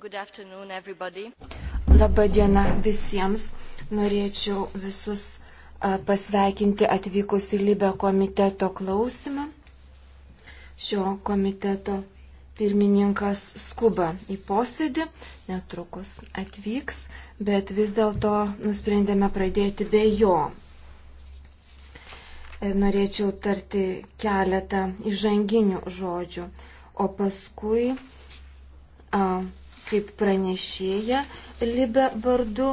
Good afternoon, everybody. Labadiena visiems. Norėčiau visus pasveikinti atvykus į Libę komiteto klausimą. Šio komiteto pirmininkas skuba į posėdį, netrukus atvyks, bet vis dėlto nusprendėme pradėti be jo. E, norėčiau tarti keletą įžanginių žodžių, o paskui a, kaip pranešėja Libe vardu.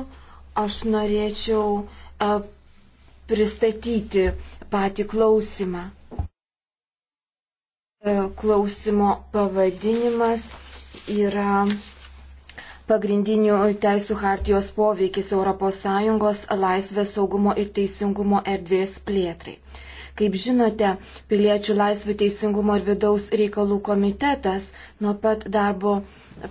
Aš norėčiau a, e, pristatyti patį klausimą. E, klausimo pavadinimas yra pagrindinių teisų hartijos poveikis ES laisvės saugumo ir teisingumo erdvės plėtrai. Kaip žinote, piliečių laisvių teisingumo ir vidaus reikalų komitetas nuo pat darbo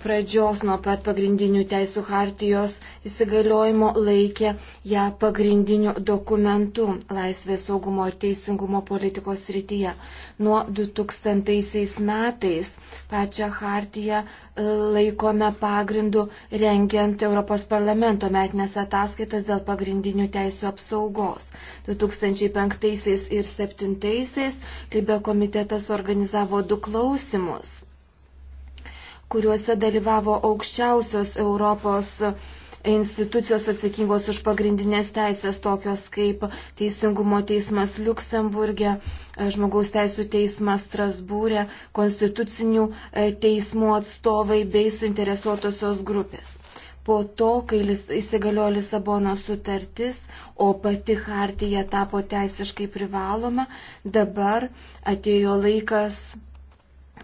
pradžios, nuo pat pagrindinių teisų hartijos įsigaliojimo laikė ją pagrindiniu dokumentu laisvės saugumo ir teisingumo politikos srityje. Nuo 2000 metais pačią hartiją e, laikome pagrindu rengiant Europos parlamento metinės ataskaitas dėl pagrindinių teisų apsaugos. 2005 ir 2007 Libė komitetas organizavo du klausimus kuriuose dalyvavo aukščiausios Europos institucijos atsakingos už pagrindinės teisės, tokios kaip Teisingumo teismas Luksemburgė, e, Žmogaus teisų teismas Strasbūrė, konstitucinių e, teismų atstovai bei suinteresuotosios grupės. Po to, kai įsigaliojo Lisabono sutartis, o pati hartija tapo teisiškai privaloma, dabar atėjo laikas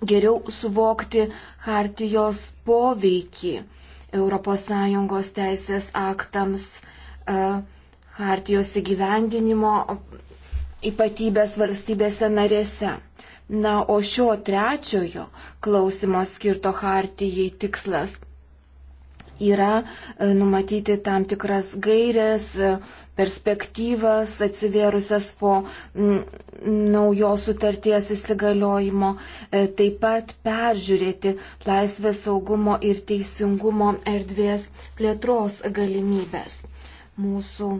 geriau suvokti hartijos poveikį ES teisės aktams, e, hartijos įgyvendinimo ypatybės valstybėse narėse. Na, o šio trečiojo klausimo skirto hartijai tikslas yra e, numatyti tam tikras gairės, perspektyvas atsivėrusias po mm, naujos sutarties įsigaliojimo, e, taip pat peržiūrėti laisvės saugumo ir teisingumo erdvės plėtros galimybės. Mūsų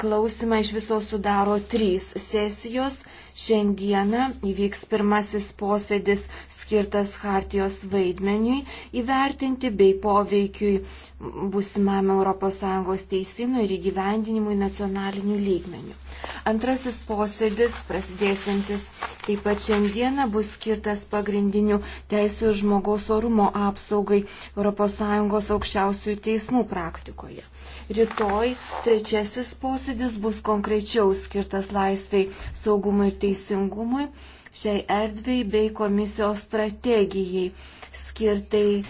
Klausimą iš viso sudaro trys sesijos. Šiandieną įvyks pirmasis posėdis skirtas Hartijos vaidmeniui įvertinti bei poveikiui busimam ES teisinui ir įgyvendinimui nacionaliniu lygmeniu. Antrasis posėdis, prasidėsintis taip pat šiandieną, bus skirtas pagrindinių teisų ir žmogaus orumo apsaugai ES aukščiausiųjų teismų praktikoje. Rytoj trečiasis posėdis bus konkrečiau skirtas laisvai, saugumui ir teisingumui, šiai erdviai bei komisijos strategijai skirtai e,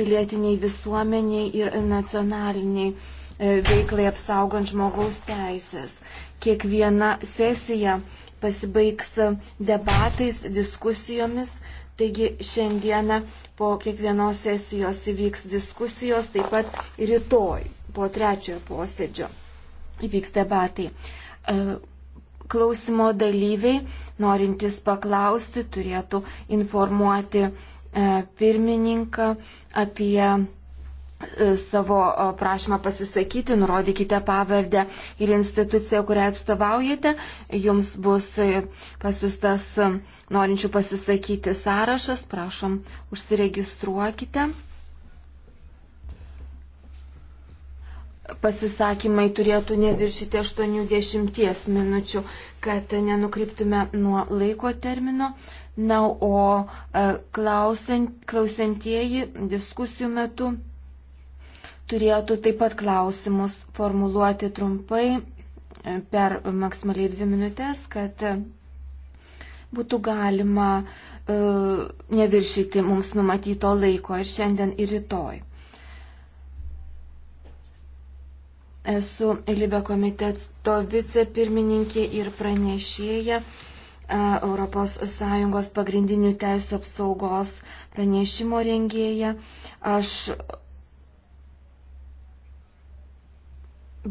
pilietiniai visuomeniai ir nacionaliniai e, veiklai apsaugant žmogaus teisės. Kiekviena sesija pasibaigs debatais, diskusijomis. Taigi šiandieną po kiekvienos sesijos įvyks diskusijos, taip pat rytoj po trečiojo posėdžio įvyks debatai. E, klausimo dalyviai, norintys paklausti, turėtų informuoti e, pirmininką apie e, savo prašymą pasisakyti, nurodykite pavardę ir instituciją, kurią atstovaujate. Jums bus pasiustas norinčių pasisakyti sąrašas, prašom, užsiregistruokite. pasisakymai turėtų neviršyti 80 minučių, kad nenukryptume nuo laiko termino. Na, o e, klausantieji diskusijų metu turėtų taip pat klausimus formuluoti trumpai e, per maksimaliai dvi minutės, kad e, būtų galima uh, neviršyti mums numatyto laiko ir šiandien ir rytoj. Esu Libė komiteto vicepirmininkė ir pranešėja ES pagrindinių teisų apsaugos pranešimo rengėja. Aš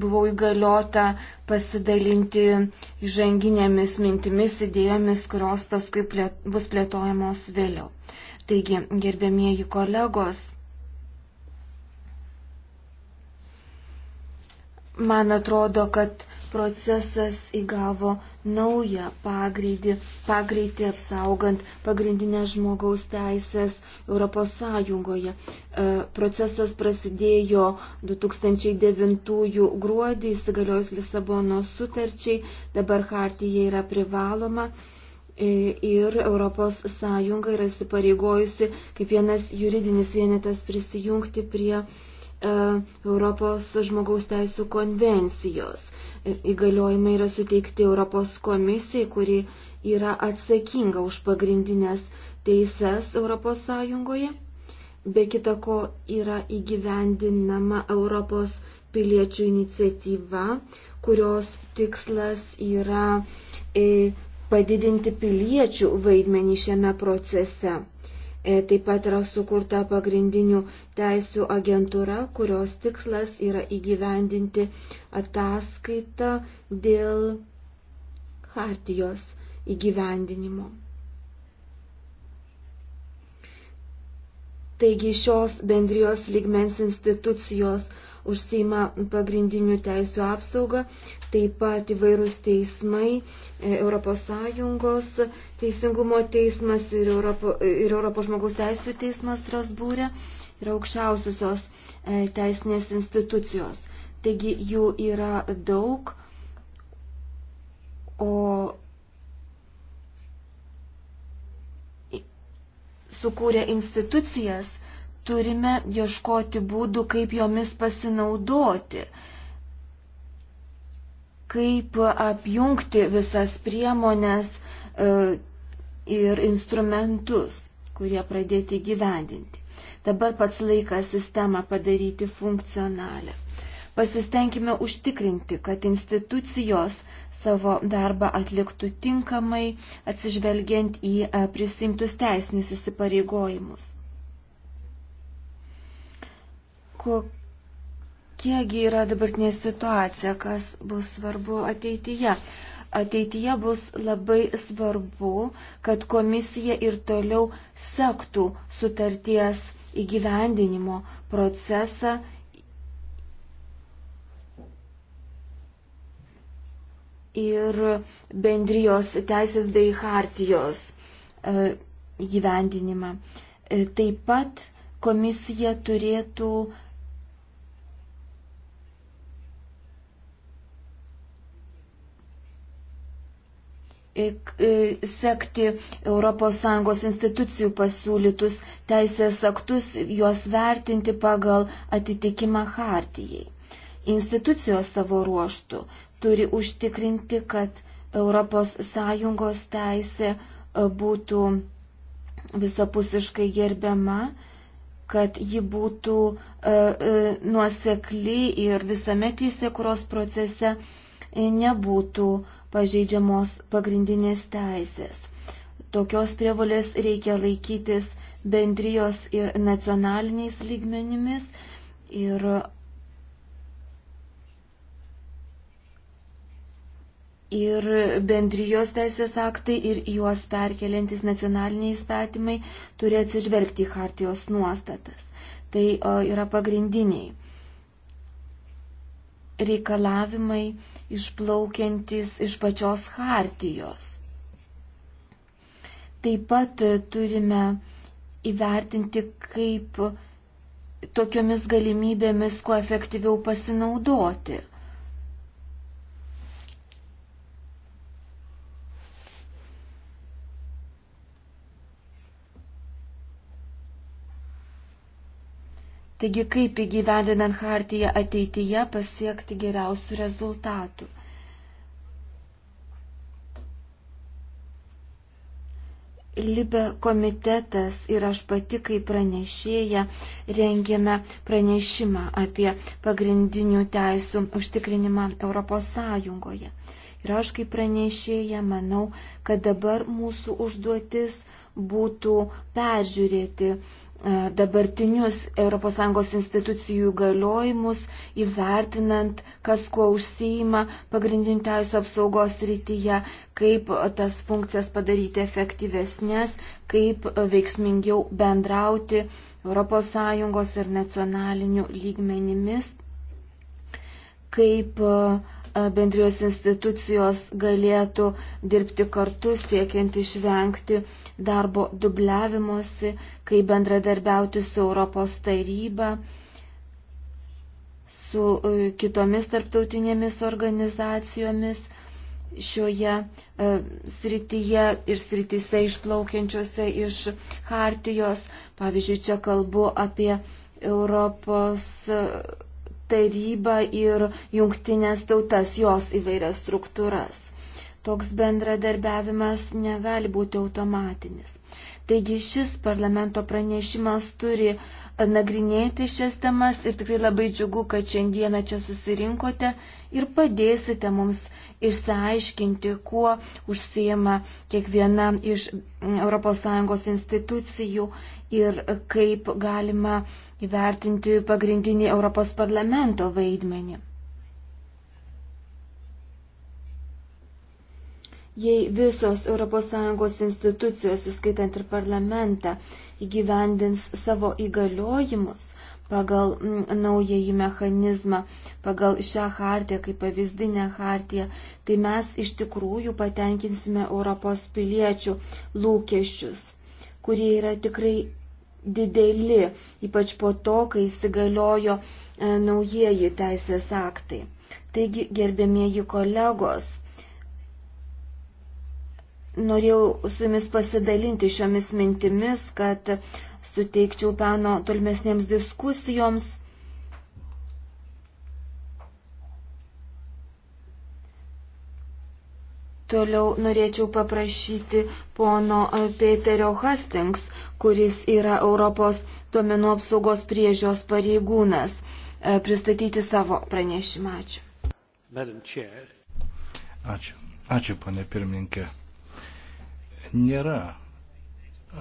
buvau įgaliota pasidalinti žanginėmis mintimis, idėjomis, kurios paskui plėt, bus plėtojamos vėliau. Taigi, gerbėmieji kolegos, man atrodo, kad procesas įgavo naują pagreitį, pagreitį apsaugant pagrindinės žmogaus teisės Europos Sąjungoje. E, procesas prasidėjo 2009 gruodį įsigaliojus Lisabono sutarčiai, dabar hartija yra privaloma. E, ir Europos Sąjunga yra įsipareigojusi kaip vienas juridinis vienetas prisijungti prie uh, E, Europos žmogaus teisų konvencijos. E, įgaliojimai yra suteikti Europos komisijai, kuri yra atsakinga už pagrindinės teises Europos Sąjungoje. Be kita ko yra įgyvendinama Europos piliečių iniciatyva, kurios tikslas yra e, padidinti piliečių vaidmenį šiame procese. E, taip pat yra sukurta pagrindinių teisų agentūra, kurios tikslas yra įgyvendinti ataskaitą dėl hartijos įgyvendinimo. Taigi šios bendrijos lygmens institucijos užsima pagrindinių teisų apsaugą, taip pat įvairūs teismai, ES teisingumo teismas ir Europos, ir Europos žmogaus teisų teismas Strasbūrė ir aukščiausiosios e, teisinės institucijos. Taigi jų yra daug, o sukūrę institucijas turime ieškoti būdų, kaip jomis pasinaudoti kaip apjungti visas priemonės e, ir instrumentus, kurie pradėti gyvendinti. Dabar pats laikas sistemą padaryti funkcionalę. Pasistengime užtikrinti, kad institucijos savo darbą atliktų tinkamai, atsižvelgiant į e, prisimtus teisinius įsipareigojimus. Kok Kiekgi yra dabartinė situacija, kas bus svarbu ateityje? Ateityje bus labai svarbu, kad komisija ir toliau sektų sutarties įgyvendinimo procesą ir bendrijos teisės bei hartijos e, įgyvendinimą. E, taip pat komisija turėtų sekti ES institucijų pasiūlytus teisės aktus, juos vertinti pagal atitikimą hartijai. Institucijos savo ruoštų turi užtikrinti, kad ES teisė e, būtų visapusiškai gerbiama, kad ji būtų e, e, nuosekli ir visame teisėkuros procese e, nebūtų e, pažeidžiamos pagrindinės teisės. Tokios prievolės reikia laikytis bendrijos ir nacionaliniais lygmenimis ir ir bendrijos teisės aktai ir juos perkeliantis nacionaliniai įstatymai turi atsižvelgti į hartijos nuostatas. Tai o, yra pagrindiniai reikalavimai išplaukiantis iš pačios hartijos. Taip pat turime įvertinti, kaip tokiomis galimybėmis kuo efektyviau pasinaudoti. Taigi, kaip įgyvendinant hartiją ateityje pasiekti geriausių rezultatų? Libe komitetas ir aš pati kaip pranešėja rengėme pranešimą apie pagrindinių teisų užtikrinimą Europos Sąjungoje. Ir aš kaip pranešėja manau, kad dabar mūsų užduotis būtų peržiūrėti E, dabartinius ES institucijų galiojimus, įvertinant, kas kuo užsiima pagrindinių teisų apsaugos rytyje, kaip tas funkcijas padaryti efektyvesnės, kaip veiksmingiau bendrauti ES ir nacionaliniu lygmenimis, kaip uh, bendrijos institucijos galėtų dirbti kartu siekiant išvengti darbo dubliavimuose, kai bendradarbiauti su Europos taryba, su e, kitomis tarptautinėmis organizacijomis šioje e, srityje ir srityse išplaukiančiose iš hartijos. Pavyzdžiui, čia kalbu apie Europos e, tarybą ir jungtinės tautas, jos įvairias struktūras. Toks bendradarbiavimas negali būti automatinis. Taigi šis parlamento pranešimas turi nagrinėti šias temas ir tikrai labai džiugu, kad šiandieną čia susirinkote ir padėsite mums išsiaiškinti, kuo užsiema kiekviena iš ES institucijų ir kaip galima įvertinti pagrindinį Europos parlamento vaidmenį. Jei visos ES institucijos, įskaitant ir parlamentą, įgyvendins savo įgaliojimus pagal naująjį mechanizmą, pagal šią hartiją kaip pavyzdinę hartiją, tai mes iš tikrųjų patenkinsime Europos piliečių lūkesčius, kurie yra tikrai dideli, ypač po to, kai įsigaliojo e, naujieji teisės aktai. Taigi, gerbėmieji kolegos, norėjau su jumis pasidalinti šiomis mintimis, kad suteikčiau peno tolmesnėms diskusijoms Toliau norėčiau paprašyti pono Peterio Hastings, kuris yra Europos duomenų apsaugos priežios pareigūnas, e, pristatyti savo pranešimą. Ačiū. Ačiū. Ačiū, pane pirmininkė. Nėra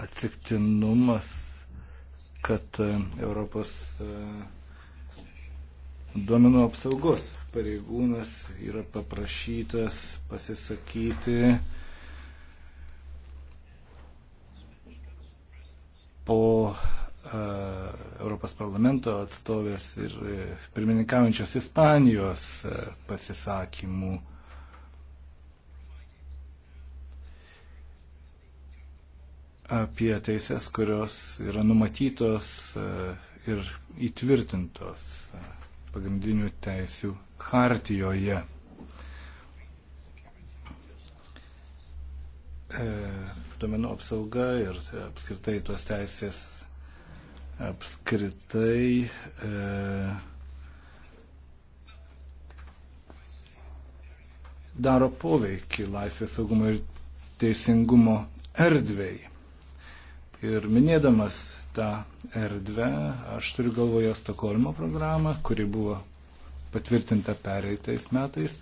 atsiktinumas, kad e, Europos e, duomenų apsaugos pareigūnas yra paprašytas pasisakyti po e, Europos parlamento atstovės ir e, pirmininkaujančios Ispanijos e, pasisakymų. apie teises, kurios yra numatytos ir įtvirtintos pagrindinių teisių hartijoje. E, duomenų apsauga ir apskritai tos teisės apskritai e, daro poveikį laisvės saugumo ir teisingumo erdvėjai. Ir minėdamas tą erdvę. Aš turiu galvoje Stokholmo programą, kuri buvo patvirtinta pereitais metais.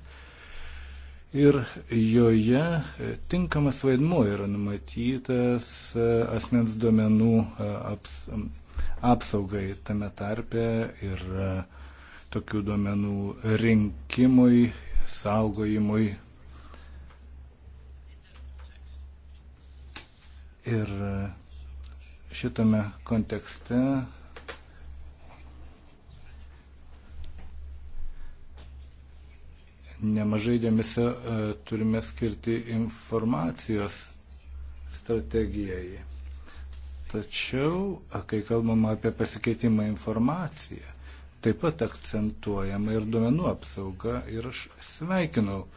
Ir joje e, tinkamas vaidmuo yra numatytas e, asmens duomenų e, aps, apsaugai tame tarpe ir tokių duomenų rinkimui, saugojimui. Ir šitame kontekste nemažai dėmesio e, turime skirti informacijos strategijai. Tačiau, e, kai kalbama apie pasikeitimą informaciją, taip pat akcentuojama ir duomenų apsauga ir aš sveikinau e,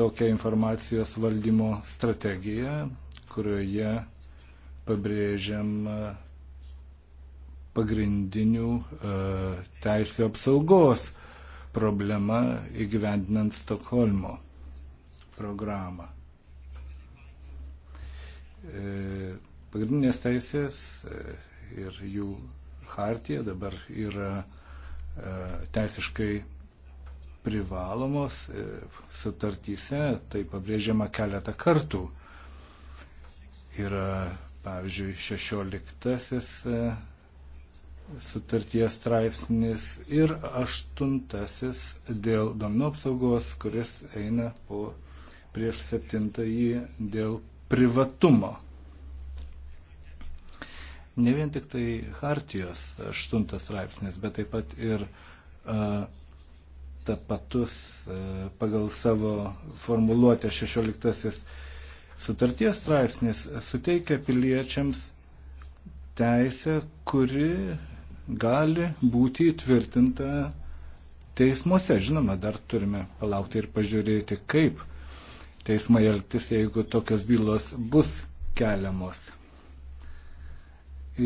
tokią informacijos valdymo strategiją, kurioje pabrėžiam e, pagrindinių e, teisų apsaugos problema įgyvendinant Stokholmo programą. E, pagrindinės teisės ir jų hartija dabar yra teisiškai privalomos sutartyse, tai pabrėžiama keletą kartų. Yra pavyzdžiui, 16 e, sutarties straipsnis ir 8 dėl domino apsaugos, kuris eina po prieš 7 dėl privatumo. Ne vien tik tai Hartijos 8 straipsnis, bet taip pat ir uh, tapatus uh, pagal savo formuluotę 16 Sutarties straipsnis suteikia piliečiams teisę, kuri gali būti įtvirtinta teismuose. Žinoma, dar turime palaukti ir pažiūrėti, kaip teismai elgtis, jeigu tokios bylos bus keliamos.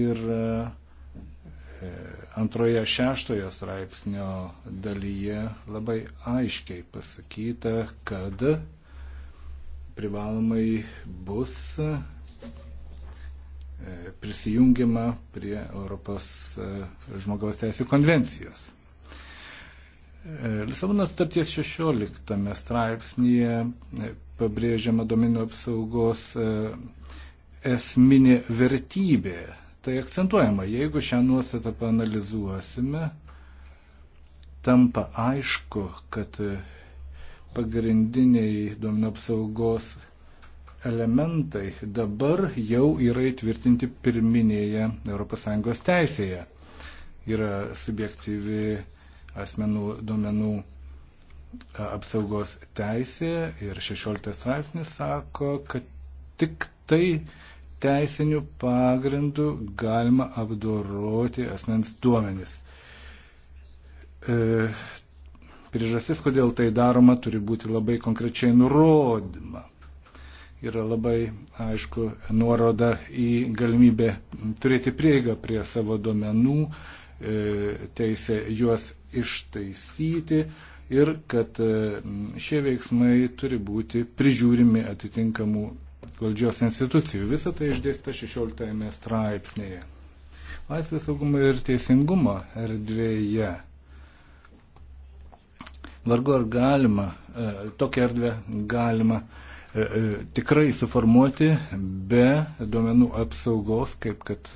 Ir e, antroje šeštojo straipsnio dalyje labai aiškiai pasakyta, kad privalomai bus e, prisijungiama prie Europos e, žmogaus teisų konvencijos. E, Lisabonos starties 16 straipsnėje pabrėžiama domenų apsaugos esminė vertybė. Tai akcentuojama, jeigu šią nuostatą panalizuosime, tampa aišku, kad pagrindiniai duomenų apsaugos elementai dabar jau yra įtvirtinti pirminėje ES teisėje. Yra subjektyvi asmenų duomenų apsaugos teisė ir 16 straipsnis sako, kad tik tai teisinių pagrindų galima apdoroti asmens duomenis. E, priežastis, kodėl tai daroma, turi būti labai konkrečiai nurodima. Yra labai aišku nuoroda į galimybę turėti prieigą prie savo duomenų, e, teisę juos ištaisyti ir kad e, šie veiksmai turi būti prižiūrimi atitinkamų valdžios institucijų. Visą tai išdėsta 16 straipsnėje. Laisvės saugumo ir teisingumo erdvėje vargu ar galima, e, tokią erdvę galima e, e, tikrai suformuoti be duomenų apsaugos, kaip kad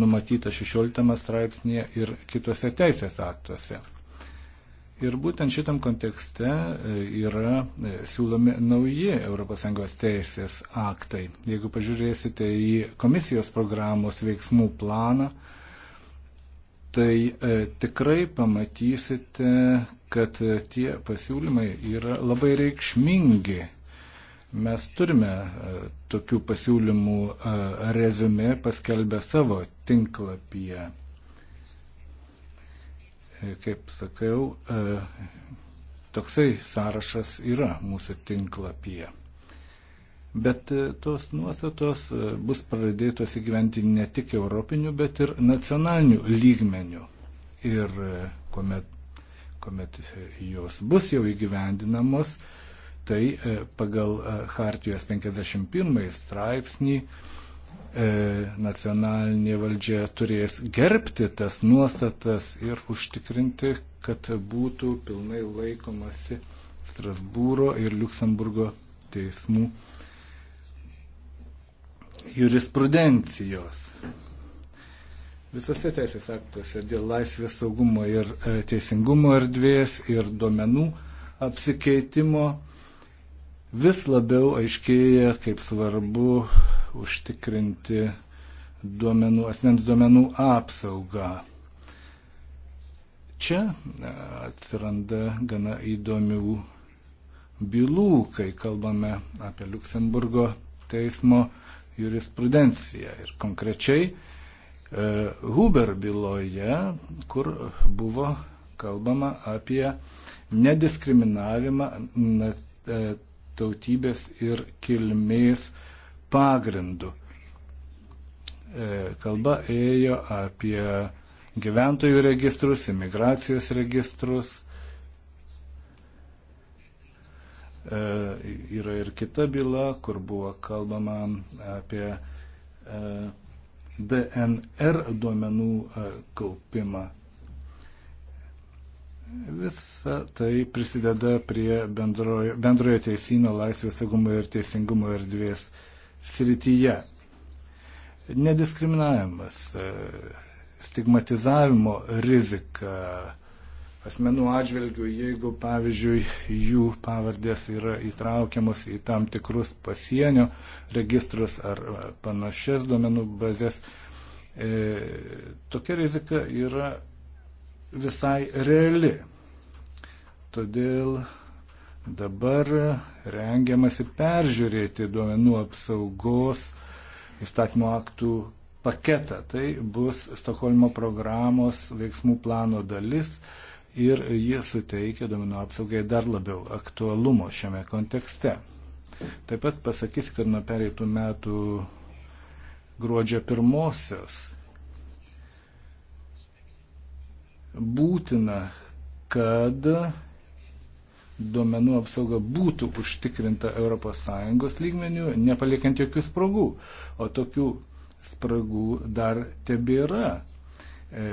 numatyta 16 straipsnėje ir kitose teisės aktuose. Ir būtent šitam kontekste yra siūlomi nauji ES teisės aktai. Jeigu pažiūrėsite į komisijos programos veiksmų planą, tai e, tikrai pamatysite, kad tie pasiūlymai yra labai reikšmingi. Mes turime e, tokių pasiūlymų e, rezumė paskelbę savo tinklapyje. E, kaip sakiau, toksai sąrašas yra mūsų tinklapyje. Bet tos nuostatos bus pradėtos įgyventi ne tik europiniu, bet ir nacionaliniu lygmeniu. Ir kuomet kuomet e, jos bus jau įgyvendinamos, tai e, pagal e, Hartijos 51 straipsnį nacionalinė valdžia turės gerbti tas nuostatas ir užtikrinti, kad būtų pilnai laikomasi Strasbūro ir Luksemburgo teismų jurisprudencijos visose teisės aktuose dėl laisvės saugumo ir e, teisingumo erdvės ir duomenų apsikeitimo vis labiau aiškėja, kaip svarbu užtikrinti duomenų, asmens duomenų apsaugą. Čia e, atsiranda gana įdomių bylų, kai kalbame apie Luksemburgo teismo jurisprudenciją. Ir konkrečiai E, Huber byloje, kur buvo kalbama apie nediskriminavimą e, tautybės ir kilmės pagrindu. E, kalba ėjo apie gyventojų registrus, imigracijos registrus. Yra ir kita byla, kur buvo kalbama apie DNR duomenų e, kaupimą. Visa tai prisideda prie bendrojo, bendrojo teisino laisvės saugumo ir teisingumo erdvės srityje. Nediskriminavimas, e, stigmatizavimo rizika, asmenų atžvilgių, jeigu, pavyzdžiui, jų pavardės yra įtraukiamos į tam tikrus pasienio registrus ar panašias duomenų bazės. E, tokia rizika yra visai reali. Todėl dabar rengiamasi peržiūrėti duomenų apsaugos įstatymo aktų paketą. Tai bus Stokholmo programos veiksmų plano dalis. E, ir jie suteikia duomenų apsaugai dar labiau aktualumo šiame kontekste. Taip pat pasakysiu, kad nuo pereitų metų gruodžio pirmosios būtina, kad duomenų apsauga būtų užtikrinta ES lygmenių, nepaliekant jokių spragų. O tokių spragų dar tebėra. E,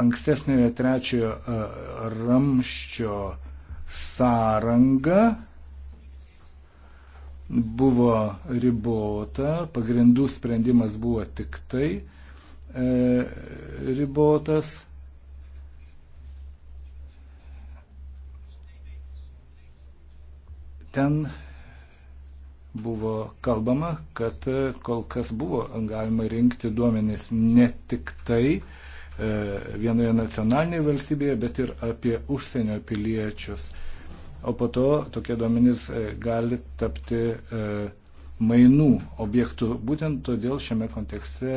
ankstesniojo trečiojo e, ramščio sąranga buvo ribota, pagrindų sprendimas buvo tik tai e, ribotas. Ten buvo kalbama, kad e, kol kas buvo galima rinkti duomenis ne tik tai, E, vienoje nacionalinėje valstybėje, bet ir apie užsienio piliečius. O po to tokie duomenys e, gali tapti e, mainų objektų. Būtent todėl šiame kontekste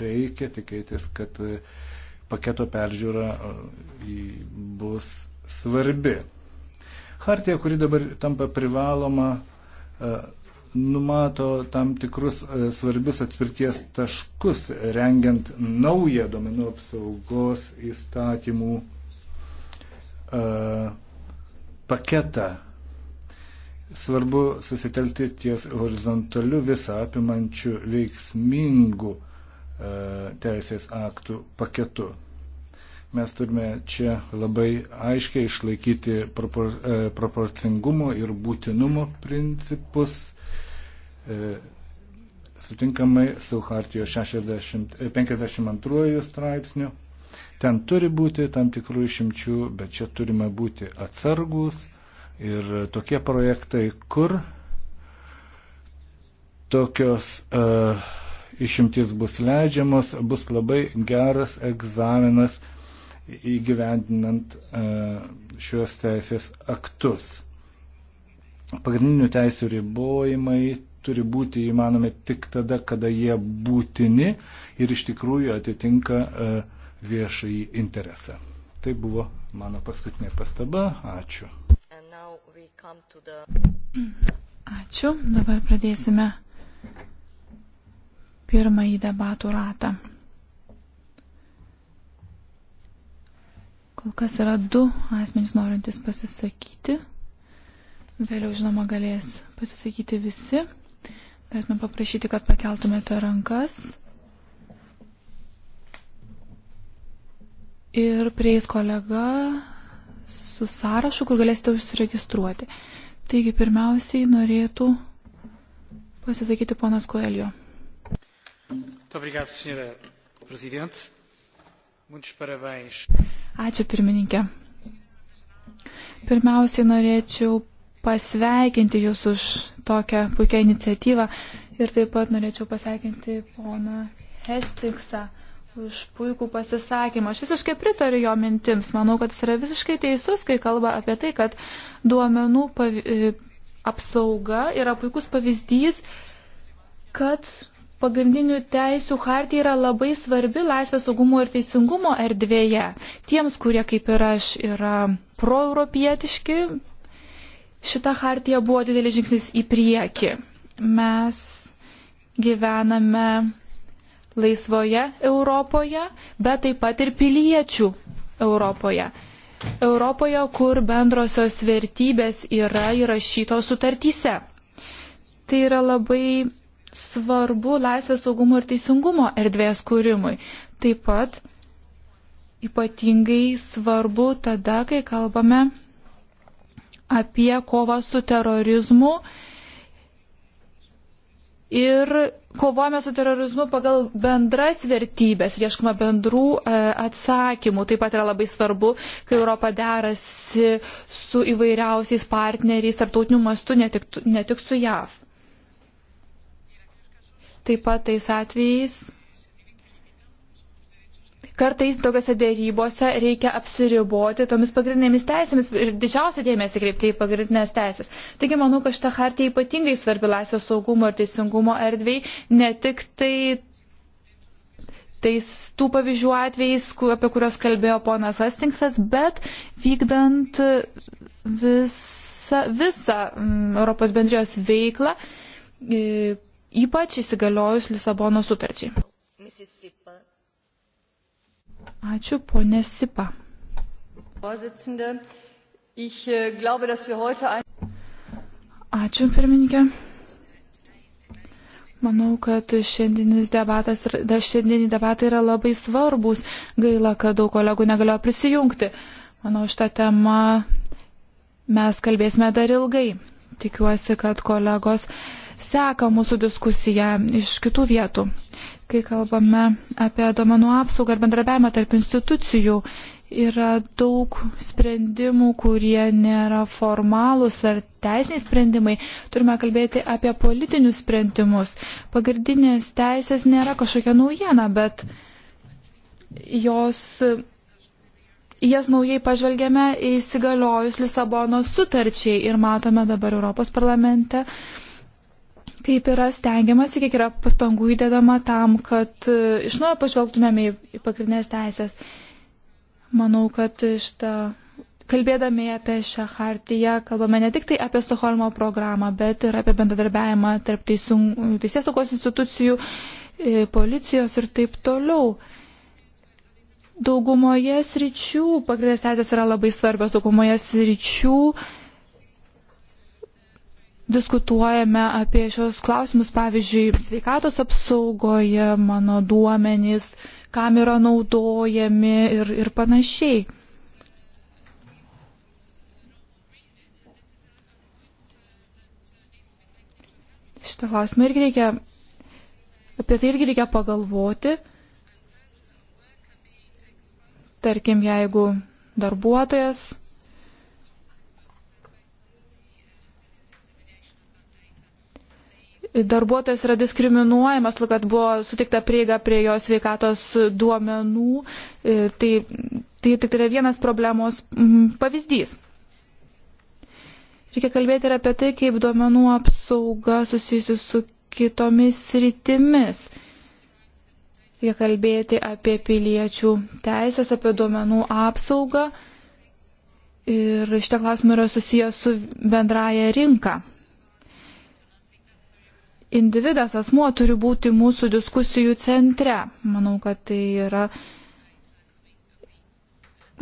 reikia tikėtis, kad paketo peržiūra bus svarbi. Hartija, kuri dabar tampa privaloma, numato tam tikrus e, svarbius atspirties taškus, rengiant naują domenų apsaugos įstatymų e, paketą. Svarbu susitelti ties horizontaliu visą apimančiu veiksmingu e, teisės aktų paketu. Mes turime čia labai aiškiai išlaikyti proporcingumo ir būtinumo principus E, sutinkamai su Hartijos 52 e, straipsniu. Ten turi būti tam tikrų išimčių, bet čia turime būti atsargus ir tokie projektai, kur tokios uh, e, išimtis bus leidžiamos, bus labai geras egzaminas įgyvendinant uh, šios teisės aktus. Pagrindinių teisų ribojimai turi būti įmanomi tik tada, kada jie būtini ir iš tikrųjų atitinka e, viešai interesą. Tai buvo mano paskutinė pastaba. Ačiū. The... Ačiū. Dabar pradėsime pirmąjį debatų ratą. Kol kas yra du asmenys norintys pasisakyti. Vėliau, žinoma, galės pasisakyti visi. Galime paprašyti, kad pakeltumėte rankas. Ir prieis kolega su sąrašu, kur galėsite užsiregistruoti. Taigi pirmiausiai norėtų pasisakyti ponas Koelio. Ačiū pirmininkė. Pirmiausiai norėčiau pasveikinti Jūs už tokią puikią iniciatyvą. Ir taip pat norėčiau pasveikinti poną Hestingsą už puikų pasisakymą. Aš visiškai pritariu jo mintims. Manau, kad jis yra visiškai teisus, kai kalba apie tai, kad duomenų pavy... E, apsauga yra puikus pavyzdys, kad pagrindinių teisių hartija yra labai svarbi laisvės saugumo ir teisingumo erdvėje. Tiems, kurie kaip ir aš yra proeuropietiški, Šita hartija buvo didelis žingsnis į priekį. Mes gyvename laisvoje Europoje, bet taip pat ir piliečių Europoje. Europoje, kur bendrosios vertybės yra įrašytos sutartyse. Tai yra labai svarbu laisvės saugumo ir teisingumo erdvės kūrimui. Taip pat ypatingai svarbu tada, kai kalbame apie kovą su terorizmu. Ir kovojame su terorizmu pagal bendras vertybės, ieškome bendrų e, atsakymų. Taip pat yra labai svarbu, kai Europa derasi su įvairiausiais partneriais tarptautiniu mastu, ne tik, ne tik su JAV. Taip pat tais atvejais, Kartais tokiuose dėrybose reikia apsiriboti tomis pagrindinėmis teisėmis ir didžiausia dėmesį kreipti į pagrindinės teisės. Taigi manau, kad šitą hartiją ypatingai svarbi laisvės saugumo ir teisingumo erdvėjai, ne tik tai tais tų pavyzdžių atvejais, apie kuriuos kalbėjo ponas Hastingsas, bet vykdant visą, visą mm, Europos bendrijos veiklą, ypač įsigaliojus Lisabono sutarčiai. Mississippi. Ačiū, ponė Sipa. Äh, Ačiū, pirmininkė. Manau, kad šiandienis debatas, šiandienį debatai yra labai svarbus. Gaila, kad daug kolegų negalėjo prisijungti. Manau, šitą temą mes kalbėsime dar ilgai. Tikiuosi, kad kolegos seka mūsų diskusiją iš kitų vietų. Kai kalbame apie domenų apsaugą ir bendradarbiavimą tarp institucijų, yra daug sprendimų, kurie nėra formalūs ar teisiniai sprendimai. Turime kalbėti apie politinius sprendimus. Pagrindinės teisės nėra kažkokia naujiena, bet jos, jas naujai pažvelgėme įsigaliojus Lisabono sutarčiai ir matome dabar Europos parlamente kaip yra stengiamasi, kiek yra pastangų įdedama tam, kad e, iš naujo pažvelgtumėme į pagrindinės teisės. Manau, kad šitą, kalbėdami apie šią hartiją, kalbame ne tik tai apie Stokholmo programą, bet ir apie bendradarbiavimą tarp teisės saugos institucijų, e, policijos ir taip toliau. Daugumoje sričių pagrindinės teisės yra labai svarbios, daugumoje sričių uh, diskutuojame apie šios klausimus, pavyzdžiui, sveikatos apsaugoje, mano duomenys, kam yra naudojami ir, ir panašiai. Šitą klausimą irgi reikia, apie tai irgi reikia pagalvoti. Tarkim, jeigu darbuotojas darbuotojas yra diskriminuojamas, kad buvo sutikta prieiga prie jo sveikatos duomenų. E, tai, tai tik tai yra vienas problemos pavyzdys. Reikia kalbėti ir apie tai, kaip duomenų apsauga susijusi su kitomis rytimis. Reikia kalbėti apie piliečių teisės, apie duomenų apsaugą. Ir šitie klausimai yra susijęs su bendraja rinka individas, asmuo turi būti mūsų diskusijų centre. Manau, kad tai yra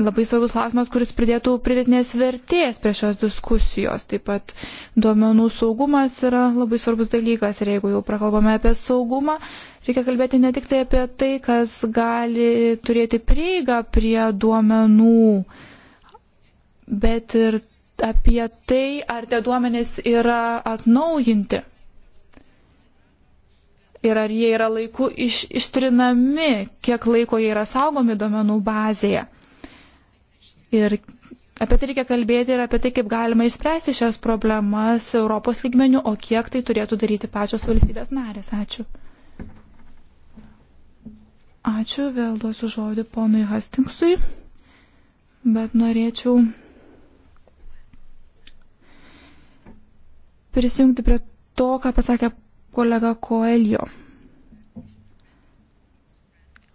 labai svarbus klausimas, kuris pridėtų pridėtinės vertės prie šios diskusijos. Taip pat duomenų saugumas yra labai svarbus dalykas ir jeigu jau prakalbame apie saugumą, reikia kalbėti ne tik tai apie tai, kas gali turėti prieigą prie duomenų, bet ir apie tai, ar tie duomenys yra atnaujinti ir ar jie yra laiku iš, ištrinami, kiek laiko jie yra saugomi duomenų bazėje. Ir apie tai reikia kalbėti ir apie tai, kaip galima išspręsti šias problemas Europos lygmenių, o kiek tai turėtų daryti pačios valstybės narės. Ačiū. Ačiū, vėl duosiu žodį ponui Hastingsui, bet norėčiau prisijungti prie to, ką pasakė kolega Koelio.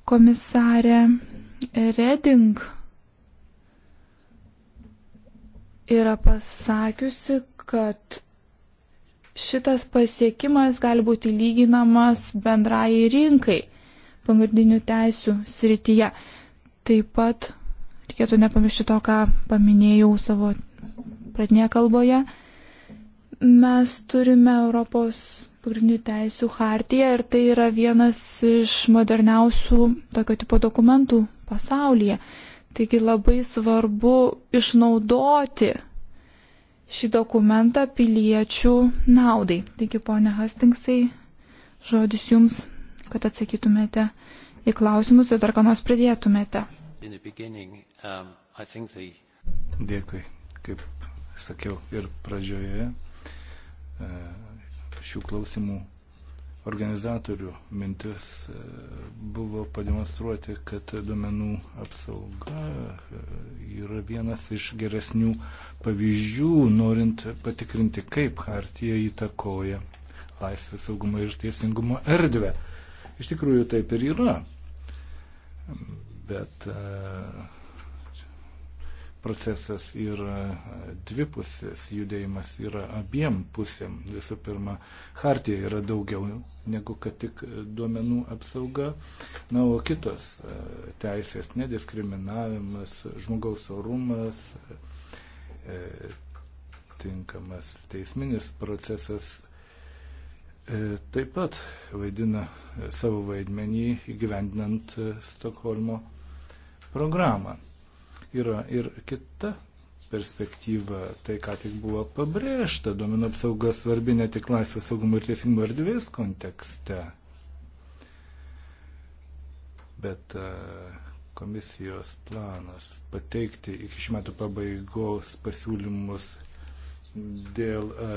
Komisarė Reding yra pasakiusi, kad šitas pasiekimas gali būti lyginamas bendrajai rinkai pagrindinių teisių srityje. Taip pat reikėtų nepamiršti to, ką paminėjau savo pradinėje kalboje. Mes turime Europos pagrindinių teisų hartiją ir tai yra vienas iš moderniausių tokio tipo dokumentų pasaulyje. Taigi labai svarbu išnaudoti šį dokumentą piliečių naudai. Taigi, ponė Hastingsai, žodis jums, kad atsakytumėte į klausimus ir dar ką nors pridėtumėte. Um, the... Dėkui, kaip sakiau ir pradžioje. Uh, šių klausimų organizatorių mintis e, buvo pademonstruoti, kad duomenų apsauga e, yra vienas iš geresnių pavyzdžių, norint patikrinti, kaip hartija įtakoja laisvę, saugumą ir teisingumo erdvę. Iš tikrųjų taip ir yra. Bet uh, procesas yra e, dvipusis, judėjimas yra abiem pusėm. Visų pirma, hartija yra daugiau negu kad tik e, duomenų apsauga. Na, o kitos e, teisės - nediskriminavimas, žmogaus orumas, tinkamas teisminis procesas taip pat vaidina savo vaidmenį įgyvendinant Stokholmo programą. Yra ir kita perspektyva, tai ką tik buvo pabrėžta, duomenų apsauga svarbi ne tik laisvės saugumo ir teisingumo erdvės kontekste, bet e, komisijos planas pateikti iki šių metų pabaigos pasiūlymus dėl e,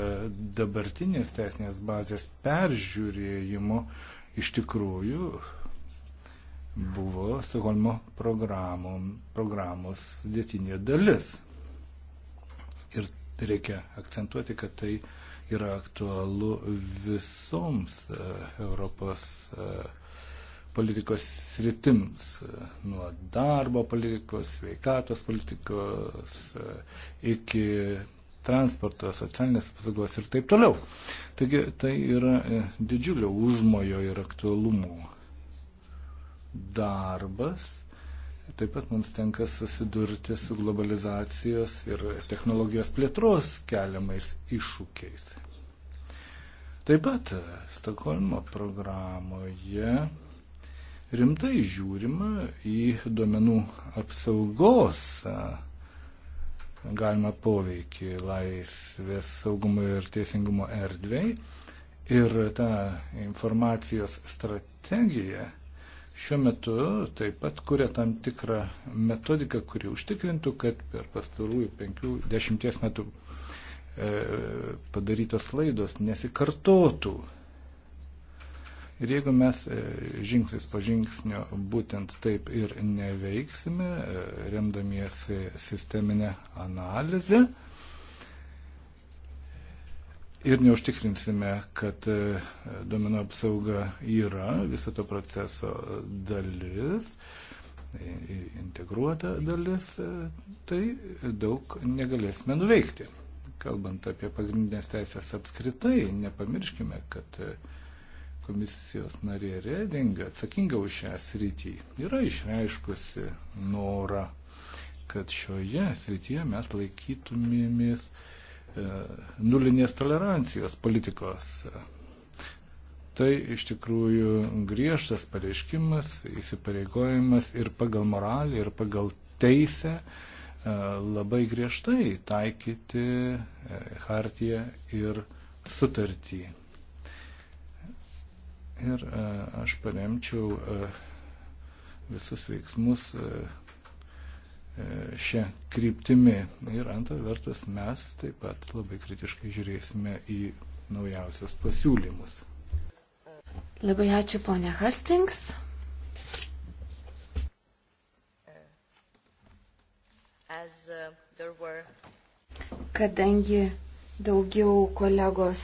dabartinės teisinės bazės peržiūrėjimo iš tikrųjų buvo Stokholmo programos sudėtinė dalis. Ir reikia akcentuoti, kad tai yra aktualu visoms e, Europos e, politikos sritims, e, nuo darbo politikos, sveikatos politikos iki transporto, socialinės apsaugos ir taip toliau. Taigi tai yra didžiulio užmojo ir aktualumo darbas. Taip pat mums tenka susidurti su globalizacijos ir technologijos plėtros keliamais iššūkiais. Taip pat e, Stokholmo programoje rimtai žiūrima į duomenų apsaugos e, galima poveikį laisvės saugumo ir teisingumo erdvėj. Ir ta informacijos strategija šiuo metu taip pat kuria tam tikrą metodiką, kuri užtikrintų, kad per pastarųjų penkių dešimties metų e, padarytos klaidos nesikartotų. Ir jeigu mes e, žingsnis po žingsnio būtent taip ir neveiksime, e, remdamiesi sisteminę analizę, e, ir neužtikrinsime, kad e, duomenų apsauga yra viso to proceso dalis, integruota dalis, e, tai daug negalėsime nuveikti. Kalbant apie pagrindinės teisės apskritai, nepamirškime, kad e, komisijos narė Redinga atsakinga už šią sritį yra išreiškusi norą, kad šioje srityje mes laikytumėmės uh, E, nulinės tolerancijos politikos. Tai iš tikrųjų griežtas pareiškimas, įsipareigojimas ir pagal moralį, ir pagal teisę e, labai griežtai taikyti e, hartiją ir sutartį. Ir aš paremčiau visus veiksmus, E, šią kryptimį. Ir antra vertus, mes taip pat labai kritiškai žiūrėsime į naujausius pasiūlymus. Labai ačiū, ponė Hastings. Kadangi daugiau kolegos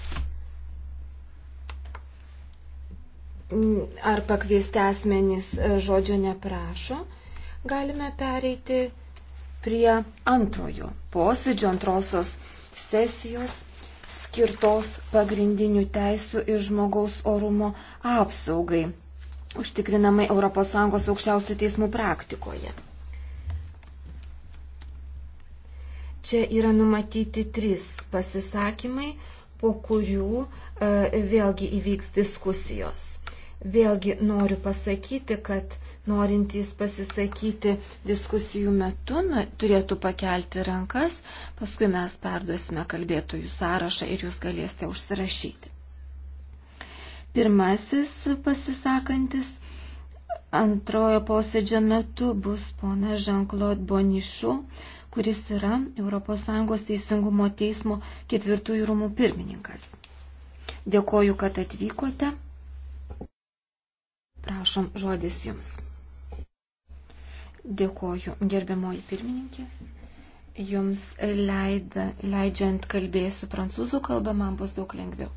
ar pakviesti asmenys e, žodžio neprašo, galime pereiti prie antrojo posėdžio antrosios sesijos skirtos pagrindinių teisų ir žmogaus orumo apsaugai, užtikrinamai ES aukščiausių teismų praktikoje. Čia yra numatyti trys pasisakymai, po kurių e, vėlgi įvyks diskusijos. Vėlgi noriu pasakyti, kad norintys pasisakyti diskusijų metu na, nu, turėtų pakelti rankas, paskui mes perduosime kalbėtojų sąrašą ir jūs galėsite užsirašyti. Pirmasis pasisakantis antrojo posėdžio metu bus pona Jean-Claude Bonišu, kuris yra ES Teisingumo teismo ketvirtųjų rūmų pirmininkas. Dėkoju, kad atvykote. Prašom, žodis jums. Dėkoju, gerbiamoji pirmininkė. Jums leida, leidžiant kalbėsiu prancūzų kalbą, man bus daug lengviau.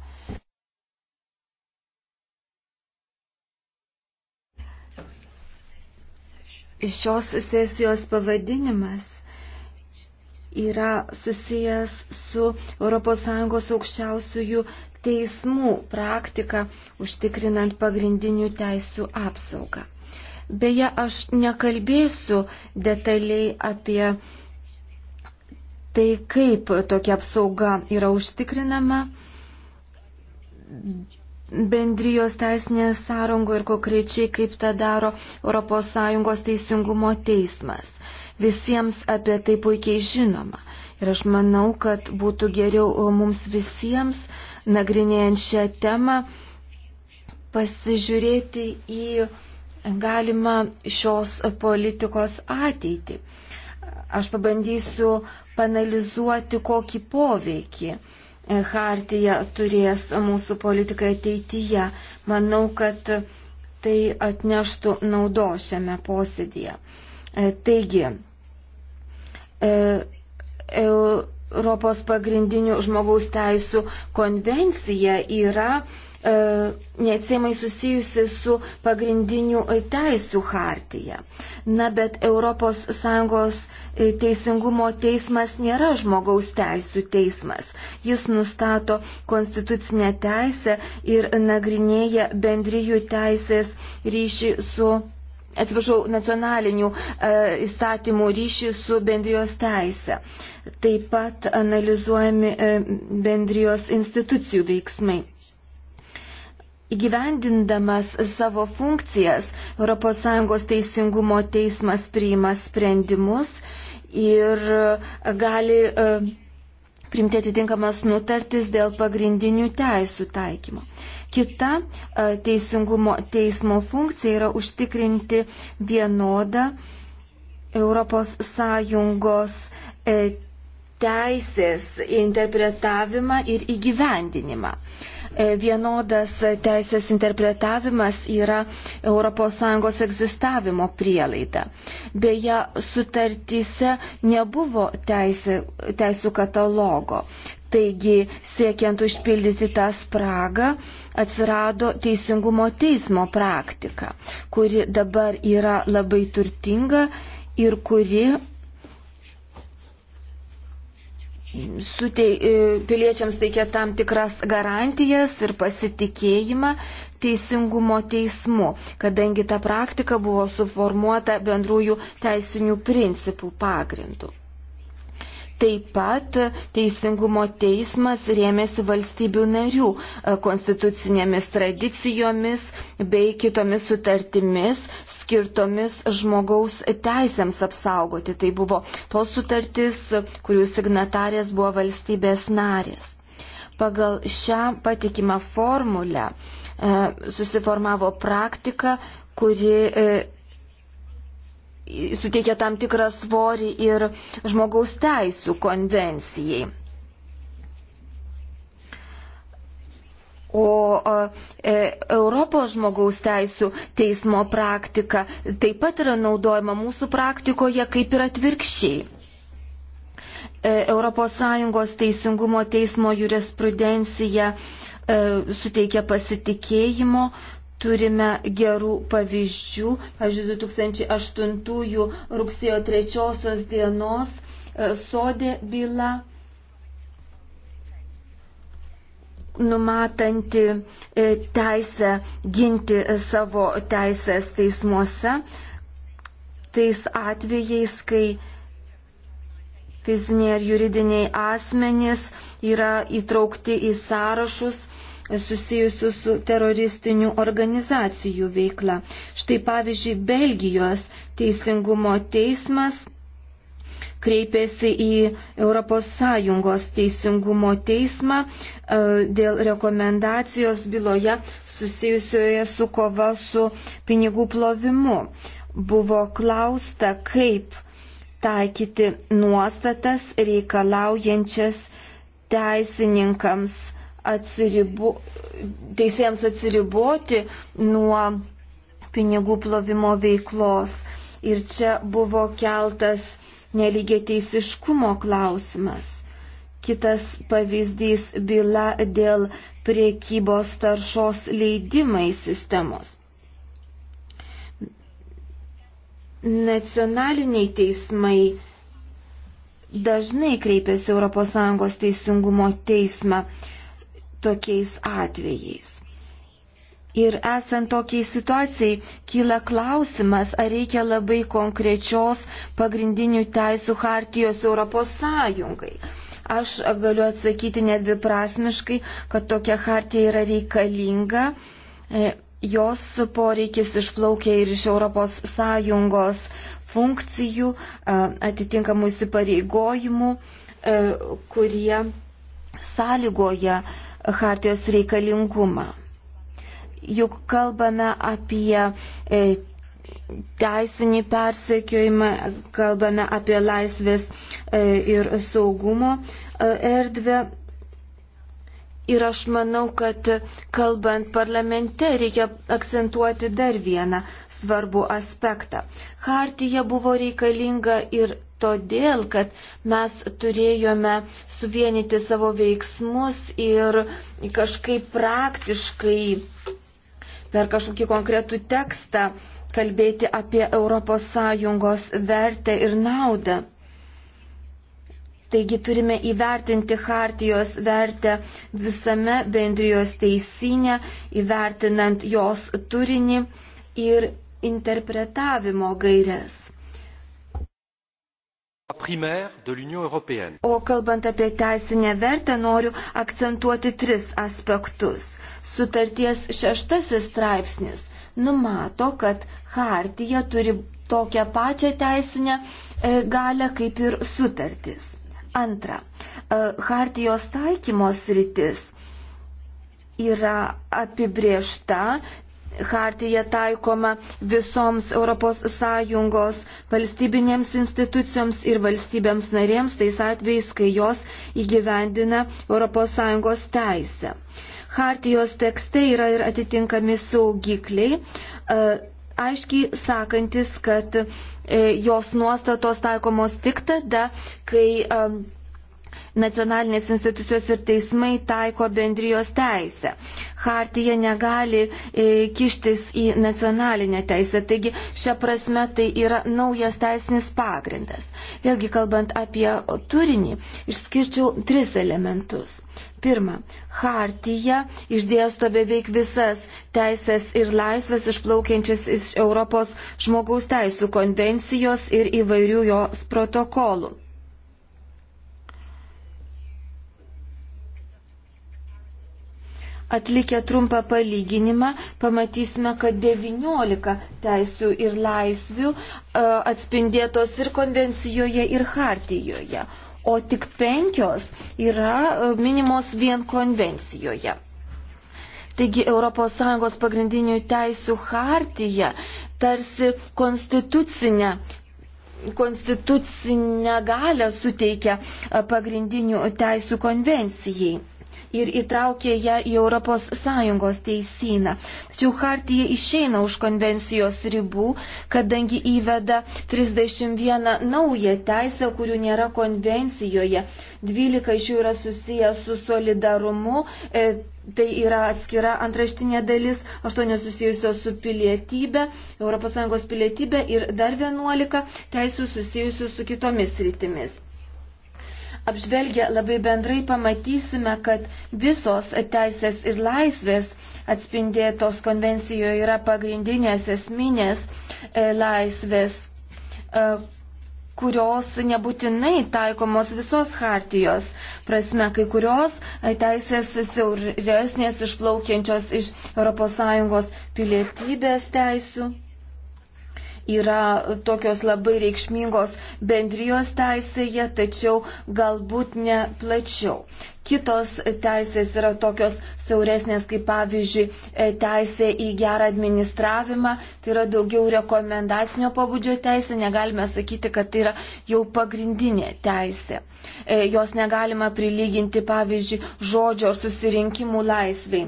Šios sesijos pavadinimas yra susijęs su ES aukščiausiųjų teismų praktika užtikrinant pagrindinių teisių apsaugą. Beje, aš nekalbėsiu detaliai apie tai, kaip tokia apsauga yra užtikrinama bendrijos teisinėje sąrangoje ir konkrečiai kaip tą daro ES teisingumo teismas. Visiems apie tai puikiai žinoma. Ir aš manau, kad būtų geriau mums visiems, nagrinėjant šią temą, pasižiūrėti į galima šios politikos ateitį. Aš pabandysiu panalizuoti, kokį poveikį e, Hartija turės mūsų politikai ateityje. Manau, kad tai atneštų naudo šiame posėdėje. E, taigi, e, Europos pagrindinių žmogaus teisų konvencija yra E, neatsiemai susijusi su pagrindinių teisių hartyje. Na, bet ES e, teisingumo teismas nėra žmogaus teisų teismas. Jis nustato konstitucinę teisę ir nagrinėja bendrijų teisės ryšį su. Atsiprašau, nacionalinių e, įstatymų ryšį su bendrijos teise. Taip pat analizuojami e, bendrijos institucijų veiksmai. Įgyvendindamas savo funkcijas, ES teisingumo teismas priima sprendimus ir e, gali e, priimti atitinkamas nutartis dėl pagrindinių teisų taikymo. Kita e, teisingumo teismo funkcija yra užtikrinti vienodą ES teisės interpretavimą ir įgyvendinimą. E, vienodas teisės interpretavimas yra ES egzistavimo prielaida. Beje, sutartyse nebuvo teisė, teisų katalogo. Taigi, siekiant užpildyti tą spragą, atsirado teisingumo teismo praktika, kuri dabar yra labai turtinga ir kuri sutei, e, piliečiams teikia tam tikras garantijas ir pasitikėjimą teisingumo teismu, kadangi ta praktika buvo suformuota bendrųjų teisinių principų pagrindu. Taip pat Teisingumo teismas rėmėsi valstybių narių e, konstitucinėmis tradicijomis bei kitomis sutartimis skirtomis žmogaus teisėms apsaugoti. Tai buvo tos sutartis, kurių signatarės buvo valstybės narės. Pagal šią patikimą formulę e, susiformavo praktika, kuri e, suteikia tam tikrą svorį ir žmogaus teisų konvencijai. O e, e, Europos žmogaus teisų teismo praktika taip pat yra naudojama mūsų praktikoje kaip ir atvirkščiai. ES teisingumo teismo jurisprudencija e, suteikia pasitikėjimo, turime gerų pavyzdžių. Pavyzdžiui, 2008 rugsėjo 3 dienos e, sodė byla numatanti e, teisę ginti savo teisės teismuose, tais atvejais, kai fiziniai ar juridiniai asmenys yra įtraukti į sąrašus susijusių su teroristinių organizacijų veikla. Štai pavyzdžiui, Belgijos teisingumo teismas kreipėsi į ES teisingumo teismą e, dėl rekomendacijos byloje susijusioje su kova su pinigų plovimu. Buvo klausta, kaip taikyti nuostatas reikalaujančias teisininkams atsiribo, teisėjams atsiriboti nuo pinigų plovimo veiklos. Ir čia buvo keltas neligiai teisiškumo klausimas. Kitas pavyzdys - byla dėl priekybos taršos leidimai sistemos. Nacionaliniai teismai dažnai kreipiasi ES teisingumo teismą tokiais atvejais. Ir esant tokiai situacijai, kyla klausimas, ar reikia labai konkrečios pagrindinių teisų hartijos Europos Sąjungai. Aš galiu atsakyti nedviprasmiškai, kad tokia hartija yra reikalinga. E, jos poreikis išplaukia ir iš Europos Sąjungos funkcijų, e, atitinkamų įsipareigojimų, e, kurie sąlygoja hartijos reikalingumą. Juk kalbame apie e, teisinį persekiojimą, kalbame apie laisvės e, ir saugumo e, erdvę. Ir aš manau, kad kalbant parlamente reikia akcentuoti dar vieną svarbų aspektą. Hartija buvo reikalinga ir todėl, kad mes turėjome suvienyti savo veiksmus ir kažkaip praktiškai per kažkokį konkretų tekstą kalbėti apie ES vertę ir naudą. Taigi turime įvertinti hartijos vertę visame bendrijos teisinė, įvertinant jos turinį ir interpretavimo gairias. O kalbant apie teisinę vertę, noriu akcentuoti tris aspektus. Sutarties šeštasis straipsnis numato, kad hartija turi tokią pačią teisinę e, galę kaip ir sutartis. Antra, e, hartijos taikymos rytis yra apibriešta Hartija taikoma visoms ES valstybinėms institucijoms ir valstybėms narėms tais atvejais, kai jos įgyvendina ES teisę. Hartijos tekste yra ir atitinkami saugikliai, e, aiškiai sakantis, kad e, jos nuostatos taikomos tik tada, kai e, nacionalinės institucijos ir teismai taiko bendrijos teisę. Hartija negali e, kištis į nacionalinę teisę, taigi šią prasme tai yra naujas teisinis pagrindas. Vėlgi kalbant apie turinį, išskirčiau tris elementus. Pirma, Hartija išdėsto beveik visas teisės ir laisvės išplaukiančias iš Europos žmogaus teisų konvencijos ir įvairių jos protokolų. Atlikę trumpą palyginimą, pamatysime, kad 19 teisių ir laisvių e, atspindėtos ir konvencijoje, ir hartijoje, o tik penkios yra e, minimos vien konvencijoje. Taigi ES pagrindinių teisių hartija tarsi konstitucinę konstitucinę galę suteikia e, pagrindinių teisų konvencijai ir įtraukė ją į ES teisyną. Tačiau Hartija išeina už konvencijos ribų, kadangi įveda 31 naują teisę, kurių nėra konvencijoje. 12 iš jų yra susijęs su solidarumu. E, Tai yra atskira antraštinė dalis, 8 susijusios su pilietybė, ES pilietybė ir dar 11 teisų susijusių su kitomis rytimis apžvelgę labai bendrai pamatysime, kad visos teisės ir laisvės atspindėtos konvencijoje yra pagrindinės esminės e, laisvės, e, kurios nebūtinai taikomos visos hartijos. Prasme, kai kurios e, teisės siauresnės išplaukiančios iš ES pilietybės teisų yra tokios labai reikšmingos bendrijos teisėje, tačiau galbūt ne plačiau. Kitos teisės yra tokios siauresnės, kaip pavyzdžiui, e, teisė į gerą administravimą, tai yra daugiau rekomendacinio pabudžio teisė, negalime sakyti, kad tai yra jau pagrindinė teisė. E, jos negalima prilyginti, pavyzdžiui, žodžio susirinkimų laisvai.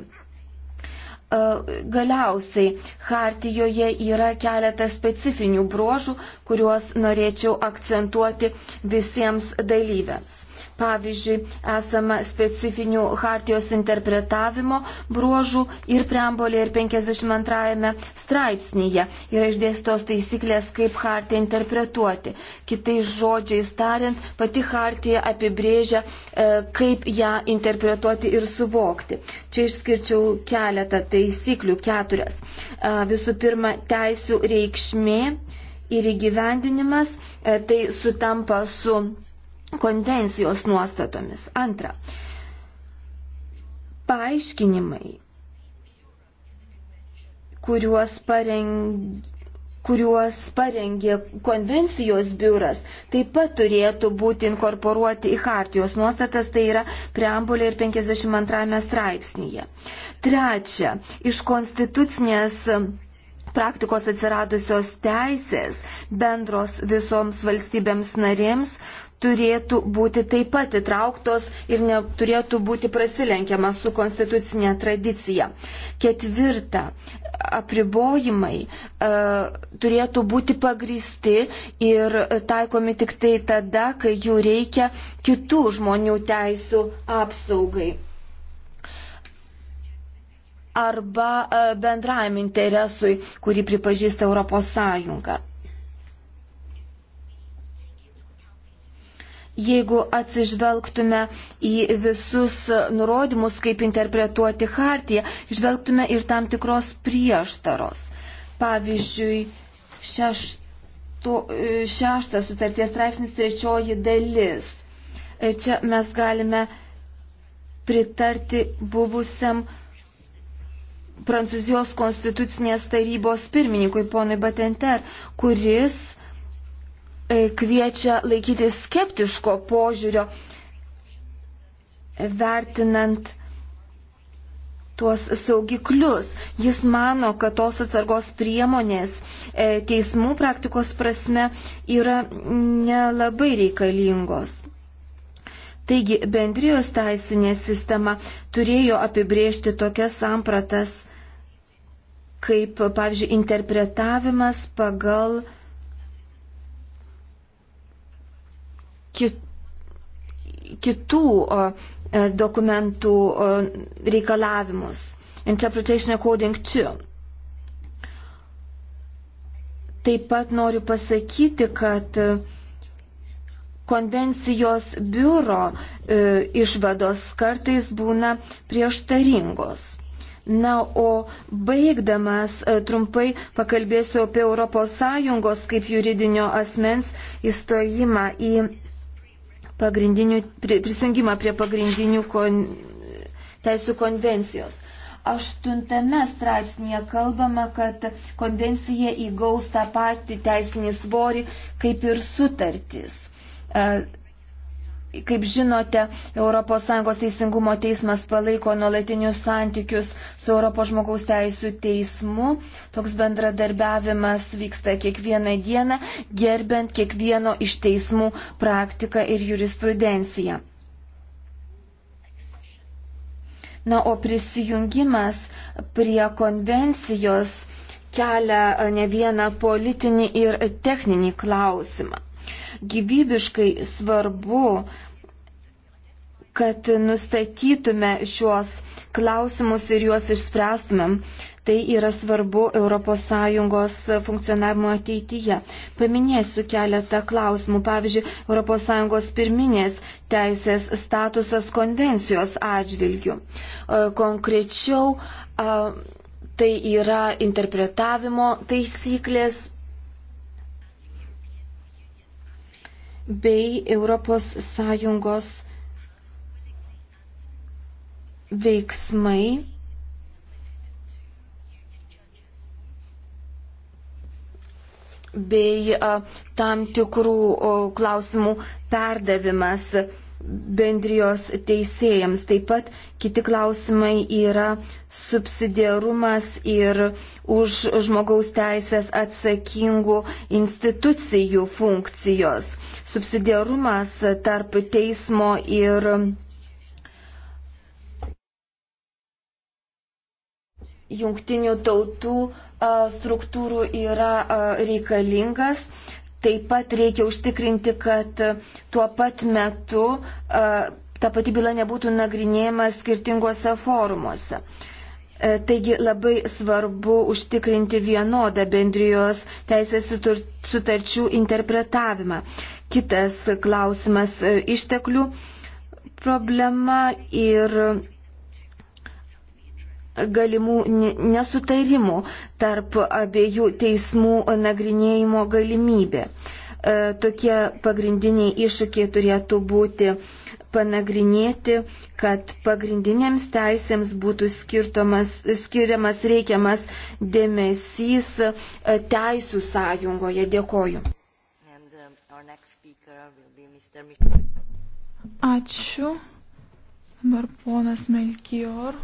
E, galiausiai, Hartijoje yra keletas specifinių bruožų, kuriuos norėčiau akcentuoti visiems dalyviams. Pavyzdžiui, esama specifinių hartijos interpretavimo bruožų ir preambolė ir 52 straipsnėje yra išdėstos taisyklės, kaip hartiją interpretuoti. Kitais žodžiais tariant, pati hartija apibrėžia, e, kaip ją interpretuoti ir suvokti. Čia išskirčiau keletą taisyklių, keturias. E, visų pirma, teisų reikšmė ir įgyvendinimas, e, tai sutampa su konvencijos nuostatomis. Antra, paaiškinimai, kuriuos parengė kuriuos parengė konvencijos biuras, taip pat turėtų būti inkorporuoti į hartijos nuostatas, tai yra preambulė ir 52 straipsnėje. Trečia, iš konstitucinės praktikos atsiradusios teisės bendros visoms valstybėms narėms turėtų būti taip pat įtrauktos ir neturėtų būti prasilenkiama su konstitucinė tradicija. Ketvirta, apribojimai e, turėtų būti pagristi ir taikomi tik tai tada, kai jų reikia kitų žmonių teisų apsaugai arba e, bendrajam interesui, kurį pripažįsta Europos Sąjunga. jeigu atsižvelgtume į visus nurodymus, kaip interpretuoti hartiją, žvelgtume ir tam tikros prieštaros. Pavyzdžiui, šeštų, šeštas sutarties straipsnis trečioji dalis. Čia mes galime pritarti buvusiam Prancūzijos konstitucinės tarybos pirmininkui ponui Batenter, kuris E, kviečia laikytis skeptiško požiūrio, vertinant tuos saugiklius. Jis mano, kad tos atsargos priemonės e, teismų praktikos prasme yra nelabai reikalingos. Taigi bendrijos teisinė sistema turėjo apibriežti tokias sampratas, kaip, pavyzdžiui, interpretavimas pagal uh, kit, kitų e, dokumentų reikalavimus. Interpretation according to. Taip pat noriu pasakyti, kad e, konvencijos biuro e, išvados kartais būna prieštaringos. Na, o baigdamas e, trumpai pakalbėsiu apie ES kaip juridinio asmens įstojimą į pagrindinių, prisijungimą prie pagrindinių kon, teisų konvencijos. Aštuntame straipsnėje kalbama, kad konvencija įgaus tą patį teisinį svorį kaip ir sutartis. E, Kaip žinote, ES teisingumo teismas palaiko nuolatinius santykius su ES teisų teismu. Toks bendradarbiavimas vyksta kiekvieną dieną, gerbent kiekvieno iš teismų praktiką ir jurisprudenciją. Na, o prisijungimas prie konvencijos kelia e, ne vieną politinį ir techninį klausimą. Gyvybiškai svarbu, kad nustatytume šiuos klausimus ir juos išspręstumėm. Tai yra svarbu ES funkcionavimo ateityje. Paminėsiu keletą klausimų. Pavyzdžiui, ES pirminės teisės statusas konvencijos atžvilgių. E, konkrečiau, tai yra interpretavimo taisyklės bei ES veiksmai bei tam tikrų klausimų perdavimas bendrijos teisėjams. Taip pat kiti klausimai yra subsidiarumas ir už žmogaus teisės atsakingų institucijų funkcijos. Subsidiarumas tarp teismo ir jungtinių tautų struktūrų yra reikalingas. Taip pat reikia užtikrinti, kad tuo pat metu ta pati byla nebūtų nagrinėjama skirtingose forumuose. E, taigi labai svarbu užtikrinti vienodą bendrijos teisės sutarčių interpretavimą. Kitas klausimas e, - išteklių problema ir galimų nesutarimų tarp abiejų teismų nagrinėjimo galimybė. E, tokie pagrindiniai iššūkiai turėtų būti panagrinėti, kad pagrindinėms teisėms būtų skiriamas reikiamas dėmesys e, teisų sąjungoje. Dėkoju. Um, Ačiū. Dabar ponas Melkior.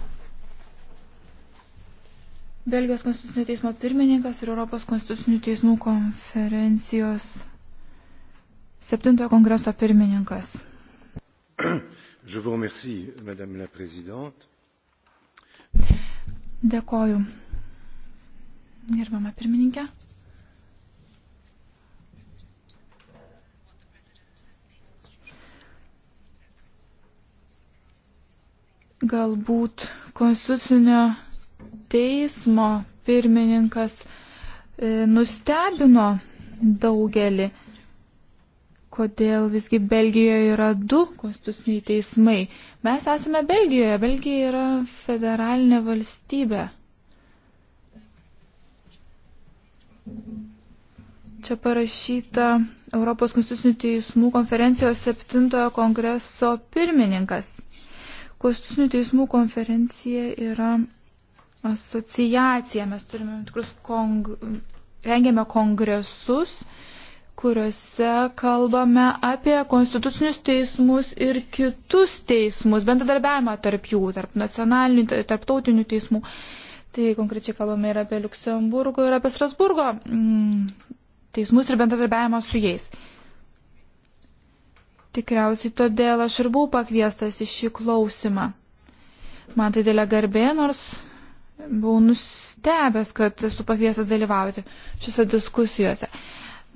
Belgijos konstitucinio teismo pirmininkas ir Europos konstitucinių teismų konferencijos septintojo kongreso pirmininkas. Remercie, Dėkoju. Gerbama pirmininkė. Galbūt konstitucinio teismo pirmininkas e, nustebino daugelį, kodėl visgi Belgijoje yra du konstituciniai teismai. Mes esame Belgijoje, Belgija yra federalinė valstybė. Čia parašyta Europos konstitucinių teismų konferencijos 7 kongreso pirmininkas. Konstitucinių teismų konferencija yra asociacija. Mes turime tikrus kong... rengiame kongresus, kuriuose kalbame apie konstitucinius teismus ir kitus teismus, bendradarbiavimą tarp jų, tarp nacionalinių, tarptautinių teismų. Tai konkrečiai kalbame ir apie Luksemburgo, ir apie Strasburgo mm, teismus ir bendradarbiavimą su jais. Tikriausiai todėl aš ir buvau pakviestas į šį klausimą. Man tai dėlė garbė, nors buvau nustebęs, kad esu pakviesas dalyvauti šiuose diskusijose.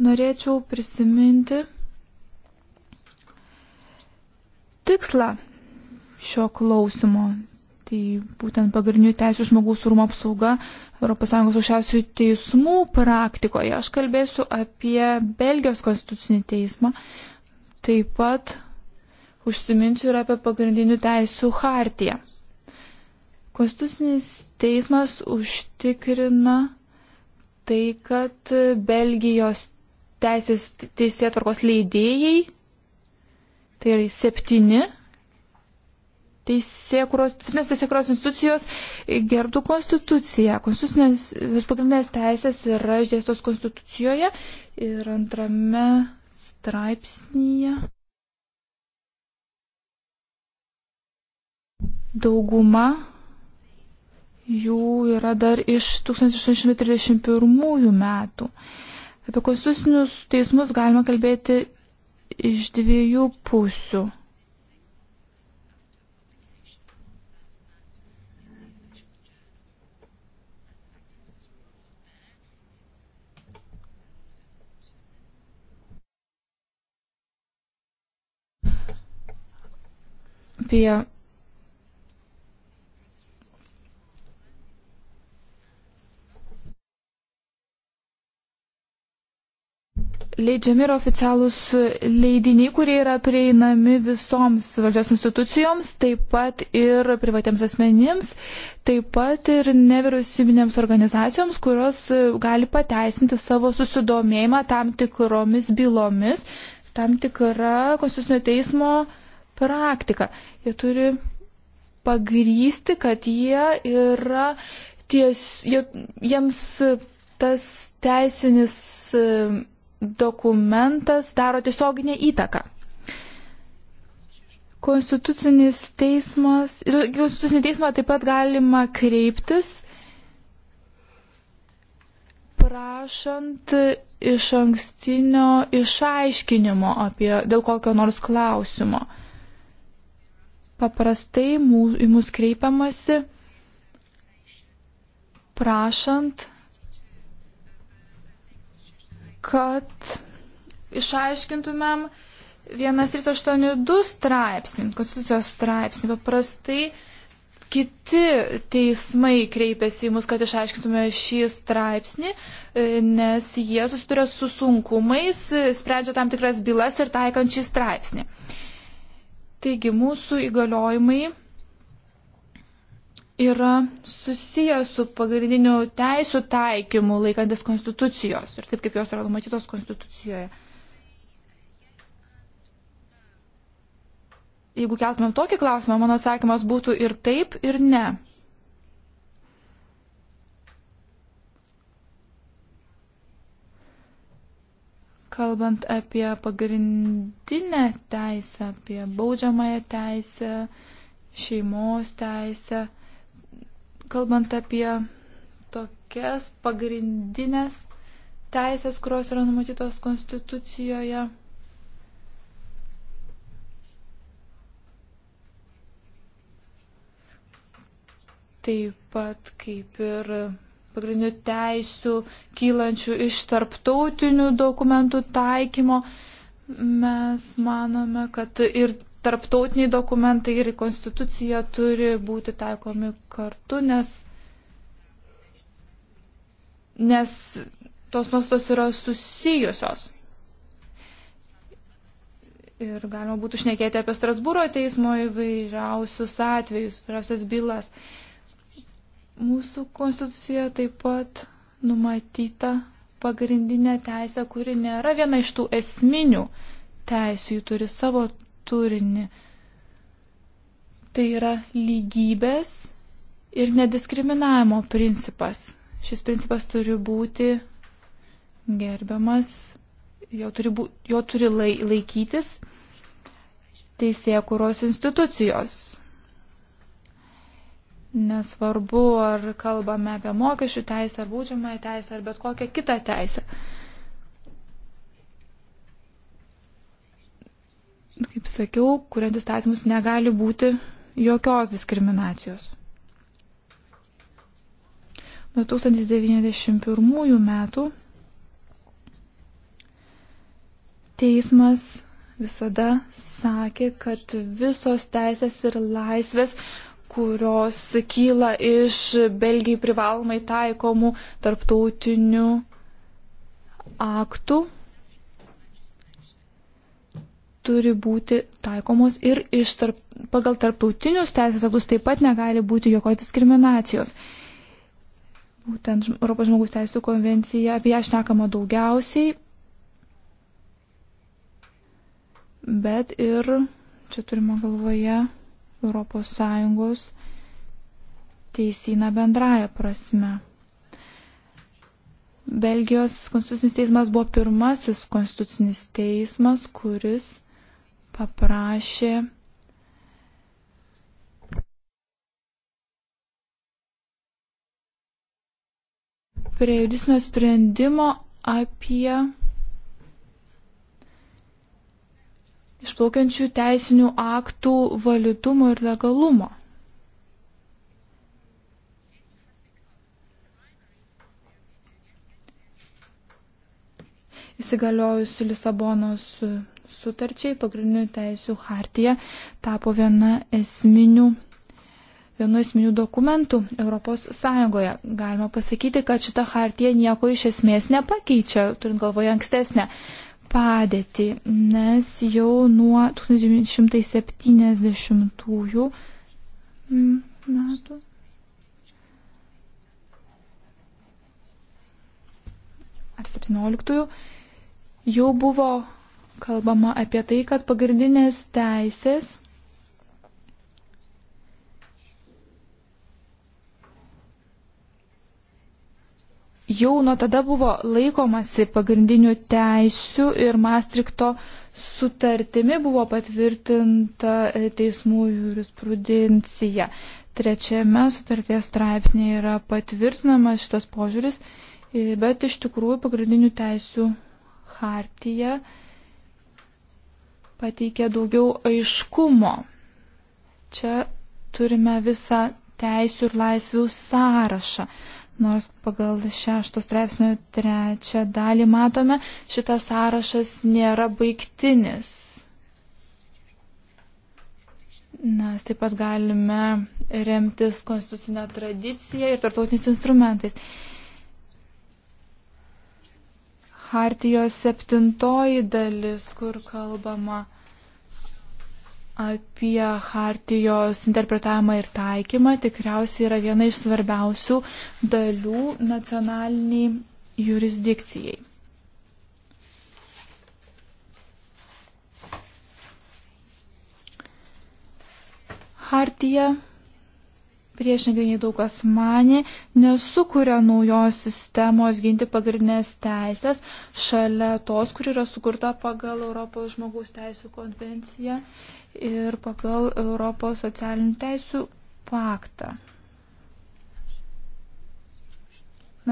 Norėčiau prisiminti tikslą šio klausimo. Tai būtent pagrindinių teisų žmogaus rūmo apsauga ES aukščiausių teismų praktikoje. Aš kalbėsiu apie Belgijos konstitucinį teismą. Taip pat užsiminsiu ir apie pagrindinių teisų hartiją. Konstitucinis teismas užtikrina tai, kad Belgijos teisės teisėtvarkos leidėjai, tai yra septyni teisėkuros, septynios teisėkuros institucijos gerbtų konstituciją. Konstitucinės vis pagrindinės teisės yra išdėstos konstitucijoje ir antrame straipsnyje. Dauguma jų yra dar iš 1831 metų. Apie konstitucinius teismus galima kalbėti iš dviejų pusių. apie leidžiami yra oficialūs leidiniai, kurie yra prieinami visoms valdžios institucijoms, taip pat ir privatiems asmenims, taip pat ir nevyriausybinėms organizacijoms, kurios gali pateisinti savo susidomėjimą tam tikromis bylomis, tam tikra konstitucinio teismo praktika. Jie turi pagrysti, kad jie yra ties, jie, jiems tas teisinis dokumentas daro tiesioginę įtaką. Konstitucinis teismas, konstitucinį teismą taip pat galima kreiptis, prašant iš ankstinio išaiškinimo apie dėl kokio nors klausimo. Paprastai mū, į mus kreipiamasi prašant kad išaiškintumėm 1382 straipsnį, konstitucijos straipsnį. Paprastai kiti teismai kreipiasi į mus, kad išaiškintume šį straipsnį, e, nes jie susiduria su sunkumais, sprendžia tam tikras bylas ir taikant šį straipsnį. Taigi mūsų įgaliojimai yra susijęs su pagrindiniu teisų taikymu laikantis konstitucijos ir taip kaip jos yra numatytos konstitucijoje. Jeigu keltumėm tokį klausimą, mano atsakymas būtų ir taip, ir ne. kalbant apie pagrindinę teisę, apie baudžiamąją teisę, šeimos teisę, kalbant apie tokias pagrindinės teisės, kurios yra numatytos Konstitucijoje. Taip pat kaip ir pagrindinių teisių kylančių iš tarptautinių dokumentų taikymo, mes manome, kad ir tarptautiniai dokumentai ir konstitucija turi būti taikomi kartu, nes, nes tos nuostos yra susijusios. Ir galima būtų šnekėti apie Strasbūro teismo įvairiausius atvejus, įvairiausias bylas. Mūsų konstitucija taip pat numatyta pagrindinė teisė, kuri nėra viena iš tų esminių teisų, ji turi savo turinį. Tai yra lygybės ir nediskriminavimo principas. Šis principas turi būti gerbiamas, jo turi, bū, jo turi lai, laikytis teisėkuros institucijos. Nesvarbu, ar kalbame apie mokesčių teisę, ar būdžiamąją teisę, ar bet kokią kitą teisę. kaip sakiau, kuriant įstatymus negali būti jokios diskriminacijos. Nuo 1991 metų teismas visada sakė, kad visos teisės ir laisvės, kurios kyla iš Belgijai privalomai taikomų tarptautinių aktų, turi būti taikomos ir tarp, pagal tarptautinius teisės aktus taip pat negali būti jokios diskriminacijos. Būtent Europos žmogus teisų konvencija, apie ją šnekama daugiausiai, bet ir čia turime galvoje Europos Sąjungos teisyną bendraja prasme. Belgijos konstitucinis teismas buvo pirmasis konstitucinis teismas, kuris paprašė prie judisinio sprendimo apie išplaukiančių teisinių aktų validumo ir legalumo. Įsigaliojusi Lisabonos sutarčiai, pagrindinių teisų hartija tapo viena esminių. Vienu esminių dokumentų ES. Galima pasakyti, kad šita hartija nieko iš esmės nepakeičia, turint galvoje ankstesnę padėtį, nes jau nuo 1970 mm, metų. Ar 17 jau buvo kalbama apie tai, kad pagrindinės teisės jau nuo tada buvo laikomasi pagrindinių teisių ir Mastrikto sutartimi buvo patvirtinta e, teismų jurisprudencija. Trečiame sutarties straipsnėje yra patvirtinamas šitas požiūris, e, bet iš tikrųjų pagrindinių teisių hartija pateikė daugiau aiškumo. Čia turime visą teisų ir laisvių sąrašą. Nors pagal šešto straipsnio trečią dalį matome, šitas sąrašas nėra baigtinis. Mes taip pat galime remtis konstitucinę tradiciją ir tartautiniais instrumentais. Hartijos septintoji dalis, kur kalbama apie Hartijos interpretavimą ir taikymą, tikriausiai yra viena iš svarbiausių dalių nacionaliniai jurisdikcijai. Hartija priešingai nei daug kas mane, nesukuria naujos sistemos ginti pagrindinės teisės šalia tos, kur yra sukurta pagal Europos žmogaus teisų konvenciją ir pagal Europos socialinių teisų paktą.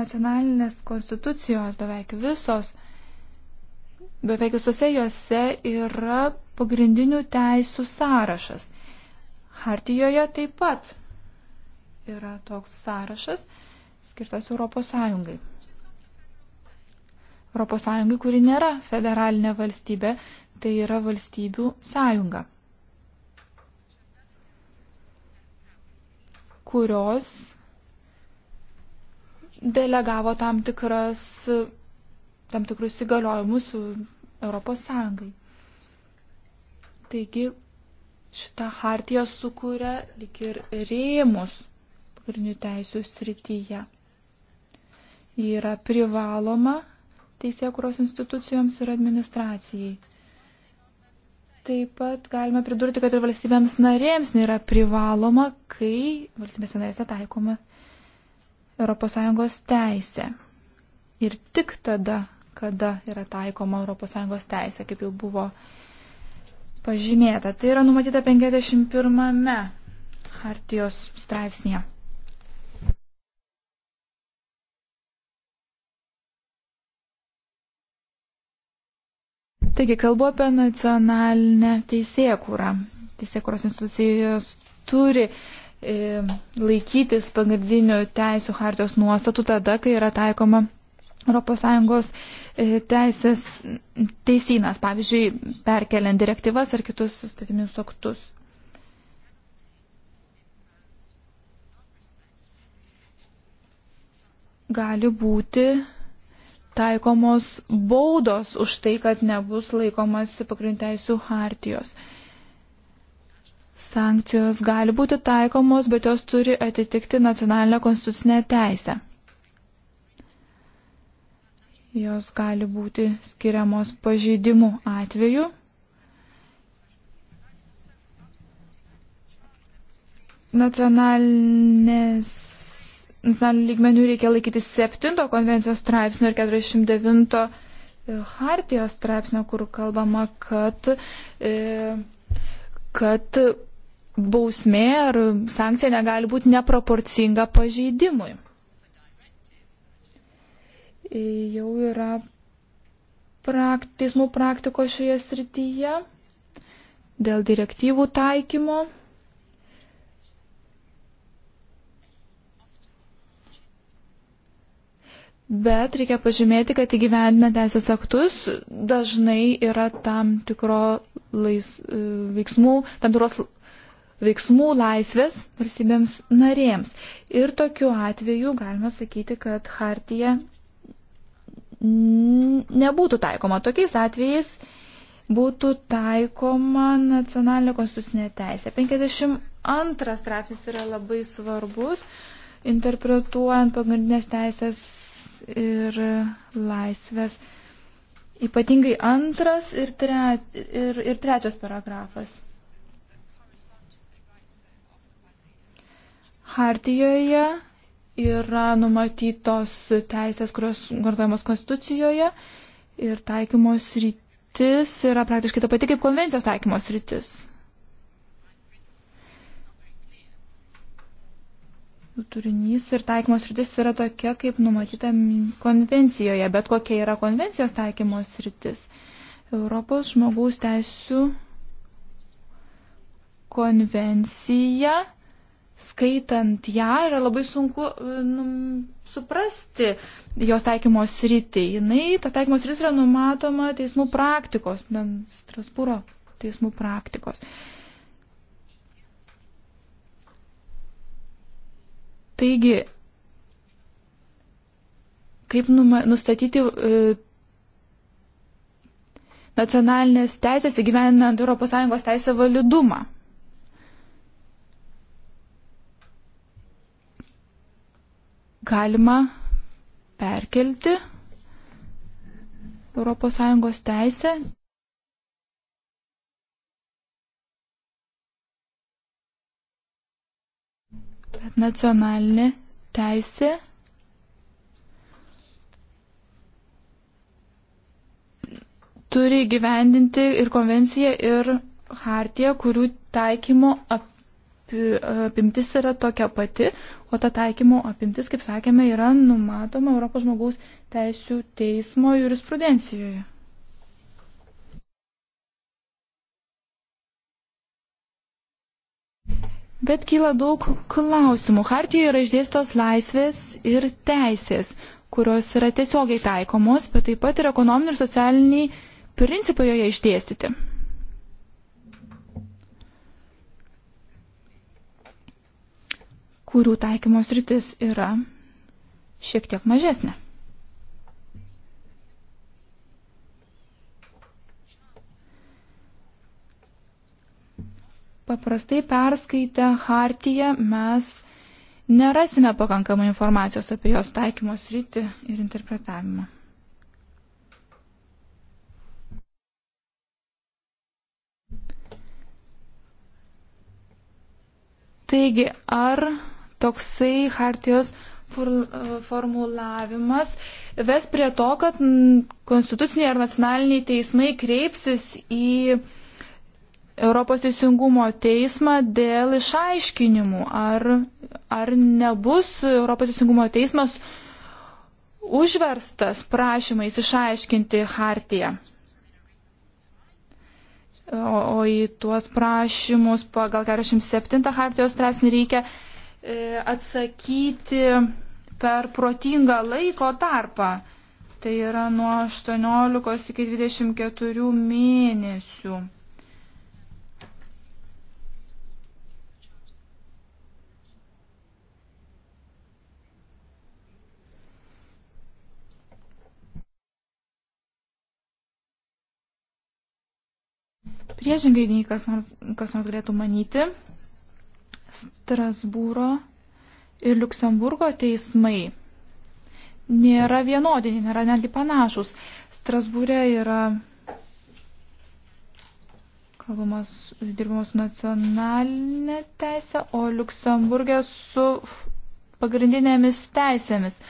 Nacionalinės konstitucijos beveik visos, beveik visose juose yra pagrindinių teisų sąrašas. Hartijoje taip pat yra toks sąrašas skirtas Europos Sąjungai. Europos Sąjungai, kuri nėra federalinė valstybė, tai yra valstybių sąjunga, kurios delegavo tam, tikras, tam tikrus įgaliojimus Europos Sąjungai. Taigi šita hartija sukuria lik ir rėmus pagrindinių teisų srityje. Ji yra privaloma teisėkuros institucijoms ir administracijai. Taip pat galime pridurti, kad ir valstybėms narėms nėra privaloma, kai valstybėse narėse taikoma ES teisė. Ir tik tada, kada yra taikoma ES teisė, kaip jau buvo pažymėta. Tai yra numatyta 51 hartijos straipsnėje. Taigi, kalbu apie nacionalinę teisėkūrą. Teisėkūros institucijos turi e, laikytis pagrindinių teisų hartijos nuostatų tada, kai yra taikoma ES e, teisės teisynas, pavyzdžiui, perkeliant direktyvas ar kitus statyminius aktus. Gali būti taikomos baudos už tai, kad nebus laikomasi pagrindteisių hartijos. Sankcijos gali būti taikomos, bet jos turi atitikti nacionalinę konstitucinę teisę. Jos gali būti skiriamos pažeidimų atveju. Nacionalinės nacionaliniu lygmeniu reikia laikytis 7 konvencijos straipsnio ir 49 e, hartijos straipsnio, kur kalbama, kad, e, kad bausmė ar sankcija negali būti neproporcinga pažeidimui. E, jau yra prak, teismų praktiko šioje srityje dėl direktyvų taikymo. Bet reikia pažymėti, kad įgyvendina teisės aktus dažnai yra tam tikro lais, e, veiksmų, tam tikros veiksmų laisvės valstybėms narėms. Ir tokiu atveju galima sakyti, kad hartija nebūtų taikoma. Tokiais atvejais būtų taikoma nacionalinė konstitucinė teisė. 52 straipsnis yra labai svarbus, interpretuojant pagrindinės teisės ir laisvės. Ypatingai antras ir, tre, ir, ir trečias paragrafas. Hartijoje yra numatytos teisės, kurios vartojamos Konstitucijoje ir taikymos rytis yra praktiškai ta pati kaip konvencijos taikymos rytis. turinys ir taikymos rytis yra tokia, kaip numatyta konvencijoje, bet kokia yra konvencijos taikymos rytis. Europos žmogaus teisų konvencija, skaitant ją, yra labai sunku e, num, suprasti jos taikymos rytį. Jinai, ta taikymos rytis yra numatoma teismų praktikos, Strasbūro teismų praktikos. Uh, Taigi, kaip nustatyti e, nacionalinės teisės įgyveninant ES teisę validumą? Galima perkelti ES teisę nacionalinė teisė turi gyvendinti ir konvenciją, ir hartiją, kurių taikymo apimtis yra tokia pati, o ta taikymo apimtis, kaip sakėme, yra numatoma Europos žmogaus teisų teismo jurisprudencijoje. Bet kyla daug klausimų. Hartijoje yra išdėstos laisvės ir teisės, kurios yra tiesiogiai taikomos, bet taip pat ir ekonominiai ir socialiniai principai joje išdėstyti. kurių taikymos rytis yra šiek tiek mažesnė. paprastai perskaitę Hartiją mes nerasime pakankamai informacijos apie jos taikymo sritį ir interpretavimą. Taigi, ar toksai Hartijos formulavimas ves prie to, kad konstituciniai ar nacionaliniai teismai kreipsis į Europos teisingumo teismą dėl išaiškinimų, ar, ar nebus Europos teisingumo teismas užverstas prašymais išaiškinti hartiją. O, o į tuos prašymus pagal 47 hartijos straipsnį reikia e, atsakyti per protingą laiko tarpą. Tai yra nuo 18 iki 24 mėnesių. Priešingai nei kas nors, kas nors galėtų manyti, Strasbūro ir Luksemburgo teismai nėra vienodini, nėra netgi panašus. Strasbūrė yra kalbamos, dirbamos nacionalinė teisė, o Luksemburgė su pagrindinėmis teisėmis.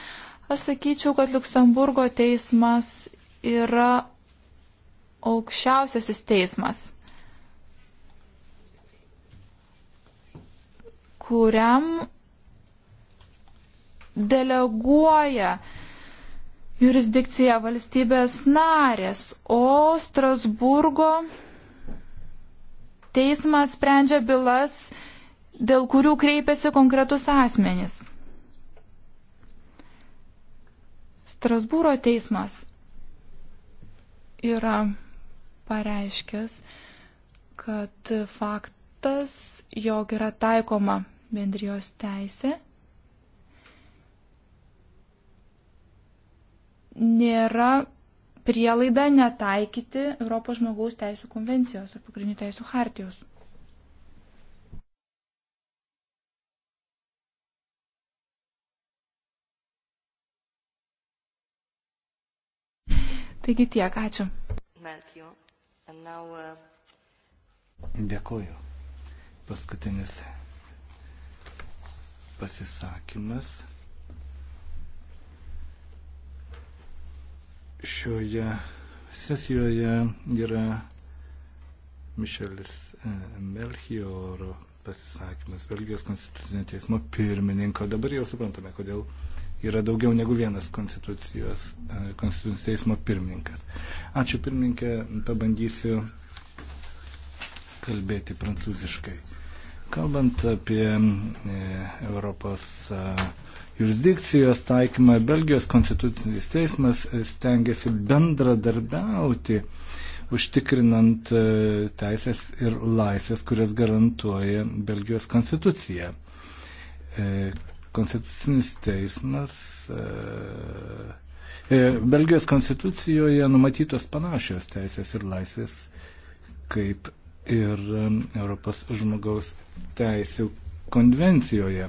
Aš sakyčiau, kad Luksemburgo teismas yra aukščiausiasis teismas. kuriam deleguoja jurisdikcija valstybės narės, o Strasburgo teismas sprendžia bylas, dėl kurių kreipiasi konkretus asmenys. Strasbūro teismas yra pareiškęs, kad faktas, jog yra taikoma bendrijos teisė nėra prielaida netaikyti Europos žmogaus teisų konvencijos ar pagrindinių teisų hartijos. Taigi tiek, ačiū. Uh, Dėkuoju. Paskutinis pasisakymas šioje sesijoje yra Mišelis e, Melchioro pasisakymas Belgijos konstitucinio teismo pirmininko. Dabar jau suprantame, kodėl yra daugiau negu vienas konstitucijos, e, konstitucijos teismo pirmininkas. Ačiū pirmininkė, pabandysiu kalbėti prancūziškai. Kalbant apie e, Europos e, jurisdikcijos taikymą, Belgijos konstitucinis teismas stengiasi bendradarbiauti, užtikrinant e, teisės ir laisvės, kurias garantuoja Belgijos konstitucija. Konstitucinis teismas. Belgijos konstitucijoje numatytos panašios teisės ir laisvės kaip ir Europos žmogaus teisų konvencijoje.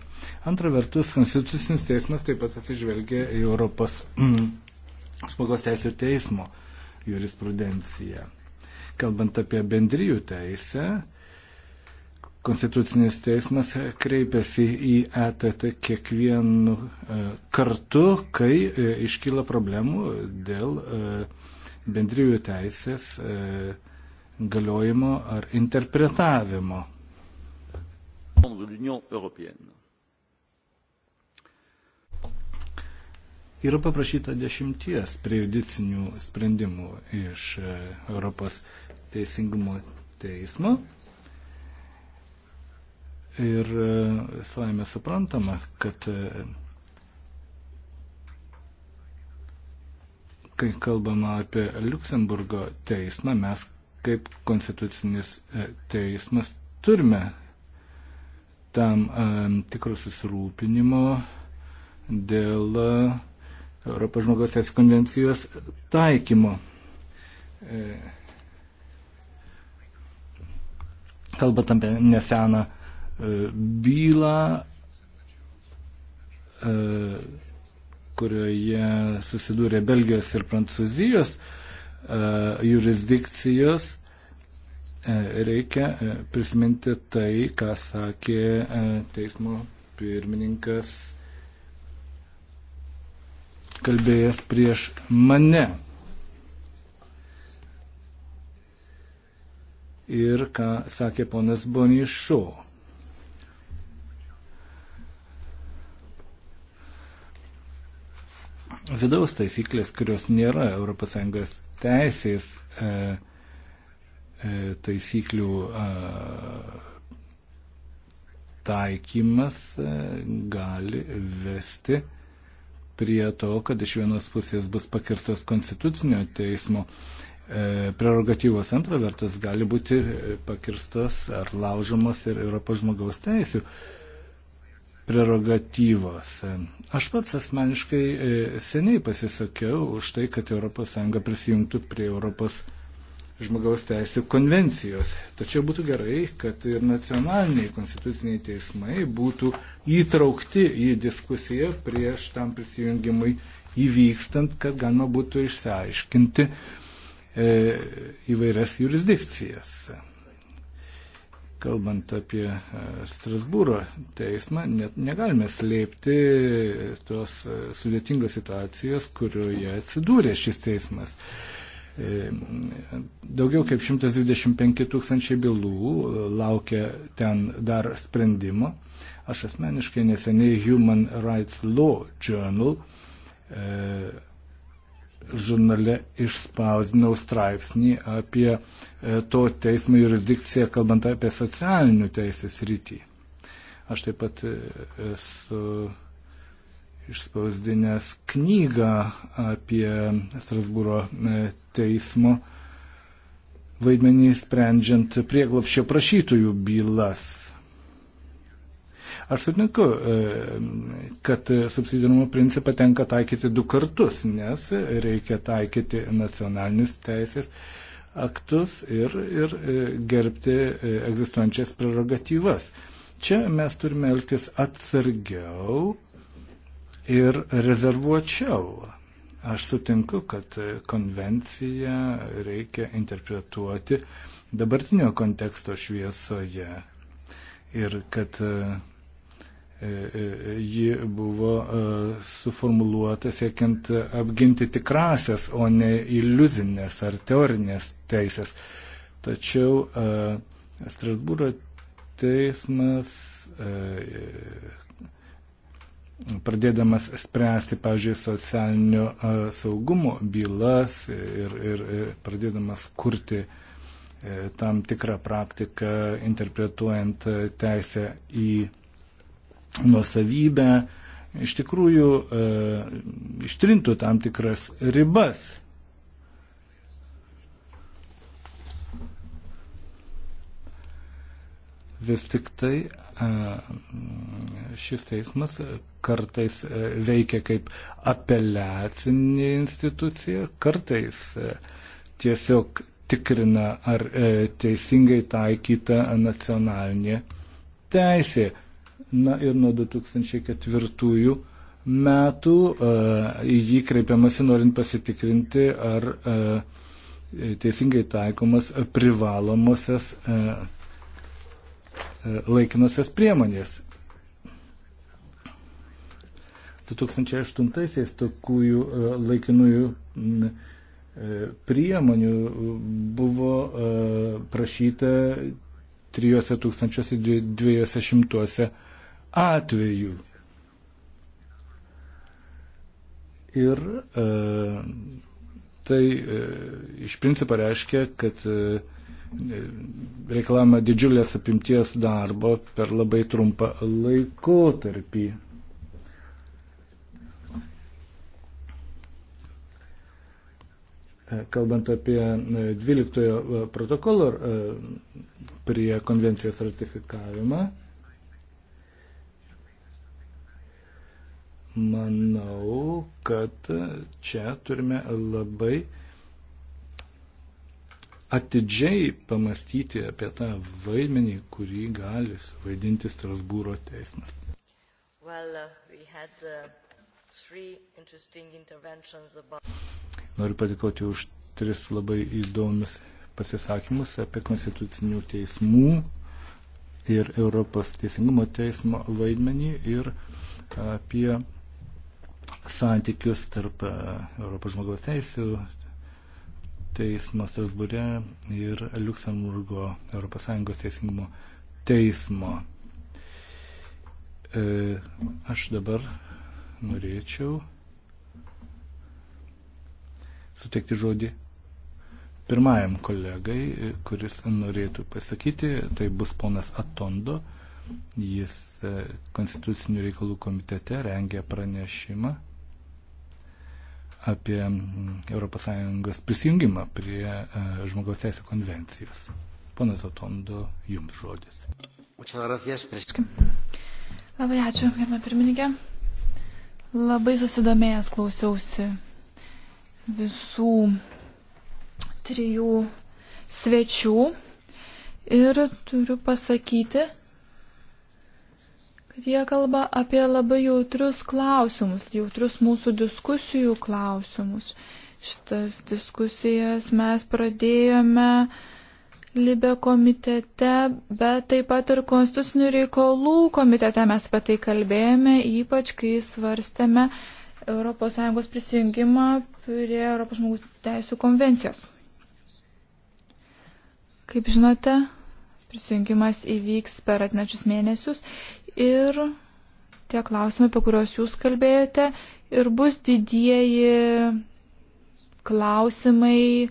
Antra vertus, Konstitucinis teismas taip pat atsižvelgia į Europos žmogaus teisų teismo jurisprudenciją. Kalbant apie bendrijų teisę, Konstitucinis teismas kreipiasi į ETT kiekvienu e, kartu, kai e, iškyla problemų dėl e, bendrijų teisės galiojimo ar interpretavimo. Yra paprašyta dešimties prejudicinių sprendimų iš e, Europos teisingumo teismo. Ir e, savame suprantama, kad e, kai kalbama apie Luksemburgo teismą, mes kaip konstitucinis e, teismas turime tam e, tikrų susirūpinimo dėl e, Europos žmogaus teisų konvencijos taikymo. Kalbant apie neseną bylą, kurioje susidūrė Belgijos ir Prancūzijos, E, jurisdikcijos, e, reikia e, prisiminti tai, ką sakė teismo pirmininkas kalbėjęs prieš mane. Ir ką sakė ponas Bonišo. Vidaus taisyklės, kurios nėra ES teisės e, e, taisyklių e, taikymas gali vesti prie to, kad iš vienos pusės bus pakirstos konstitucinio teismo prerogatyvos antra vertus gali būti pakirstos ar laužomos ir Europos žmogaus teisų prerogatyvos. Aš pats asmeniškai e, seniai pasisakiau už tai, kad ES prisijungtų prie Europos žmogaus teisų konvencijos. Tačiau būtų gerai, kad ir nacionaliniai konstituciniai teismai būtų įtraukti į diskusiją prieš tam prisijungimui įvykstant, kad galima būtų išsiaiškinti e, įvairias jurisdikcijas kalbant apie e, Strasbūro teismą, net negalime slėpti tos e, sudėtingos situacijos, kurioje atsidūrė šis teismas. E, daugiau kaip 125 tūkstančiai bylų laukia ten dar sprendimo. Aš asmeniškai neseniai Human Rights Law Journal žurnale išspausdinau straipsnį apie e, to teismo jurisdikciją, kalbant apie socialinių teisės rytį. Aš taip pat e, esu išspausdinęs knygą apie Strasbūro e, teismo vaidmenį sprendžiant prieglopščio prašytojų bylas. Aš sutinku, e, kad subsidiarumo principą tenka taikyti du kartus, nes reikia taikyti nacionalinis teisės aktus ir, ir e, gerbti e, egzistuojančias prerogatyvas. Čia mes turime elgtis atsargiau ir rezervuočiau. Aš sutinku, kad konvenciją reikia interpretuoti dabartinio konteksto šviesoje ir kad E, e, ji buvo e, suformuluota siekiant apginti tikrasias, o ne iliuzinės ar teorinės teisės. Tačiau Strasbūro teismas, pradėdamas spręsti, pavyzdžiui, socialinio saugumo bylas ir, ir, ir pradėdamas kurti tam tikrą praktiką, interpretuojant teisę į nuosavybę, iš tikrųjų e, ištrintų tam tikras ribas. Vis tik tai e, šis teismas kartais e, veikia kaip apeliacinė institucija, kartais e, tiesiog tikrina, ar teisingai taikyta nacionalinė teisė. Na ir nuo 2004 metų e, į jį kreipiamasi norint pasitikrinti, ar e, teisingai taikomas privalomosios e, laikinosios priemonės. 2008-aisiais tokių laikinųjų priemonių buvo prašyta 3200 atveju. Ir e, tai e, iš principo reiškia, kad e, reklama didžiulės apimties darbo per labai trumpą laikotarpį. E, kalbant apie 12 e, e, protokolo prie konvencijos ratifikavimą, manau, kad čia turime labai atidžiai pamastyti apie tą vaidmenį, kurį gali suvaidinti Strasbūro teismas. Well, uh, we had, uh, about... Noriu padėkoti už tris labai įdomius pasisakymus apie konstitucinių teismų ir Europos teisingumo teismo vaidmenį ir apie santykius tarp e, Europos žmogaus teisų teismo Strasbūre ir Luksemburgo ES teisingumo teismo. E, aš dabar norėčiau suteikti žodį pirmajam kolegai, kuris norėtų pasakyti, tai bus ponas Atondo. At Jis e, Konstitucinių reikalų komitete rengė pranešimą apie ES prisijungimą prie e, žmogaus teisų konvencijos. Ponas Otondo, jums žodis. Labai ačiū, germa pirmininkė. Labai susidomėjęs klausiausi visų trijų svečių ir turiu pasakyti, kad jie kalba apie labai jautrius klausimus, jautrius mūsų diskusijų klausimus. Šitas diskusijas mes pradėjome Libe komitete, bet taip pat ir konstitucinių reikalų komitete mes apie tai kalbėjome, ypač kai svarstėme ES prisijungimą prie ES teisų konvencijos. Kaip žinote, prisijungimas įvyks per atnečius mėnesius ir tie klausimai, apie kuriuos jūs kalbėjote, ir bus didieji klausimai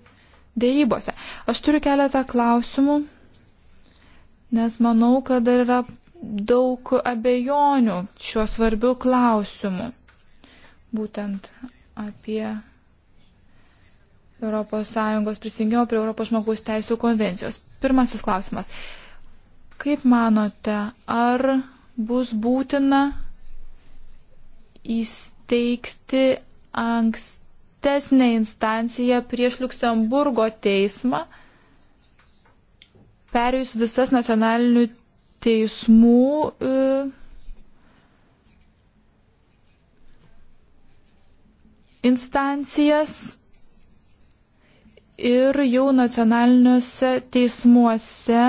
dėrybose. Aš turiu keletą klausimų, nes manau, kad dar yra daug abejonių šiuo svarbiu klausimu. Būtent apie ES prisijungimo prie Europos žmogaus teisų konvencijos. Pirmasis klausimas. Kaip manote, ar bus būtina įsteigti ankstesnę instanciją prieš Luksemburgo teismą, perėjus visas nacionalinių teismų e, instancijas ir jau nacionaliniuose teismuose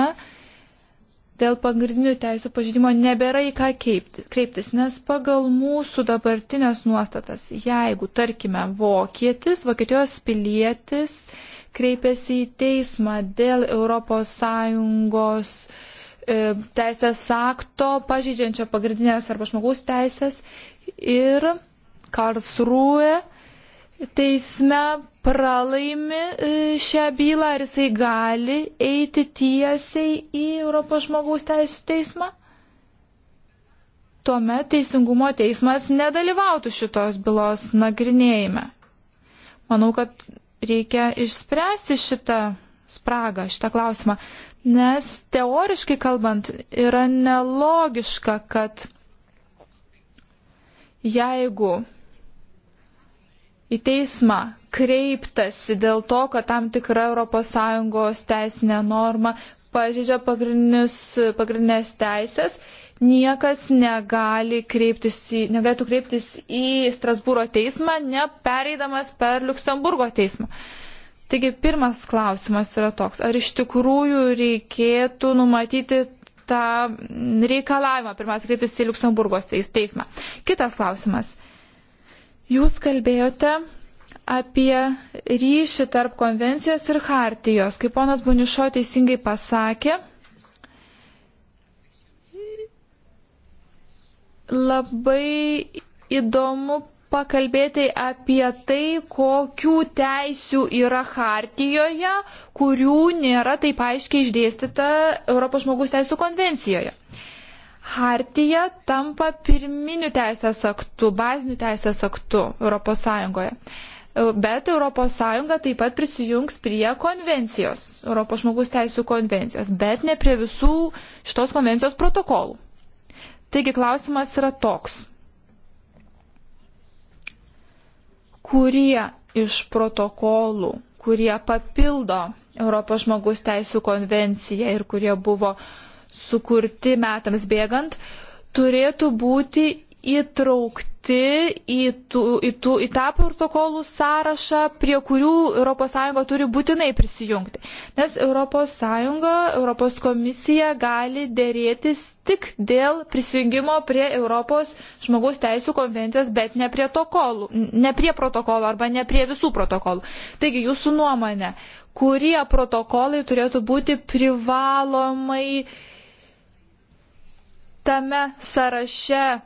dėl pagrindinių teisų pažydimo nebėra į ką kreiptis, nes pagal mūsų dabartinės nuostatas, jeigu, tarkime, vokietis, Vokietijos pilietis kreipiasi į teismą dėl ES e, teisės akto pažydžiančio pagrindinės arba žmogaus teisės ir Karlsruhe teisme pralaimi e, šią bylą, ar jisai gali eiti tiesiai į Europos žmogaus teisų teismą? Tuomet teisingumo teismas nedalyvautų šitos bylos nagrinėjime. Manau, kad reikia išspręsti šitą spragą, šitą klausimą, nes teoriškai kalbant yra nelogiška, kad jeigu į teismą kreiptasi dėl to, kad tam tikra ES teisinė norma pažydžia pagrindinės teisės, niekas negali kreiptis į, negalėtų kreiptis į Strasbūro teismą, nepereidamas per Luksemburgo teismą. Taigi pirmas klausimas yra toks, ar iš tikrųjų reikėtų numatyti tą reikalavimą, pirmiausia, kreiptis į Luksemburgos teismą. Kitas klausimas Jūs kalbėjote apie ryšį tarp konvencijos ir hartijos. Kaip ponas Bunišo teisingai pasakė, labai įdomu pakalbėti apie tai, kokių teisių yra hartijoje, kurių nėra taip aiškiai išdėstyta Europos žmogus teisų konvencijoje. Hartija tampa pirminiu teisės aktu, baziniu teisės aktu ES. Bet ES taip pat prisijungs prie konvencijos, Europos žmogus teisų konvencijos, bet ne prie visų šitos konvencijos protokolų. Taigi klausimas yra toks. Kurie iš protokolų, kurie papildo Europos žmogus teisų konvenciją ir kurie buvo uh, sukurti metams bėgant, turėtų būti įtraukti į, tų, į, tų, į tą protokolų sąrašą, prie kurių ES turi būtinai prisijungti. Nes ES, ES komisija gali dėrėtis tik dėl prisijungimo prie Europos žmogaus teisų konvencijos, bet ne prie, tokolų, ne prie protokolo arba ne prie visų protokolų. Taigi jūsų nuomonė, kurie protokolai turėtų būti privalomai tame sąraše,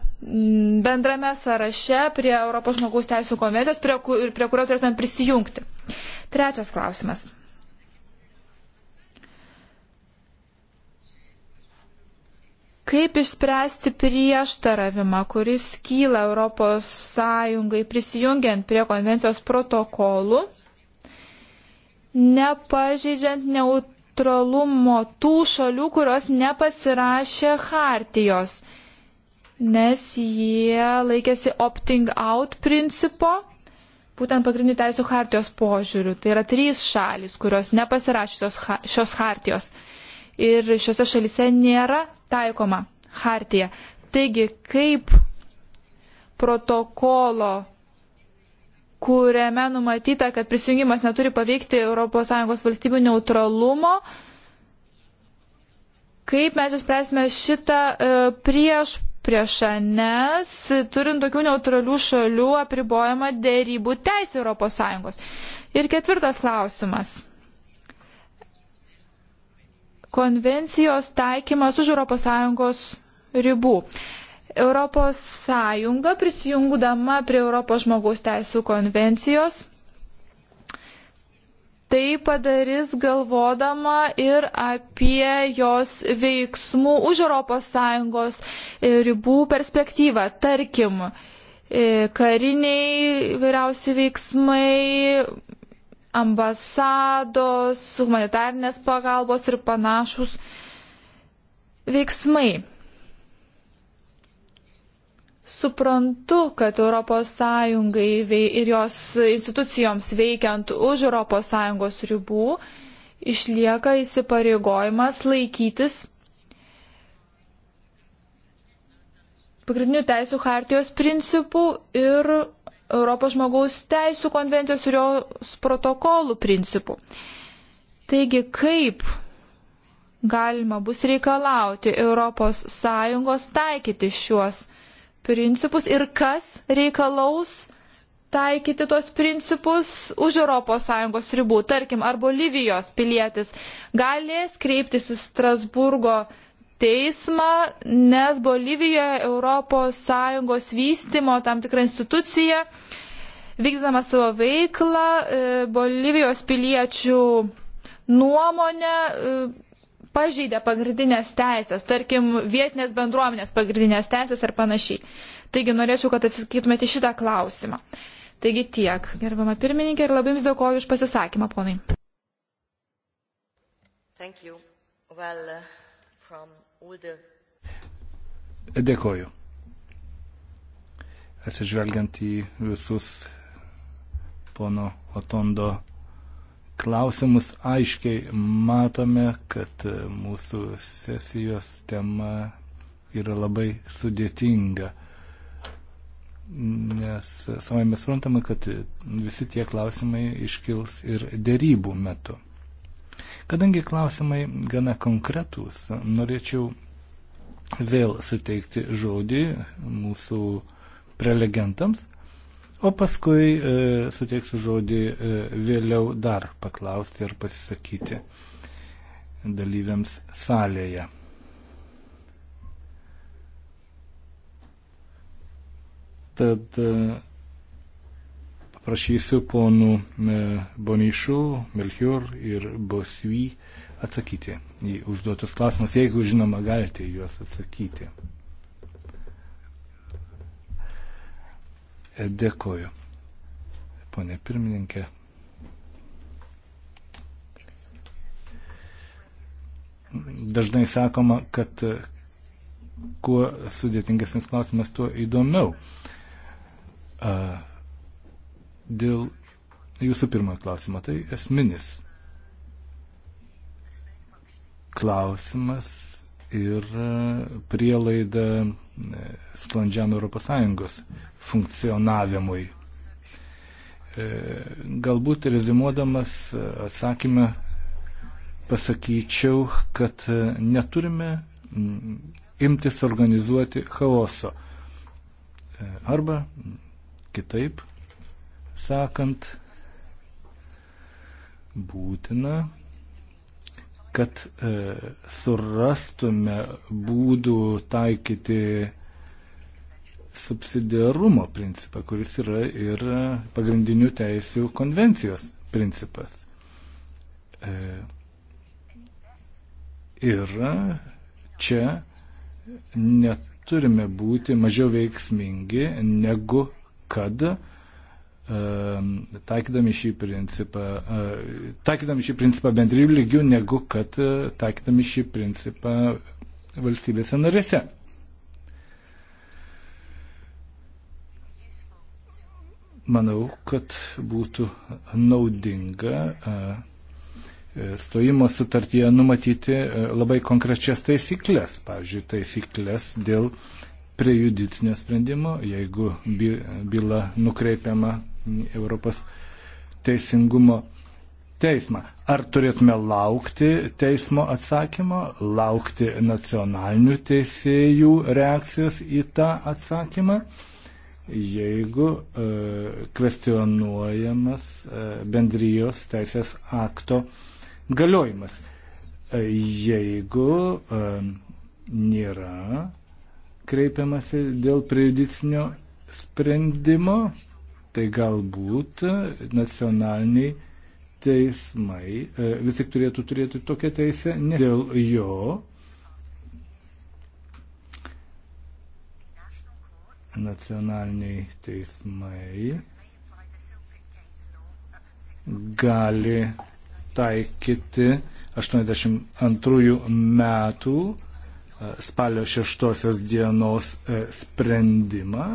bendrame sąraše prie Europos žmogaus teisų konvencijos, prie, prie kurio turėtume prisijungti. Trečias klausimas. Kaip išspręsti prieštaravimą, kuris kyla Europos Sąjungai prisijungiant prie konvencijos protokolų, nepažeidžiant neut neutralumo tų šalių, kurios nepasirašė hartijos, nes jie laikėsi opting out principo, būtent pagrindinių teisų hartijos požiūrių. Tai yra trys šalis, kurios nepasirašysios šios hartijos. Ir šiuose šalise nėra taikoma hartija. Taigi, kaip protokolo kuriame numatyta, kad prisijungimas neturi paveikti ES valstybių neutralumo. Kaip mes įspręsime šitą e, prieš priešą, nes turint tokių neutralių šalių apribojama dėrybų teisė ES. Ir ketvirtas klausimas. Konvencijos taikymas už ES ribų. Europos Sąjunga prisijungdama prie Europos žmogaus teisų konvencijos tai padarys galvodama ir apie jos veiksmų už ES e, ribų perspektyvą. Tarkim, e, kariniai vairiausi veiksmai, ambasados, humanitarnės pagalbos ir panašus veiksmai suprantu, kad ES ir jos institucijoms veikiant už ES ribų išlieka įsipareigojimas laikytis pagrindinių teisų hartijos principų ir Europos žmogaus teisų konvencijos ir jos protokolų principų. Taigi, kaip galima bus reikalauti ES taikyti šiuos principus ir kas reikalaus taikyti tos principus už ES ribų. Tarkim, ar Bolivijos pilietis galės kreiptis į Strasburgo teismą, nes Bolivijoje ES vystimo tam tikra institucija, vykdama savo veiklą, e, Bolivijos piliečių nuomonę e, pažeidė pagrindinės teisės, tarkim, vietinės bendruomenės pagrindinės teisės ar panašiai. Taigi norėčiau, kad atsakytumėte šitą klausimą. Taigi tiek, gerbama pirmininkė, ir labai jums dėkoju už pasisakymą, ponai. Well, uh, the... Dėkoju. Atsižvelgiant į visus pono Otondo klausimus aiškiai matome, kad e, mūsų sesijos tema yra labai sudėtinga. Nes savai mes suprantame, kad visi tie klausimai iškils ir dėrybų metu. Kadangi klausimai gana konkretūs, norėčiau vėl suteikti žodį mūsų prelegentams O paskui e, suteiksiu žodį e, vėliau dar paklausti ir pasisakyti dalyviams salėje. Tad e, paprašysiu ponų e, Bonišų, Melchior ir Bosvy atsakyti į užduotus klausimus, jeigu žinoma galite juos atsakyti. E, dėkoju, ponė pirmininkė. Dažnai sakoma, kad e, kuo sudėtingesnis klausimas, tuo įdomiau. Dėl jūsų pirmojo klausimo, tai esminis klausimas ir e, prielaida e, sklandžiam ES funkcionavimui. E, galbūt rezimuodamas atsakymą pasakyčiau, kad neturime imtis organizuoti chaoso. Arba kitaip sakant, būtina kad e, surastume būdų taikyti subsidiarumo principą, kuris yra ir pagrindinių teisių konvencijos principas. E, ir čia neturime būti mažiau veiksmingi negu kad e, Ehm, taikydami šį principą, e, taikydami šį principą bendrijų lygių, negu kad e, taikydami šį principą valstybėse narėse. Manau, kad būtų naudinga e, stojimo sutartyje numatyti labai konkrečias taisyklės, pavyzdžiui, taisyklės dėl prejudicinio sprendimo, jeigu byla nukreipiama Europos teisingumo teismą. Ar turėtume laukti teismo atsakymo, laukti nacionalinių teisėjų reakcijos į tą atsakymą, jeigu e, kvestionuojamas e, bendrijos teisės akto galiojimas, e, jeigu e, nėra kreipiamasi dėl prejudicinio sprendimo, tai galbūt nacionaliniai teismai e, vis tik turėtų turėti tokią teisę, ne dėl jo nacionaliniai teismai gali taikyti 82 metų e, spalio 6 dienos e, sprendimą,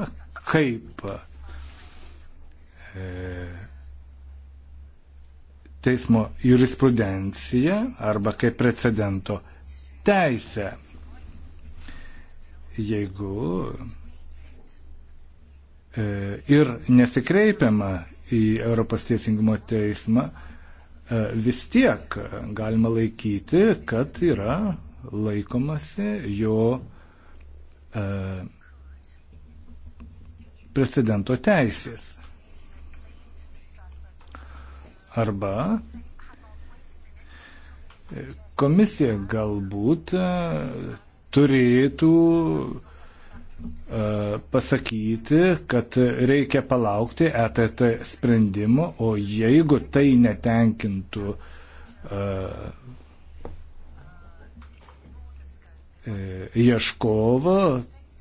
kaip teismo jurisprudenciją arba kaip precedento teisę. Jeigu e, ir nesikreipiama į Europos teisingumo teismą, e, vis tiek galima laikyti, kad yra laikomasi jo e, precedento teisės. Arba komisija galbūt e, turėtų e, pasakyti, kad reikia palaukti ETT sprendimo, o jeigu tai netenkintų e, ieškovo,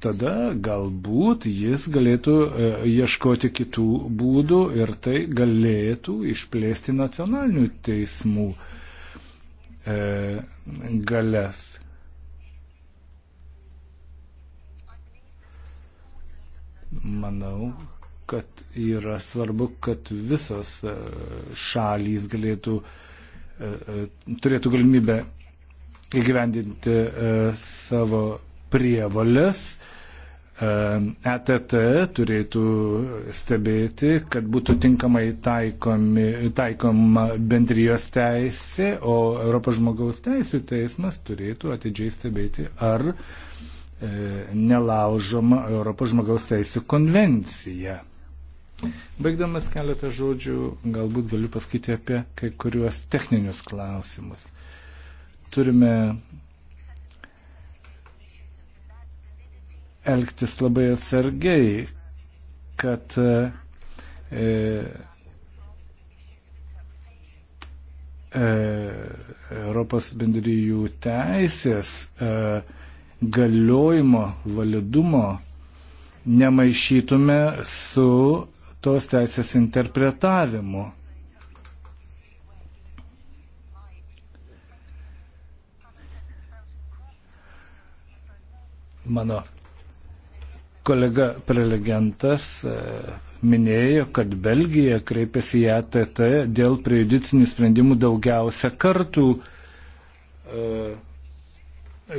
tada galbūt jis galėtų e, ieškoti kitų būdų ir tai galėtų išplėsti nacionalinių teismų e, galės. Manau, kad yra svarbu, kad visos e, šalys galėtų, turėtų galimybę įgyvendinti savo prievalės. ETT e turėtų stebėti, kad būtų tinkamai taikomi, taikoma bendrijos teisė, o Europos žmogaus teisų teismas turėtų atidžiai stebėti, ar e, nelaužoma Europos žmogaus teisų konvencija. Baigdamas keletą žodžių, galbūt galiu pasakyti apie kai kuriuos techninius klausimus. Turime elgtis labai atsargiai, kad e, e, Europos bendryjų teisės e, galiojimo, validumo nemaišytume su tos teisės interpretavimu. Mano Kolega prelegentas e, minėjo, kad Belgija kreipėsi į ATT dėl prejudicinių sprendimų daugiausia kartų, e,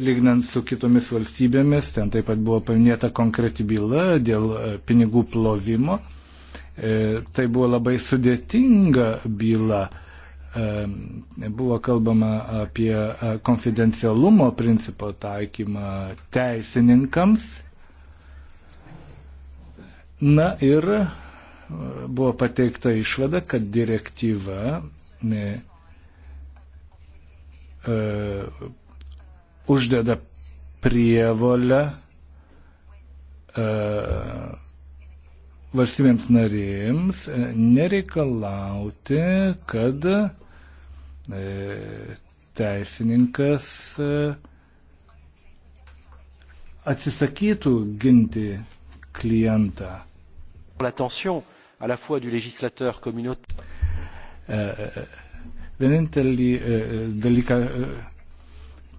lygnant su kitomis valstybėmis. Ten taip pat buvo paminėta konkreti byla dėl e, pinigų plovimo. Tai buvo labai sudėtinga byla buvo kalbama apie konfidencialumo principo taikymą teisininkams Na ir e, buvo pateikta išvada, kad direktyva ne, e, uždeda prievolę e, valstybėms narėms e, nereikalauti, kad e, teisininkas atsisakytų ginti klientą l'attention à la fois du législateur communautaire. E, vienintelį e, dalyką, e,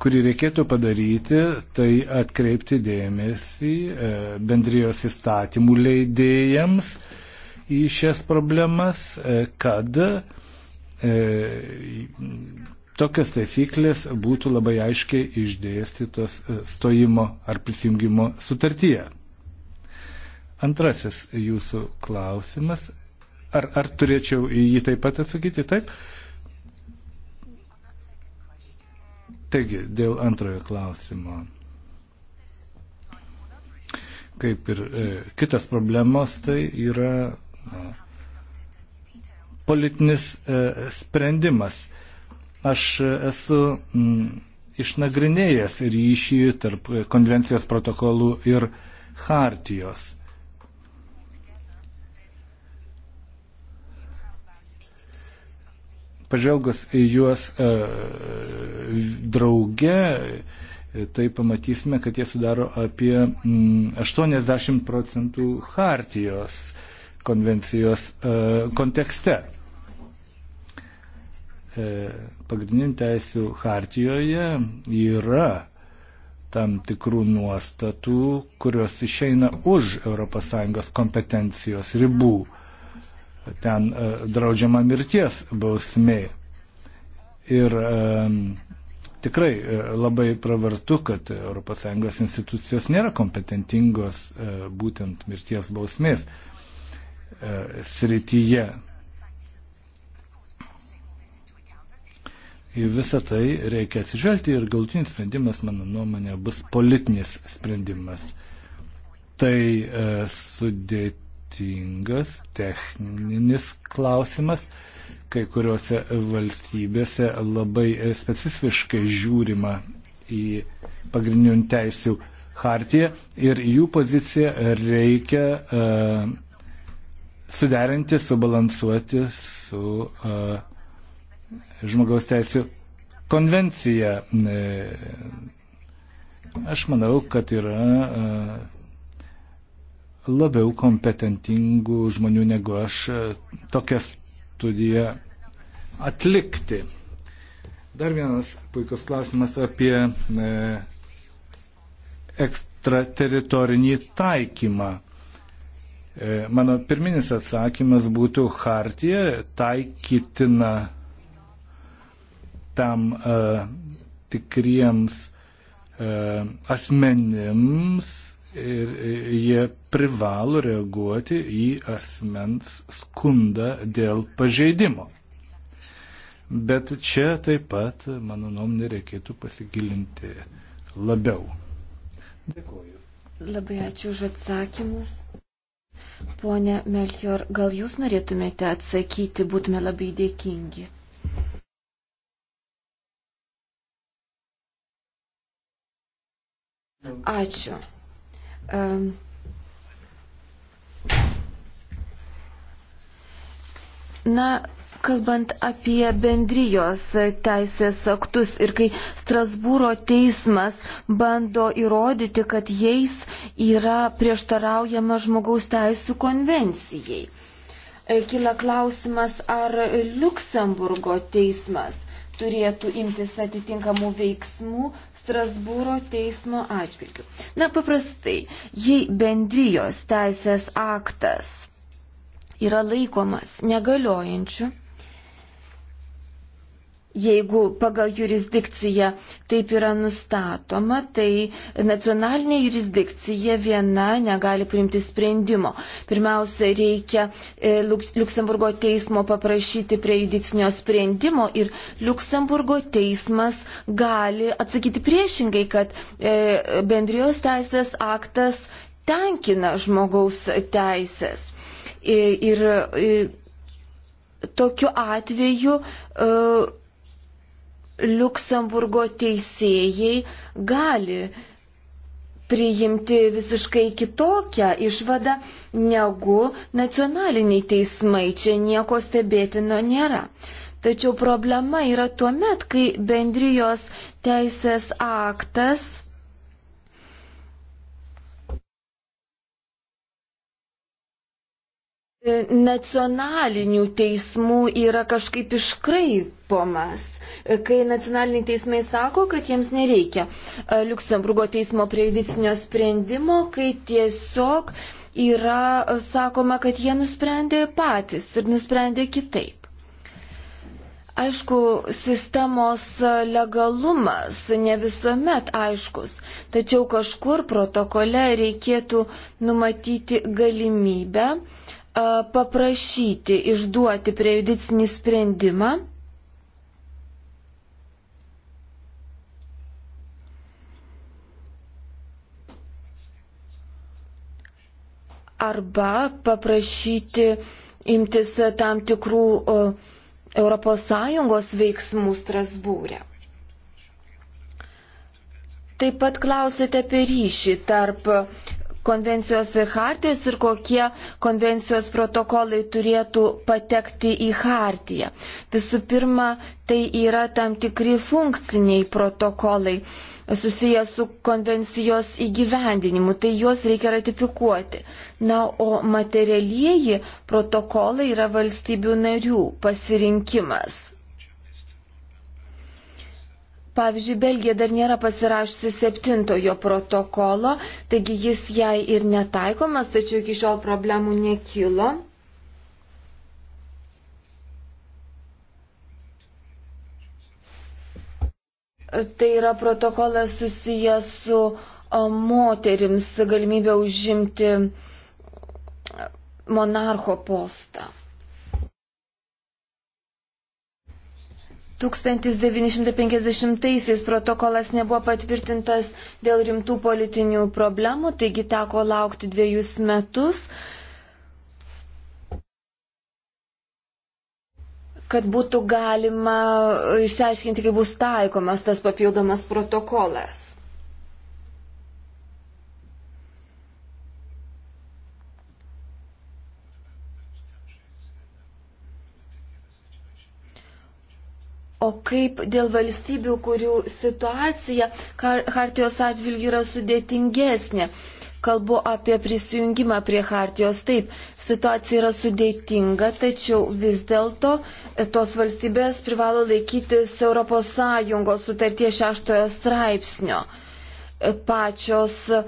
kurį reikėtų padaryti, tai atkreipti dėmesį bendrijos įstatymų leidėjams į šias problemas, kad tokios taisyklės būtų labai aiškiai išdėstytos stojimo ar prisijungimo sutartyje. Antrasis jūsų klausimas. Ar, ar turėčiau į jį taip pat atsakyti? Taip. Taigi, dėl antrojo klausimo. Kaip ir e, kitas problemos, tai yra e, politinis e, sprendimas. Aš e, esu m, išnagrinėjęs ryšį tarp e, konvencijos protokolų ir hartijos. pažvelgus į juos e, drauge, tai pamatysime, kad jie sudaro apie 80 mm, procentų hartijos konvencijos e, kontekste. E, pagrindinių teisių hartijoje yra tam tikrų nuostatų, kurios išeina už ES kompetencijos ribų ten e, draudžiama mirties bausmė. Ir e, tikrai e, labai pravartu, kad ES institucijos nėra kompetentingos būtent mirties bausmės srityje. Į visą tai reikia atsižvelgti ir galtinis sprendimas, mano nuomonė, bus politinis sprendimas. Tai e, sudėti sudėtingas techninis klausimas. Kai kuriuose valstybėse labai specifiškai žiūrima į pagrindinių teisių hartiją ir jų poziciją reikia uh, suderinti, subalansuoti su uh, žmogaus teisų konvencija. E, aš manau, kad yra uh, labiau kompetentingų žmonių negu aš e, tokią studiją atlikti. Dar vienas puikus klausimas apie e, ekstrateritorinį taikymą. E, mano pirminis atsakymas būtų hartija taikytina tam e, tikriems e, asmenims, ir e, jie privalo reaguoti į asmens skundą dėl pažeidimo. Bet čia taip pat, mano nuomonė, reikėtų pasigilinti labiau. Dėkuoju. Labai ačiū už atsakymus. Pone Melchior, gal jūs norėtumėte atsakyti, būtume labai dėkingi. Ačiū. Um, Na, kalbant apie bendrijos teisės aktus ir kai Strasbūro teismas bando įrodyti, kad jais yra prieštaraujama žmogaus teisų konvencijai. E, kila klausimas, ar Luksemburgo teismas turėtų imtis atitinkamų veiksmų Strasbūro teismo atžvilgių. Na, paprastai, jei bendrijos teisės aktas yra laikomas negaliojančiu, jeigu pagal jurisdikciją taip yra nustatoma, tai nacionalinė jurisdikcija viena negali priimti sprendimo. Pirmiausia, reikia e, Luksemburgo teismo paprašyti prie judicinio sprendimo ir Luksemburgo teismas gali atsakyti priešingai, kad e, bendrijos teisės aktas tenkina žmogaus teisės. Ir, ir tokiu atveju uh, Luksemburgo teisėjai gali priimti visiškai kitokią išvadą negu nacionaliniai teismai. Čia nieko stebėtino nėra. Tačiau problema yra tuo met, kai bendrijos teisės aktas nacionalinių teismų yra kažkaip iškraipomas, kai nacionaliniai teismai sako, kad jiems nereikia e, Luksemburgo teismo prejudicinio sprendimo, kai tiesiog yra e, sakoma, kad jie nusprendė patys ir nusprendė kitaip. Aišku, sistemos e, legalumas ne visuomet aiškus, tačiau kažkur protokole reikėtų numatyti galimybę uh, paprašyti išduoti prejudicinį sprendimą. Arba paprašyti imtis tam tikrų ES veiksmų Strasbūrė. Taip pat klausėte apie ryšį tarp konvencijos ir hartijos ir kokie konvencijos protokolai turėtų patekti į hartiją. Visų pirma, tai yra tam tikri funkciniai protokolai susijęs su konvencijos įgyvendinimu, tai juos reikia ratifikuoti. Na, o materialieji protokolai yra valstybių narių pasirinkimas. Pavyzdžiui, Belgija dar nėra pasirašusi septintojo protokolo, taigi jis jai ir netaikomas, tačiau iki šiol problemų nekilo. Tai yra protokolas susijęs su moterims galimybė užimti monarcho postą. 1950-aisiais protokolas nebuvo patvirtintas dėl rimtų politinių problemų, taigi teko laukti dviejus metus, kad būtų galima išsiaiškinti, kaip bus taikomas tas papildomas protokolas. O kaip dėl valstybių, kurių situacija Hartijos atvilgių yra sudėtingesnė? Kalbu apie prisijungimą prie Hartijos. Taip, situacija yra sudėtinga, tačiau vis dėlto e, tos valstybės privalo laikytis ES sutarties šeštojo straipsnio. E, pačios e,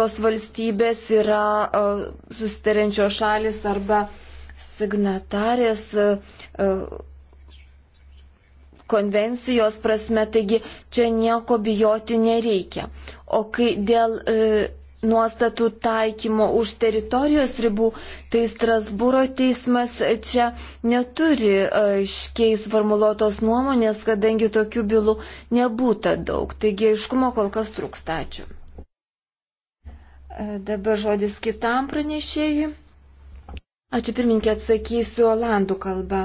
tos valstybės yra susitarenčios šalis arba signatarės konvencijos prasme, taigi čia nieko bijoti nereikia. O kai dėl e, nuostatų taikymo už teritorijos ribų, tai Strasbūro teismas čia neturi e, aiškiai sformuluotos nuomonės, kadangi tokių bylų nebūta daug. Taigi aiškumo kol kas trūksta. Ačiū. E, dabar žodis kitam pranešėjui. Ačiū pirminkė, atsakysiu olandų kalbą.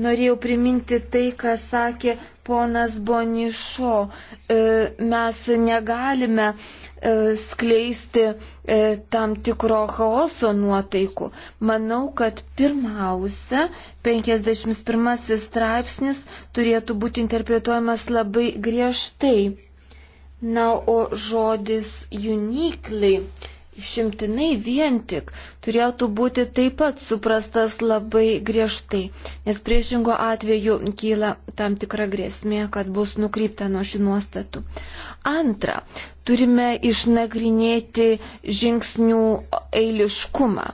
norėjau priminti tai, ką sakė ponas Bonišo. E, mes negalime e, skleisti e, tam tikro chaoso nuotaikų. Manau, kad pirmiausia, 51 straipsnis turėtų būti interpretuojamas labai griežtai. Na, o žodis junikliai išimtinai vien tik turėtų būti taip pat suprastas labai griežtai, nes priešingo atveju kyla tam tikra grėsmė, kad bus nukrypta nuo šių nuostatų. Antra, turime išnagrinėti žingsnių eiliškumą.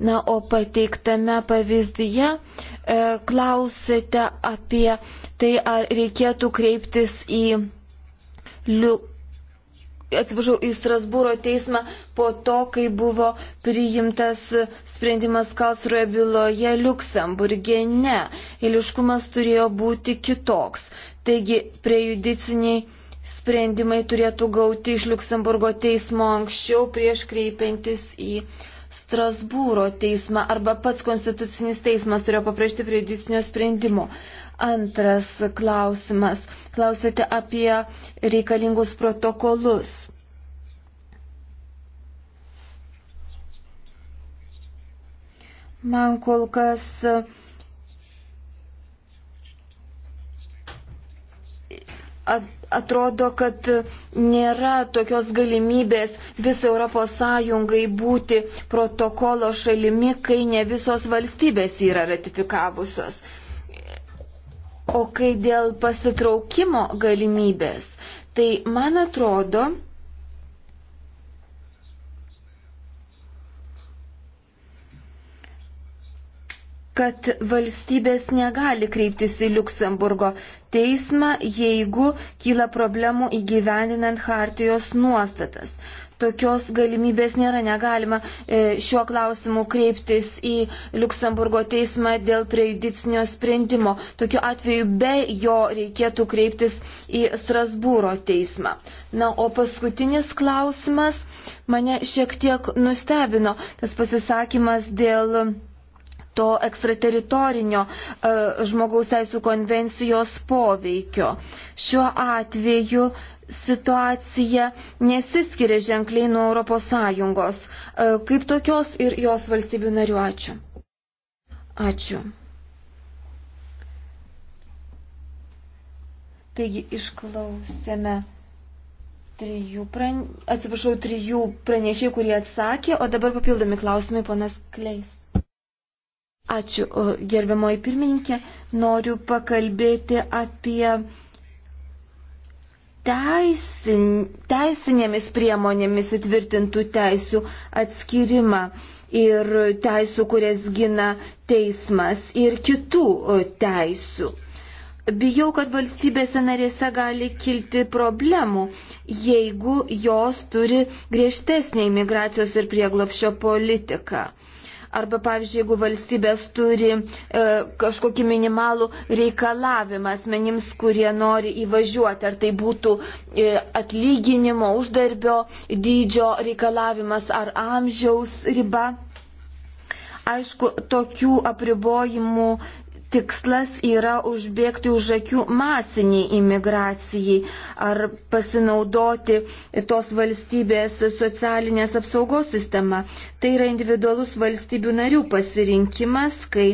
Na, o pateiktame pavyzdyje e, klausėte apie tai, ar reikėtų kreiptis į liuk atsiprašau, į Strasbūro teismą po to, kai buvo priimtas sprendimas Kalsruoje byloje Luksemburgė. Ne, eiliškumas turėjo būti kitoks. Taigi prejudiciniai sprendimai turėtų gauti iš Luksemburgo teismo anksčiau prieš kreipiantis į Strasbūro teismą arba pats konstitucinis teismas turėjo paprašyti prejudicinio sprendimo. Antras klausimas klausėte apie reikalingus protokolus. Man kol kas atrodo, kad nėra tokios galimybės visą ES būti protokolo šalimi, kai ne visos valstybės yra ratifikavusios. O kai dėl pasitraukimo galimybės, tai man atrodo, kad valstybės negali kreiptis į Luksemburgo teismą, jeigu kyla problemų įgyveninant hartijos nuostatas tokios galimybės nėra, negalima e, šiuo klausimu kreiptis į Luksemburgo teismą dėl prejudicinio sprendimo. Tokiu atveju be jo reikėtų kreiptis į Strasbūro teismą. Na, o paskutinis klausimas mane šiek tiek nustebino, tas pasisakymas dėl to ekstrateritorinio e, žmogaus teisų konvencijos poveikio. Šiuo atveju situacija nesiskiria ženkliai nuo ES, e, kaip tokios ir jos valstybių narių. Ačiū. Ačiū. Taigi išklausėme trijų, pran... atsiprašau, trijų pranešėjų, kurie atsakė, o dabar papildomi klausimai, ponas Kleis. Ačiū, gerbiamoji pirmininkė. Noriu pakalbėti apie teisin, teisinėmis priemonėmis įtvirtintų teisių atskirimą ir teisų, kurias gina teismas ir kitų teisių. Bijau, kad valstybėse narėse gali kilti problemų, jeigu jos turi griežtesnį imigracijos ir prieglopšio politiką. Arba, pavyzdžiui, jeigu valstybės turi e, kažkokį minimalų reikalavimą asmenims, kurie nori įvažiuoti, ar tai būtų e, atlyginimo, uždarbio dydžio reikalavimas ar amžiaus riba. Aišku, tokių apribojimų tikslas yra užbėgti už akių masiniai imigracijai ar pasinaudoti tos valstybės socialinės apsaugos sistema. Tai yra individualus valstybių narių pasirinkimas, kai,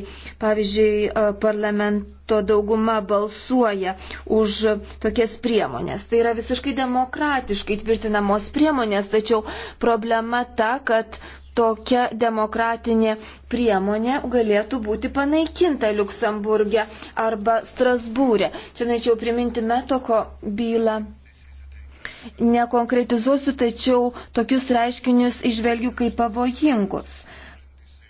pavyzdžiui, e, parlamento dauguma balsuoja už tokias priemonės. Tai yra visiškai demokratiškai tvirtinamos priemonės, tačiau problema ta, kad tokia demokratinė priemonė galėtų būti panaikinta Luksemburgė arba Strasbūrė. Čia norėčiau priminti Metoko bylą. Nekonkretizuosiu, tačiau tokius reiškinius išvelgiu kaip pavojingus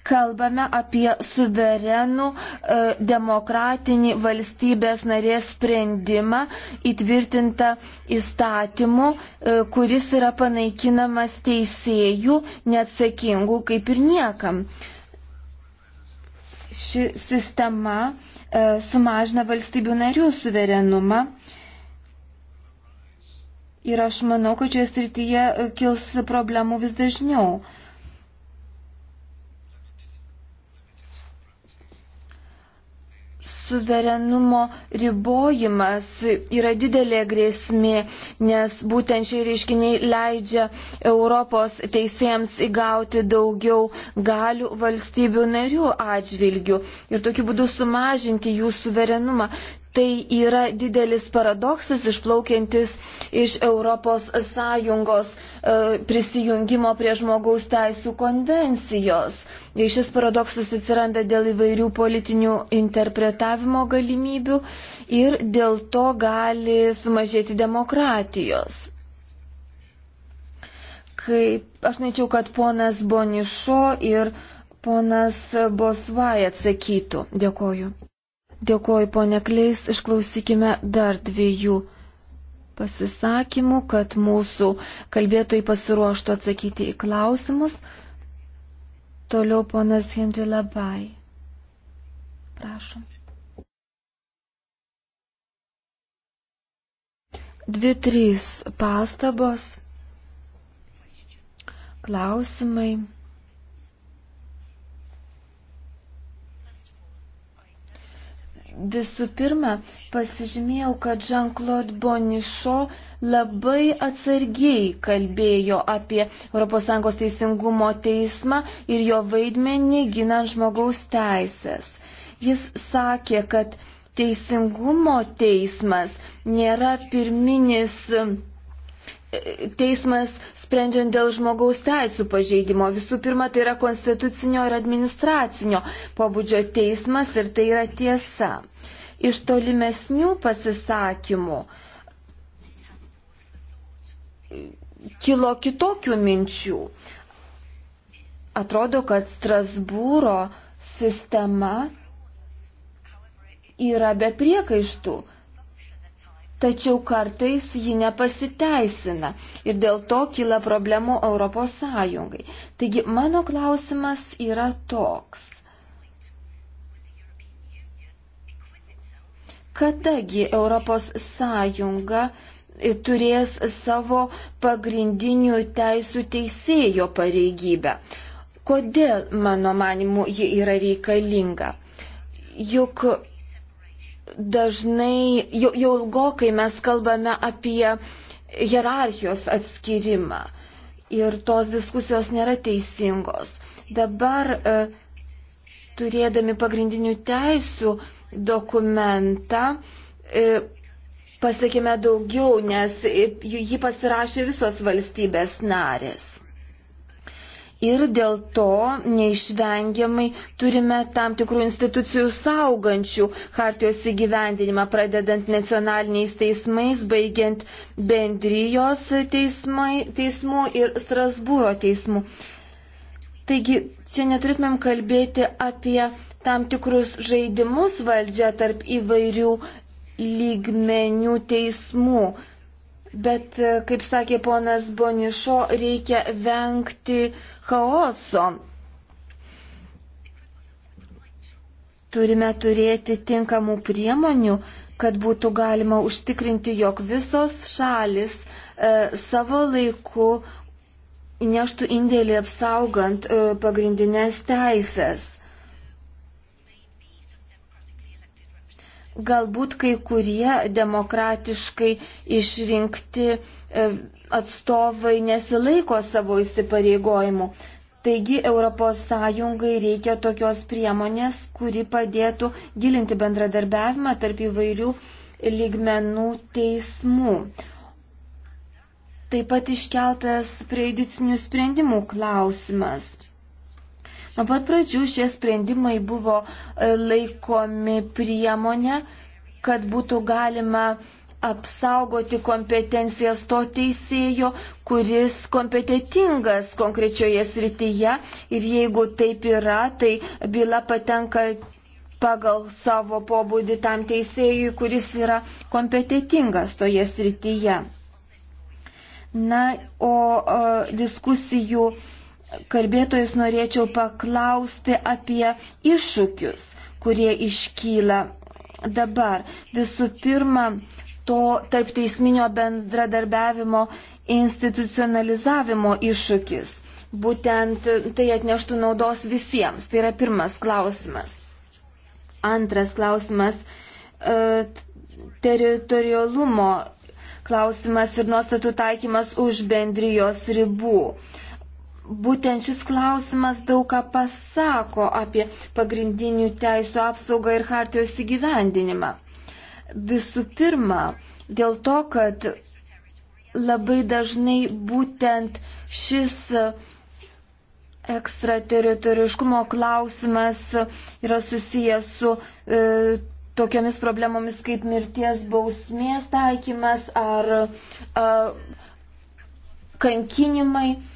kalbame apie suverenų e, demokratinį valstybės narės sprendimą įtvirtintą įstatymu, e, kuris yra panaikinamas teisėjų neatsakingų kaip ir niekam. Ši sistema e, sumažina valstybių narių suverenumą. Ir aš manau, kad čia srityje e, kils problemų vis dažniau. E, suverenumo ribojimas yra didelė grėsmė, nes būtent šie reiškiniai leidžia Europos teisėjams įgauti daugiau galių valstybių narių atžvilgių ir tokiu būdu sumažinti jų suverenumą. Tai yra didelis paradoksas išplaukiantis iš Europos Sąjungos E, prisijungimo prie žmogaus teisų konvencijos. Šis paradoksas atsiranda dėl įvairių politinių interpretavimo galimybių ir dėl to gali sumažėti demokratijos. Kaip, aš nečiau, kad ponas Bonišo ir ponas Bosvai atsakytų. Dėkoju. Dėkoju, ponė Kleis, išklausykime dar dviejų pasisakymų, kad mūsų kalbėtojai pasiruoštų atsakyti į klausimus. Toliau ponas Henry Labai. Prašom. Dvi, trys pastabos, klausimai. Visų pirma, pasižymėjau, kad Jean-Claude Bonišo labai atsargiai kalbėjo apie ES teisingumo teismą ir jo vaidmenį ginant žmogaus teisės. Jis sakė, kad teisingumo teismas nėra pirminis e, teismas sprendžiant dėl žmogaus teisų pažeidimo. Visų pirma, tai yra konstitucinio ir administracinio pobūdžio teismas ir tai yra tiesa. Iš tolimesnių pasisakymų kilo kitokių minčių. Atrodo, kad Strasbūro sistema yra be priekaištų tačiau kartais ji nepasiteisina ir dėl to kyla problemų Europos Sąjungai. Taigi mano klausimas yra toks. Kadagi Europos Sąjunga turės savo pagrindinių teisų teisėjo pareigybę? Kodėl, mano manimu, ji yra reikalinga? Juk dažnai jau, jau ilgokai mes kalbame apie hierarchijos atskirimą ir tos diskusijos nėra teisingos. Dabar e, turėdami pagrindinių teisių dokumentą e, pasiekime daugiau, nes jį pasirašė visos valstybės narės ir dėl to neišvengiamai turime tam tikrų institucijų saugančių hartijos įgyvendinimą, pradedant nacionaliniais teismais, baigiant bendrijos teismai, teismų ir Strasbūro teismų. Taigi čia neturėtumėm kalbėti apie tam tikrus žaidimus valdžia tarp įvairių lygmenių teismų. Bet, e, kaip sakė ponas Bonišo, reikia vengti chaoso. Turime turėti tinkamų priemonių, kad būtų galima užtikrinti, jog visos šalis e, savo laiku neštų indėlį apsaugant e, pagrindinės teisės. Galbūt kai kurie demokratiškai išrinkti e, atstovai nesilaiko savo įsipareigojimų. Taigi ES reikia tokios priemonės, kuri padėtų gilinti bendradarbiavimą tarp įvairių lygmenų teismų. Taip pat iškeltas prejudicinių sprendimų klausimas. Nuo pat pradžių šie sprendimai buvo e, laikomi priemonė, kad būtų galima apsaugoti kompetencijas to teisėjo, kuris kompetitingas konkrečioje srityje ir jeigu taip yra, tai byla patenka pagal savo pobūdį tam teisėjui, kuris yra kompetitingas toje srityje. Na, o, o e, diskusijų kalbėtojus norėčiau paklausti apie iššūkius, kurie iškyla dabar. Visų pirma, to tarp teisminio bendradarbiavimo institucionalizavimo iššūkis. Būtent tai atneštų naudos visiems. Tai yra pirmas klausimas. Antras klausimas e, - teritorialumo klausimas ir nuostatų taikymas už bendrijos ribų. Būtent šis klausimas daug ką pasako apie pagrindinių teisų apsaugą ir hartijos įgyvendinimą. Visų pirma, dėl to, kad labai dažnai būtent šis ekstrateritoriškumo klausimas yra susijęs su e, tokiamis problemomis kaip mirties bausmės taikymas ar e, kankinimai. E,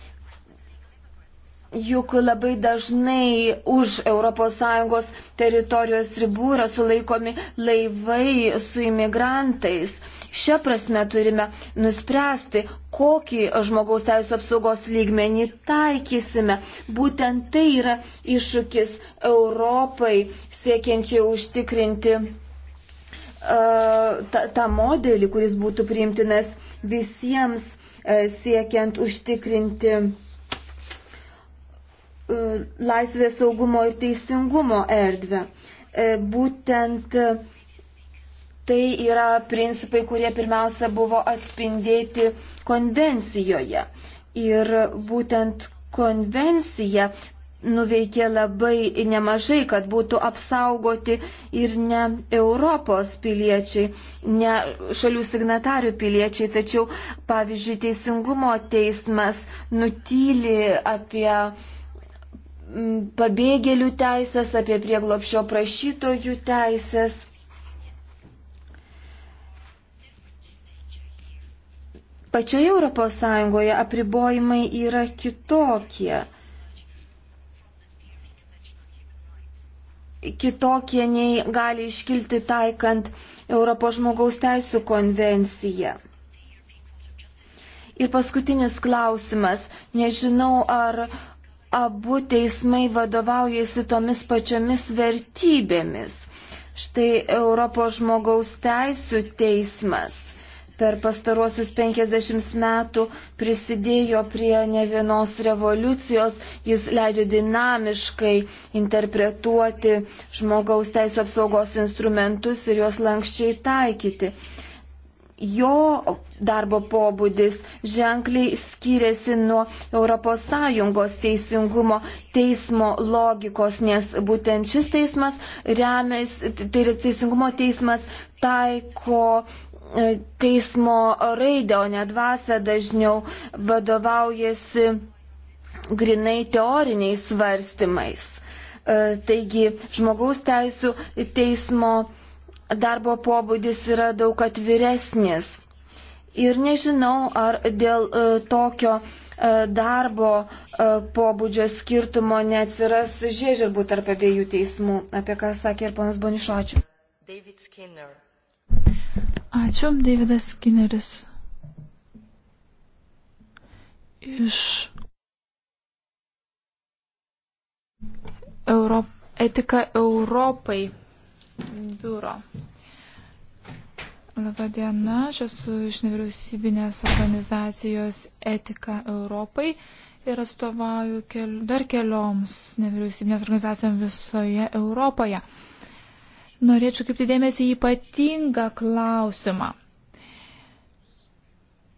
Juk labai dažnai už ES teritorijos ribų yra sulaikomi laivai su imigrantais. Šią prasme turime nuspręsti, kokį žmogaus teisų apsaugos lygmenį taikysime. Būtent tai yra iššūkis Europai siekiančiai užtikrinti uh, e, tą, tą modelį, kuris būtų priimtinas visiems uh, siekiant užtikrinti E, laisvės saugumo ir teisingumo erdvę. E, būtent e, tai yra principai, kurie pirmiausia buvo atspindėti konvencijoje. Ir būtent konvencija nuveikė labai nemažai, kad būtų apsaugoti ir ne Europos piliečiai, ne šalių signatarių piliečiai, tačiau, pavyzdžiui, Teisingumo teismas nutyli apie Mm, pabėgėlių teisės, apie prieglopšio prašytojų teisės. Pačioje ES apribojimai yra kitokie. Kitokie nei gali iškilti taikant Europos žmogaus teisų konvenciją. Ir paskutinis klausimas. Nežinau, ar abu teismai vadovaujasi tomis pačiomis vertybėmis. Štai Europos žmogaus teisų teismas per pastaruosius 50 metų prisidėjo prie ne vienos revoliucijos, jis leidžia dinamiškai interpretuoti žmogaus teisų apsaugos instrumentus ir juos lankščiai taikyti jo darbo pobūdis ženkliai skiriasi nuo ES teisingumo teismo logikos, nes būtent šis teismas remės, tai yra teisingumo teismas taiko e, teismo raidę, o ne dvasę dažniau vadovaujasi grinai teoriniais svarstymais. E, taigi žmogaus teisų teismo darbo pobūdis yra daug atviresnis. Ir nežinau, ar dėl e, tokio e, darbo e, pobūdžio skirtumo neatsiras žiežirbų tarp abiejų teismų, apie ką sakė ir ponas Bonišočiu. Skinner. Ačiū, Davidas Skinneris. Iš Europ... Etika Europai biuro. Labadiena, aš esu iš nevyriausybinės organizacijos Etika Europai ir atstovauju kel, dar kelioms nevyriausybinės organizacijoms visoje Europoje. Norėčiau kaip dėmesį į ypatingą klausimą.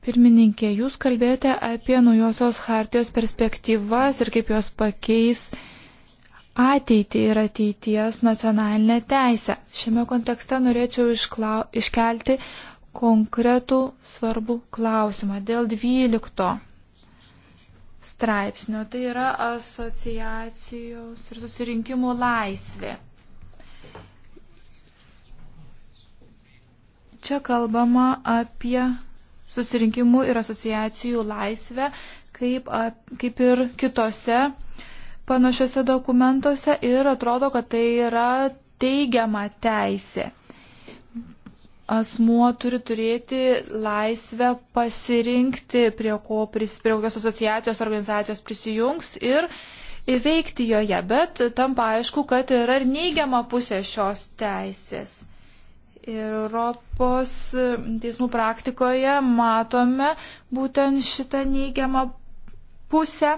Pirmininkė, jūs kalbėjote apie naujosios hartijos perspektyvas ir kaip jos pakeis ateitį ir ateities nacionalinę teisę. Šiame kontekste norėčiau išklau, iškelti konkretų svarbų klausimą dėl 12 straipsnio. Tai yra asociacijos ir susirinkimų laisvė. Čia kalbama apie susirinkimų ir asociacijų laisvę, kaip, kaip ir kitose panašiuose dokumentuose ir atrodo, kad tai yra teigiama teisė. Asmuo turi turėti laisvę pasirinkti, prie, ko, prie kokios asociacijos organizacijos prisijungs ir įveikti joje, bet tampa aišku, kad yra ir neigiama pusė šios teisės. Europos teismų praktikoje matome būtent šitą neigiamą pusę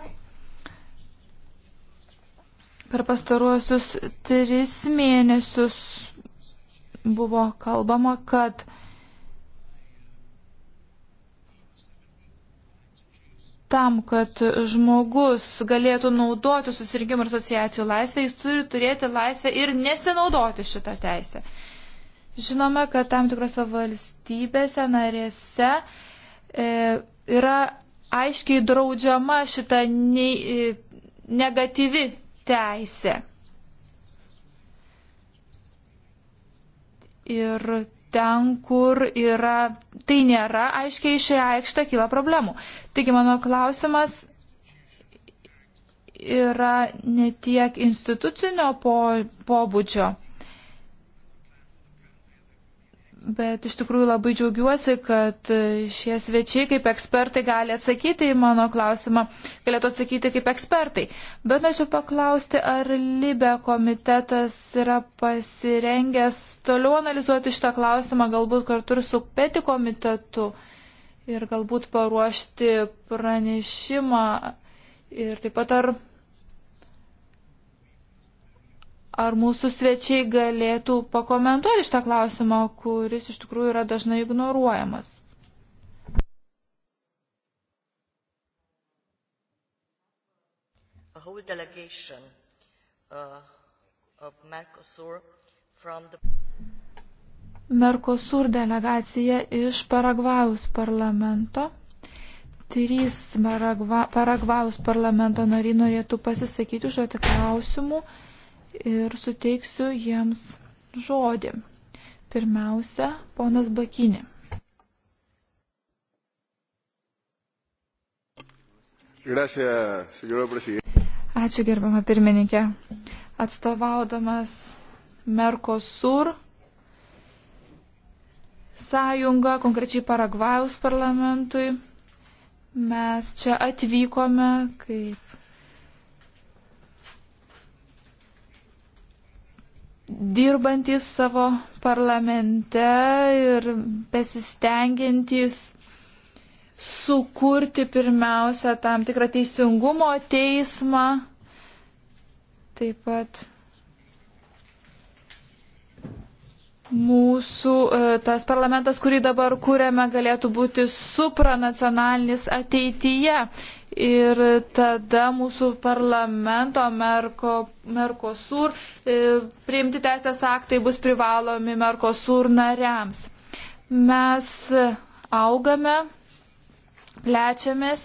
Per pastaruosius tris mėnesius buvo kalbama, kad tam, kad žmogus galėtų naudoti susirgymų ir asociacijų laisvę, jis turi turėti laisvę ir nesinaudoti šitą teisę. Žinome, kad tam tikrose valstybėse narėse e, yra aiškiai draudžiama šita nei, e, negatyvi teisę. Ir ten, kur yra, tai nėra aiškiai išreikšta, kyla problemų. Taigi mano klausimas yra ne tiek institucinio po, pobūdžio Bet iš tikrųjų labai džiaugiuosi, kad e, šie svečiai kaip ekspertai gali atsakyti į mano klausimą, galėtų atsakyti kaip ekspertai. Bet norėčiau paklausti, ar Libe komitetas yra pasirengęs toliau analizuoti šitą klausimą, galbūt kartu ir su Peti komitetu ir galbūt paruošti pranešimą ir taip pat ar Ar mūsų svečiai galėtų pakomentuoti šitą klausimą, kuris iš tikrųjų yra dažnai ignoruojamas? Uh, Merkosur delegacija iš Paragvajus parlamento. Trys Paragvajus parlamento nariai norėtų pasisakyti užduoti klausimų ir suteiksiu jiems žodį. Pirmiausia, ponas Bakinė. Ačiū gerbama pirmininkė. Atstovaudamas Merkosur sąjungą, konkrečiai Paragvajaus parlamentui, mes čia atvykome kaip dirbantis savo parlamente ir besistengiantis sukurti pirmiausia tam tikrą teisingumo teismą. Taip pat mūsų e, tas parlamentas, kurį dabar kūrėme, galėtų būti supranacionalinis ateityje. Ir tada mūsų parlamento Merko, Merkosur e, priimti teisės aktai bus privalomi Merkosur nariams. Mes augame, plečiamės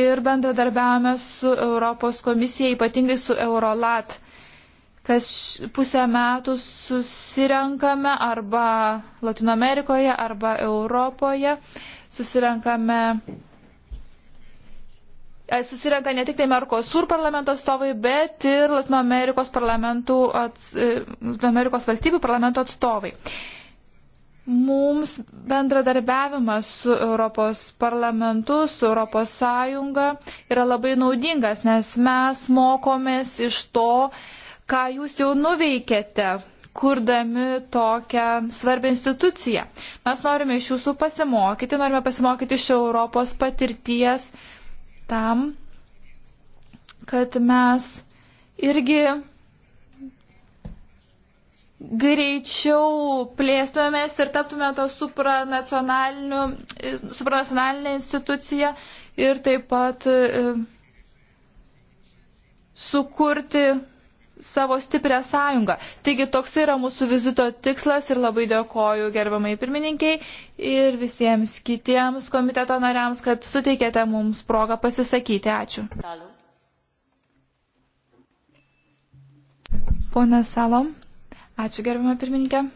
ir bendradarbiavame su Europos komisija, ypatingai su Eurolat. Kas pusę metų susirenkame arba Latino Amerikoje, arba Europoje, susirenkame E, susirenka ne tik tai Merkosur parlamento atstovai, bet ir Latino Amerikos, ats, e, Latino Amerikos valstybių parlamento atstovai. Mums bendradarbiavimas su Europos parlamentu, su Europos Sąjunga yra labai naudingas, nes mes mokomės iš to, ką jūs jau nuveikėte, kurdami tokią svarbią instituciją. Mes norime iš jūsų pasimokyti, norime pasimokyti iš Europos patirties tam, kad mes irgi greičiau plėstumėmės ir taptume to supranacionalinę instituciją ir taip pat e, sukurti savo stiprią sąjungą. Taigi toks yra mūsų vizito tikslas ir labai dėkoju gerbiamai pirmininkiai ir visiems kitiems komiteto nariams, kad suteikėte mums progą pasisakyti. Ačiū. Pone Salom, ačiū gerbiamą pirmininkę.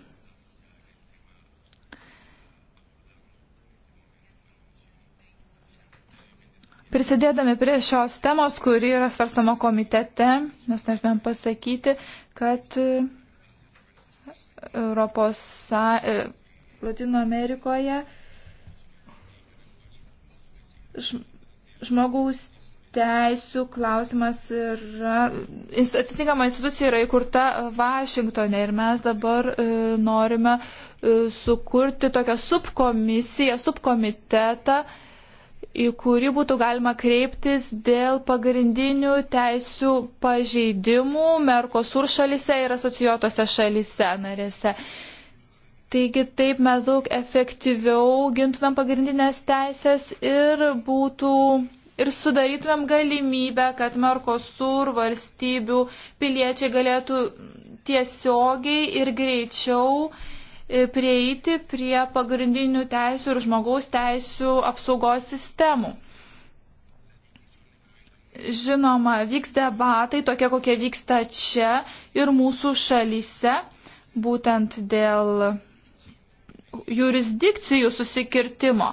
Prisidėdami prie šios temos, kuri yra svarstama komitete, mes norėtumėm pasakyti, kad e, Europos, e, Latino Amerikoje žmogaus teisų klausimas yra, atitinkama institucija yra įkurta Vašingtonė ir mes dabar e, norime e, sukurti tokią subkomisiją, subkomitetą, e, į kurį būtų galima kreiptis dėl pagrindinių teisių pažeidimų Merkosur šalise ir asocijuotose šalise narėse. Taigi taip mes daug efektyviau gintumėm pagrindinės teisės ir būtų ir sudarytumėm galimybę, kad Merkosur valstybių piliečiai galėtų tiesiogiai ir greičiau E, prieiti prie pagrindinių teisų ir žmogaus teisų apsaugos sistemų. Žinoma, vyks debatai tokie, kokie vyksta čia ir mūsų šalyse, būtent dėl jurisdikcijų susikirtimo.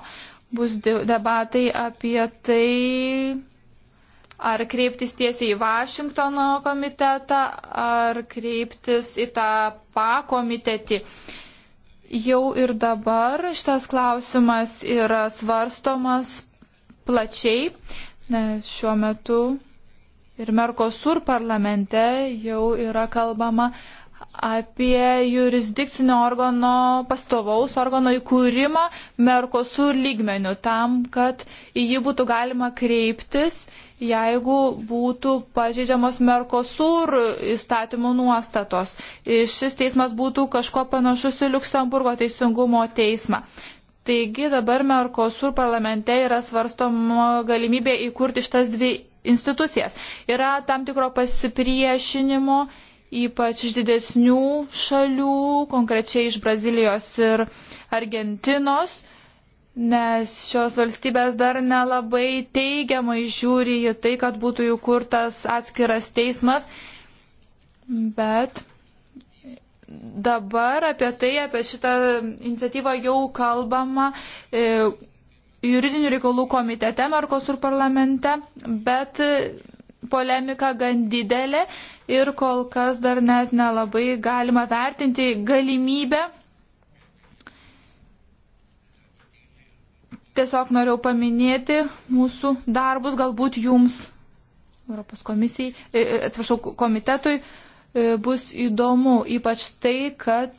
Bus debatai apie tai, ar kreiptis tiesiai į Vašingtono komitetą, ar kreiptis į tą pakomitetį. komitetį Jau ir dabar šitas klausimas yra svarstomas plačiai, nes šiuo metu ir Merkosur parlamente jau yra kalbama apie jurisdikcinio organo, pastovaus organo įkūrimą Merkosur lygmenių, tam, kad į jį būtų galima kreiptis jeigu būtų pažeidžiamos Merkosur įstatymų nuostatos. Šis teismas būtų kažko panašus į Luksemburgo teisingumo teismą. Taigi dabar Merkosur parlamente yra svarstoma galimybė įkurti šitas dvi institucijas. Yra tam tikro pasipriešinimo, ypač iš didesnių šalių, konkrečiai iš Brazilijos ir Argentinos nes šios valstybės dar nelabai teigiamai žiūri į tai, kad būtų įkurtas atskiras teismas, bet dabar apie tai, apie šitą iniciatyvą jau kalbama. E, Juridinių reikalų komitete Markosur parlamente, bet polemika gan didelė ir kol kas dar net nelabai galima vertinti galimybę Tiesiog norėjau paminėti mūsų darbus, galbūt jums, Europos komisijai, e, e, atsiprašau, komitetui, e, bus įdomu, ypač tai, kad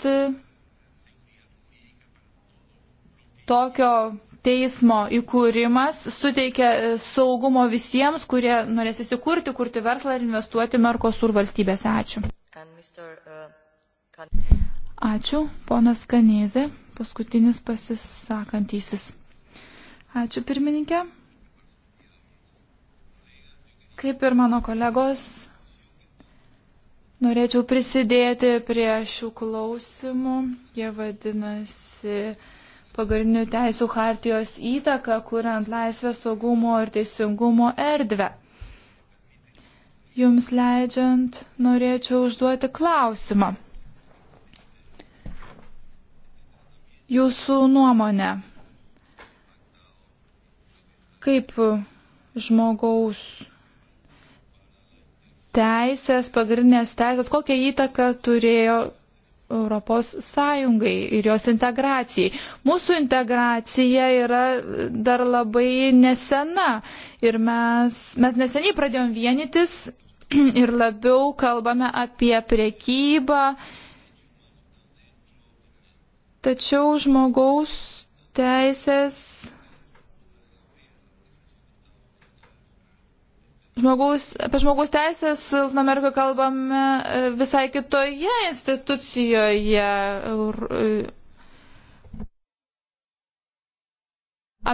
tokio teismo įkūrimas suteikia saugumo visiems, kurie norės įsikurti, kurti verslą ir investuoti Merkosur valstybėse. Ačiū. Uh, Ačiū, ponas Kanėzė, paskutinis pasisakantysis. Ačiū pirmininkė. Kaip ir mano kolegos, norėčiau prisidėti prie šių klausimų. Jie vadinasi pagrindinių teisų hartijos įtaka, kuriant laisvę saugumo ir teisingumo erdvę. Jums leidžiant, norėčiau užduoti klausimą. Jūsų nuomonė kaip e, žmogaus teisės, pagrindinės teisės, kokią įtaką turėjo Europos Sąjungai ir jos integracijai. Mūsų integracija yra dar labai nesena ir mes, mes neseniai pradėjom vienytis ir labiau kalbame apie priekybą, tačiau žmogaus teisės Žmogaus, apie žmogaus teisės Latino Amerikoje kalbame e, visai kitoje institucijoje. E,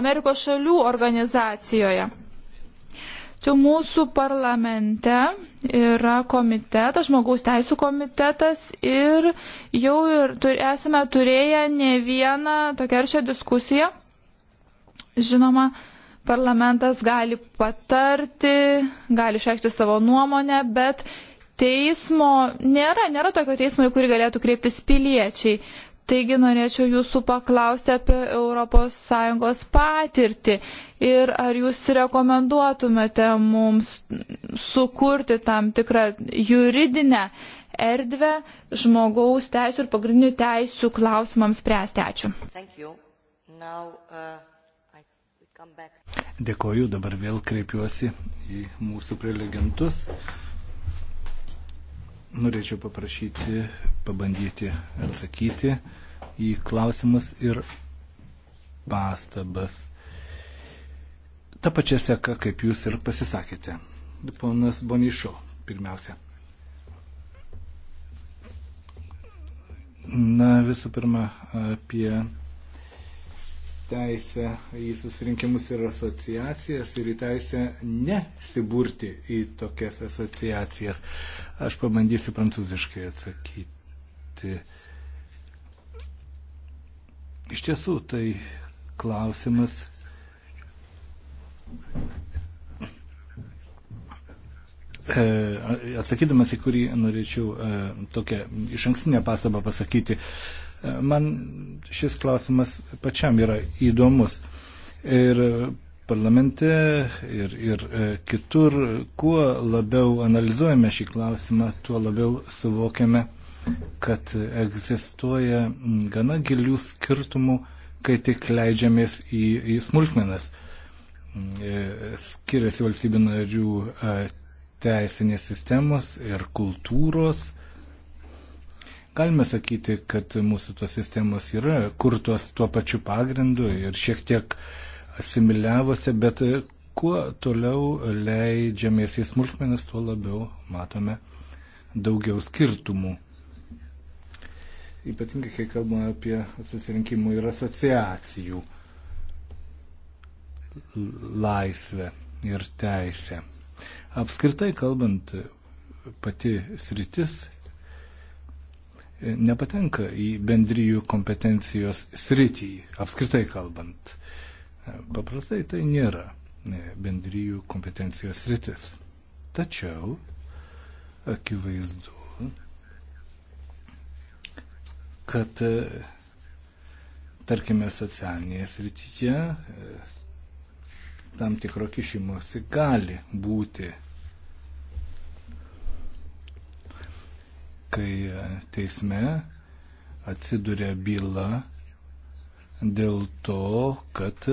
Amerikos šalių organizacijoje. Čia mūsų parlamente yra komitetas, žmogaus teisų komitetas ir jau ir tur, esame turėję ne vieną tokią aršią diskusiją. Žinoma, parlamentas gali patarti, gali išreikšti savo nuomonę, bet teismo nėra, nėra tokio teismo, į kurį galėtų kreiptis piliečiai. Taigi norėčiau jūsų paklausti apie ES patirtį ir ar jūs rekomenduotumėte mums sukurti tam tikrą juridinę erdvę žmogaus teisų ir pagrindinių teisų klausimams spręsti. Ačiū. Now, uh, Dėkoju, dabar vėl kreipiuosi į mūsų prelegentus. Norėčiau paprašyti, pabandyti atsakyti į klausimus ir pastabas. Ta pačia seka, kaip jūs ir pasisakėte. Ponas Bonišo, pirmiausia. Na, visų pirma, apie teisę į susirinkimus ir asociacijas ir į teisę nesiburti į tokias asociacijas. Aš pabandysiu prancūziškai atsakyti. Iš tiesų, tai klausimas. E, atsakydamas į kurį norėčiau e, tokią iš ankstinę pastabą pasakyti, Man šis klausimas pačiam yra įdomus. Ir parlamente, ir, ir e, kitur, kuo labiau analizuojame šį klausimą, tuo labiau suvokiame, kad egzistuoja gana gilių skirtumų, kai tik leidžiamės į, į smulkmenas. E, skiriasi valstybių narių e, teisinės sistemos ir kultūros Galime sakyti, kad mūsų tos sistemos yra kurtos tuo pačiu pagrindu ir šiek tiek asimiliavosi, bet kuo toliau leidžiamės į smulkmenas, tuo labiau matome daugiau skirtumų. Ypatingai, kai kalbame apie susirinkimų ir asociacijų laisvę ir teisę. Apskritai kalbant, pati sritis nepatenka į bendryjų kompetencijos sritį, apskritai kalbant. Paprastai tai nėra e, bendryjų kompetencijos sritis. Tačiau akivaizdu, kad e, tarkime socialinėje srityje e, tam tikro kišimosi gali būti kai teisme atsiduria byla dėl to, kad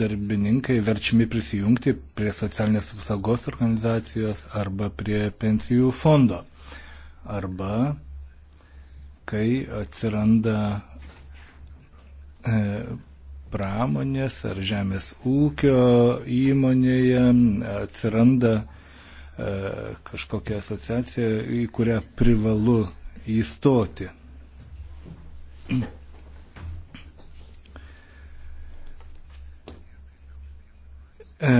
darbininkai verčiami prisijungti prie socialinės apsaugos organizacijos arba prie pensijų fondo. Arba kai atsiranda e, pramonės ar žemės ūkio įmonėje, atsiranda E, kažkokią asociaciją, į kurią privalu įstoti. E,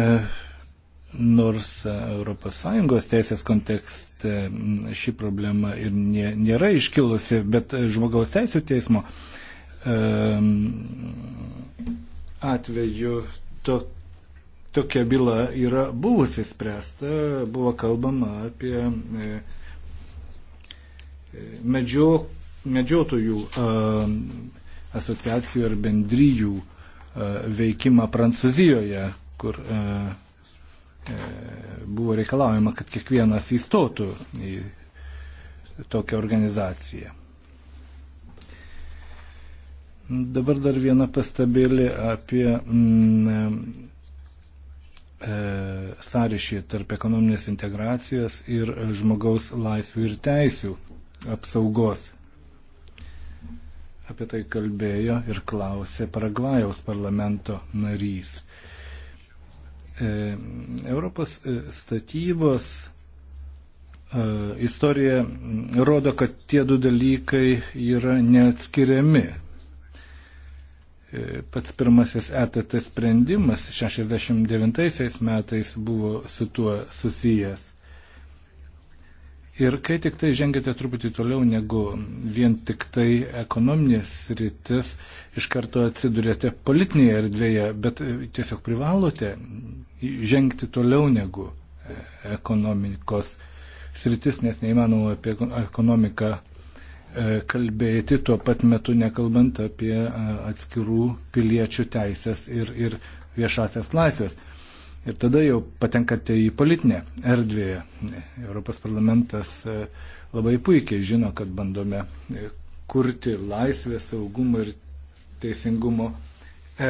nors ES teisės kontekste ši problema ir nė, nėra iškilusi, bet žmogaus teisų teismo e, atveju tokia tokia byla yra buvusi spręsta, buvo kalbama apie e, e, medžio, medžiotojų asociacijų ar bendryjų veikimą Prancūzijoje, kur e, buvo reikalaujama, kad kiekvienas įstotų į tokią organizaciją. Dabar dar viena pastabėlė apie mm, E, sąryšį tarp ekonominės integracijos ir žmogaus laisvių ir teisių apsaugos. Apie tai kalbėjo ir klausė Paragvajaus parlamento narys. E, Europos e, statybos istorija rodo, kad tie du dalykai yra neatskiriami Pats pirmasis ETT sprendimas 69 metais buvo su tuo susijęs. Ir kai tik tai žengėte truputį toliau negu vien tik tai ekonominės rytis, iš karto atsidurėte politinėje erdvėje, bet e, tiesiog privalote žengti toliau negu e, ekonomikos sritis, nes neįmanoma apie ekonomiką E, kalbėti tuo pat metu nekalbant apie e, atskirų piliečių teisės ir, ir viešasias laisvės. Ir tada jau patenkate į politinę erdvę. Europos parlamentas e, labai puikiai žino, kad bandome kurti laisvę, saugumą ir teisingumo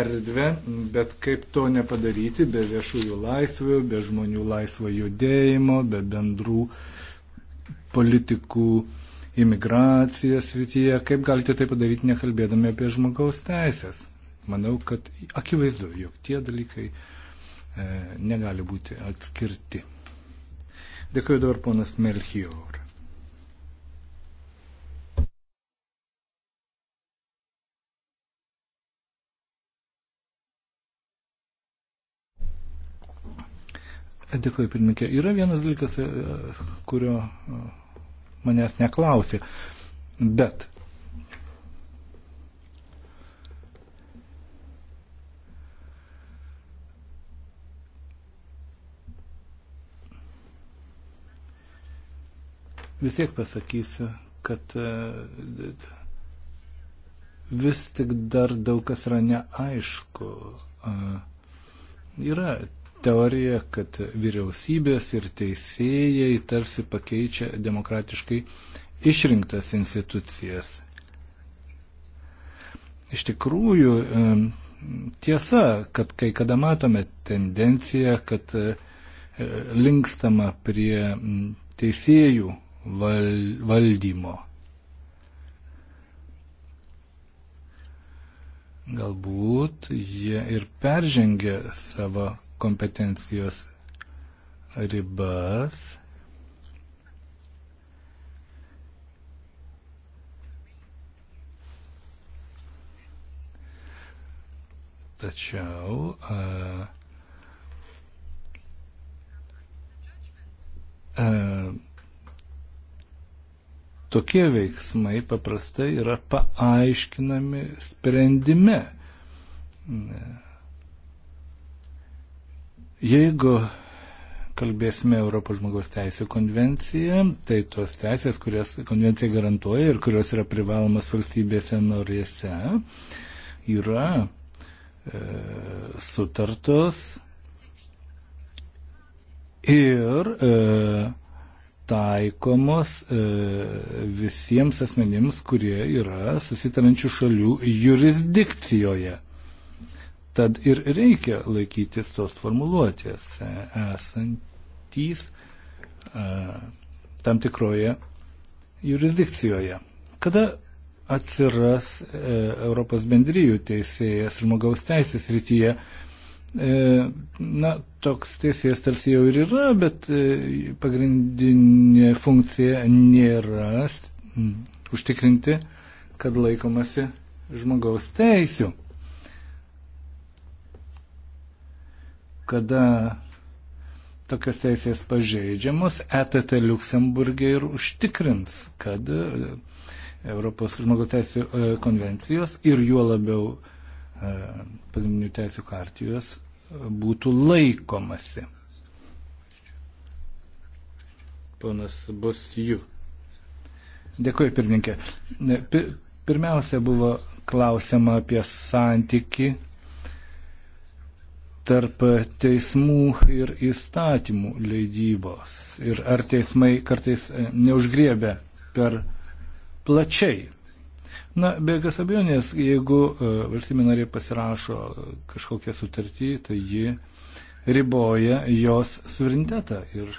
erdvę, bet kaip to nepadaryti be viešųjų laisvių, be žmonių laisvo judėjimo, be bendrų politikų uh, imigracijos srityje. Kaip galite tai padaryti, nekalbėdami apie žmogaus teisės? Manau, kad akivaizdu, jog tie dalykai e, negali būti atskirti. Dėkuoju dabar ponas Melchior. Dėkuoju, pirmininkė. Yra vienas dalykas, e, kurio e, manęs neklausė. Bet vis tiek pasakysiu, kad e, vis tik dar daug kas yra neaišku. E, yra teorija, kad vyriausybės ir teisėjai tarsi pakeičia demokratiškai išrinktas institucijas. Iš tikrųjų, tiesa, kad kai kada matome tendenciją, kad e, linkstama prie teisėjų valdymo. Galbūt jie ir peržengia savo kompetencijos ribas. Tačiau a, a, tokie veiksmai paprastai yra paaiškinami sprendime. Ne Jeigu kalbėsime Europos žmogaus teisė konvenciją, tai tos teisės, kurias konvencija garantuoja ir kurios yra privalomas valstybėse norėse, yra e, sutartos ir e, taikomos e, visiems asmenims, kurie yra susitarančių šalių jurisdikcijoje. Tad ir reikia laikytis tos formuluotės e, esantys e, tam tikroje jurisdikcijoje. Kada atsiras e, Europos bendryjų teisėjas žmogaus teisės rytyje? Na, toks teisėjas tarsi jau ir yra, bet pagrindinė funkcija nėra užtikrinti, kad laikomasi žmogaus teisių. kada tokios teisės pažeidžiamos, ETT Luksemburgė ir užtikrins, kad e, Europos žmogaus teisų e, konvencijos ir juo labiau e, pagrindinių teisų kartijos būtų laikomasi. Ponas Bosijų. Dėkuoju, pirmininkė. Pirmiausia buvo klausima apie santyki tarp teismų ir įstatymų leidybos ir ar teismai kartais e, neužgriebia per plačiai. Na, be jokios abejonės, jeigu e, valstybė narė pasirašo kažkokią sutartį, tai ji riboja jos suverenitetą ir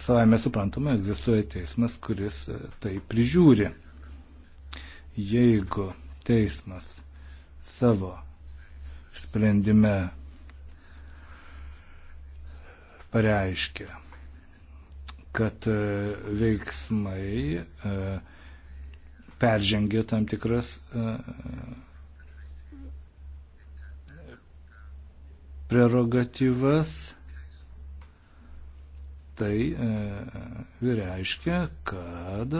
savame suprantama egzistuoja teismas, kuris e, tai prižiūri. Jeigu teismas savo sprendime reiškia, kad e, veiksmai e, peržengia tam tikras e, prerogatyvas. Tai reiškia, kad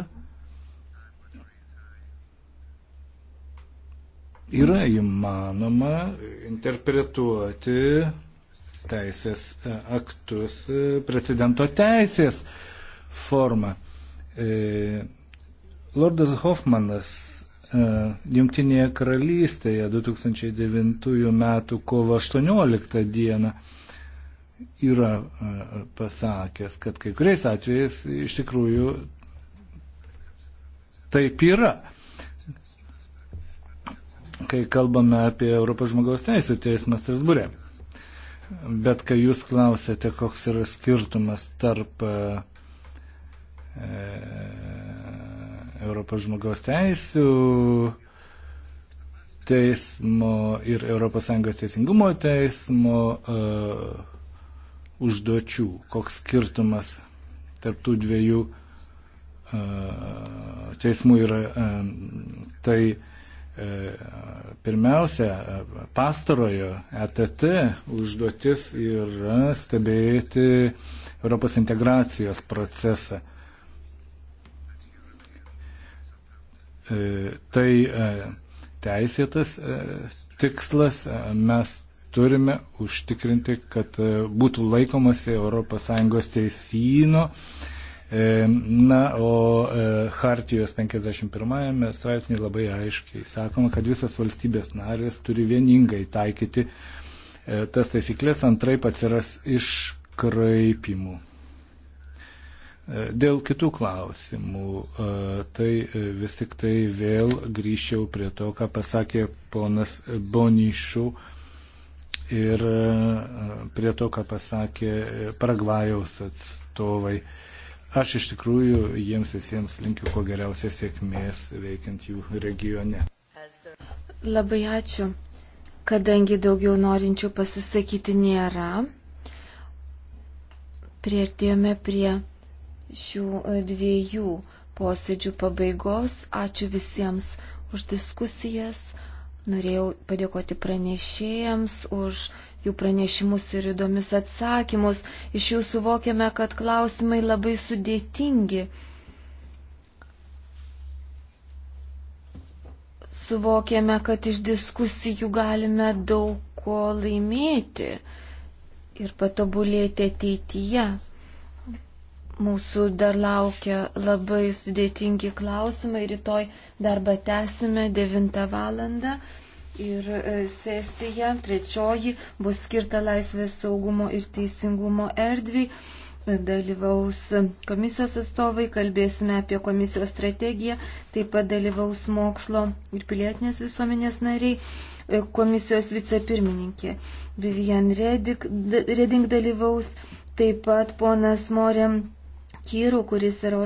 yra įmanoma interpretuoti teisės e, aktus e, precedento teisės formą. E, Lordas Hoffmanas Junktinėje karalystėje 2009 m. kovo 18 d. yra pasakęs, kad kai kuriais atvejais iš tikrųjų taip yra. Kai kalbame apie Europos žmogaus teisų teismą Strasbūrė bet kai jūs klausėte, koks yra skirtumas tarp e, e, Europos žmogaus teisų teismo ir ES teisingumo teismo uh, užduočių, koks skirtumas tarptų dviejų uh, teismų yra. Um, tai E, pirmiausia, e, pastarojo ETT užduotis yra stebėti Europos integracijos procesą. E, tai teisėtas tikslas, mes turime užtikrinti, kad būtų laikomasi ES teisino E, na, o Hartijos 51 straipsnį labai aiškiai sakoma, kad visas valstybės narės turi vieningai taikyti e, tas taisyklės, antraip atsiras iškraipimų. E, dėl kitų klausimų, tai vis tik tai vėl grįžčiau prie to, ką pasakė ponas Bonišų ir prie to, ką pasakė Paragvajaus atstovai. Aš iš tikrųjų jiems visiems linkiu kuo geriausios sėkmės veikiant jų regione. Labai ačiū. Kadangi daugiau norinčių pasisakyti nėra, prieartėjome prie šių e, dviejų posėdžių pabaigos. Ačiū visiems už diskusijas. Norėjau padėkoti pranešėjams už jų pranešimus ir įdomius atsakymus. Iš jų suvokiame, kad klausimai labai sudėtingi. Suvokėme, kad iš diskusijų galime daug ko laimėti ir patobulėti ateityje. Mūsų dar laukia labai sudėtingi klausimai. Rytoj darbą tęsime 9 valandą. Ir e, sesija trečioji bus skirta laisvės saugumo ir teisingumo erdviai. Dalyvaus komisijos atstovai, kalbėsime apie komisijos strategiją, taip pat dalyvaus mokslo ir pilietinės visuomenės nariai, e, komisijos vicepirmininkė Vivian Reding dalyvaus, taip pat ponas Morėm skyrių, kuris yra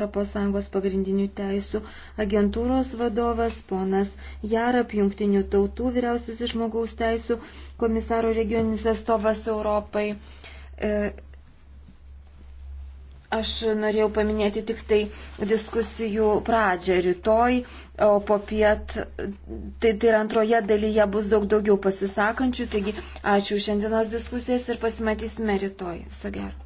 ES pagrindinių teisų agentūros vadovas, ponas Jarap, jungtinių tautų vyriausiasis žmogaus teisų komisaro regioninis atstovas Europai. E, aš norėjau paminėti tik tai diskusijų pradžią rytoj, o po piet, tai, tai ir antroje dalyje bus daug daugiau pasisakančių, taigi ačiū šiandienos diskusijas ir pasimatysime rytoj. Viso gero.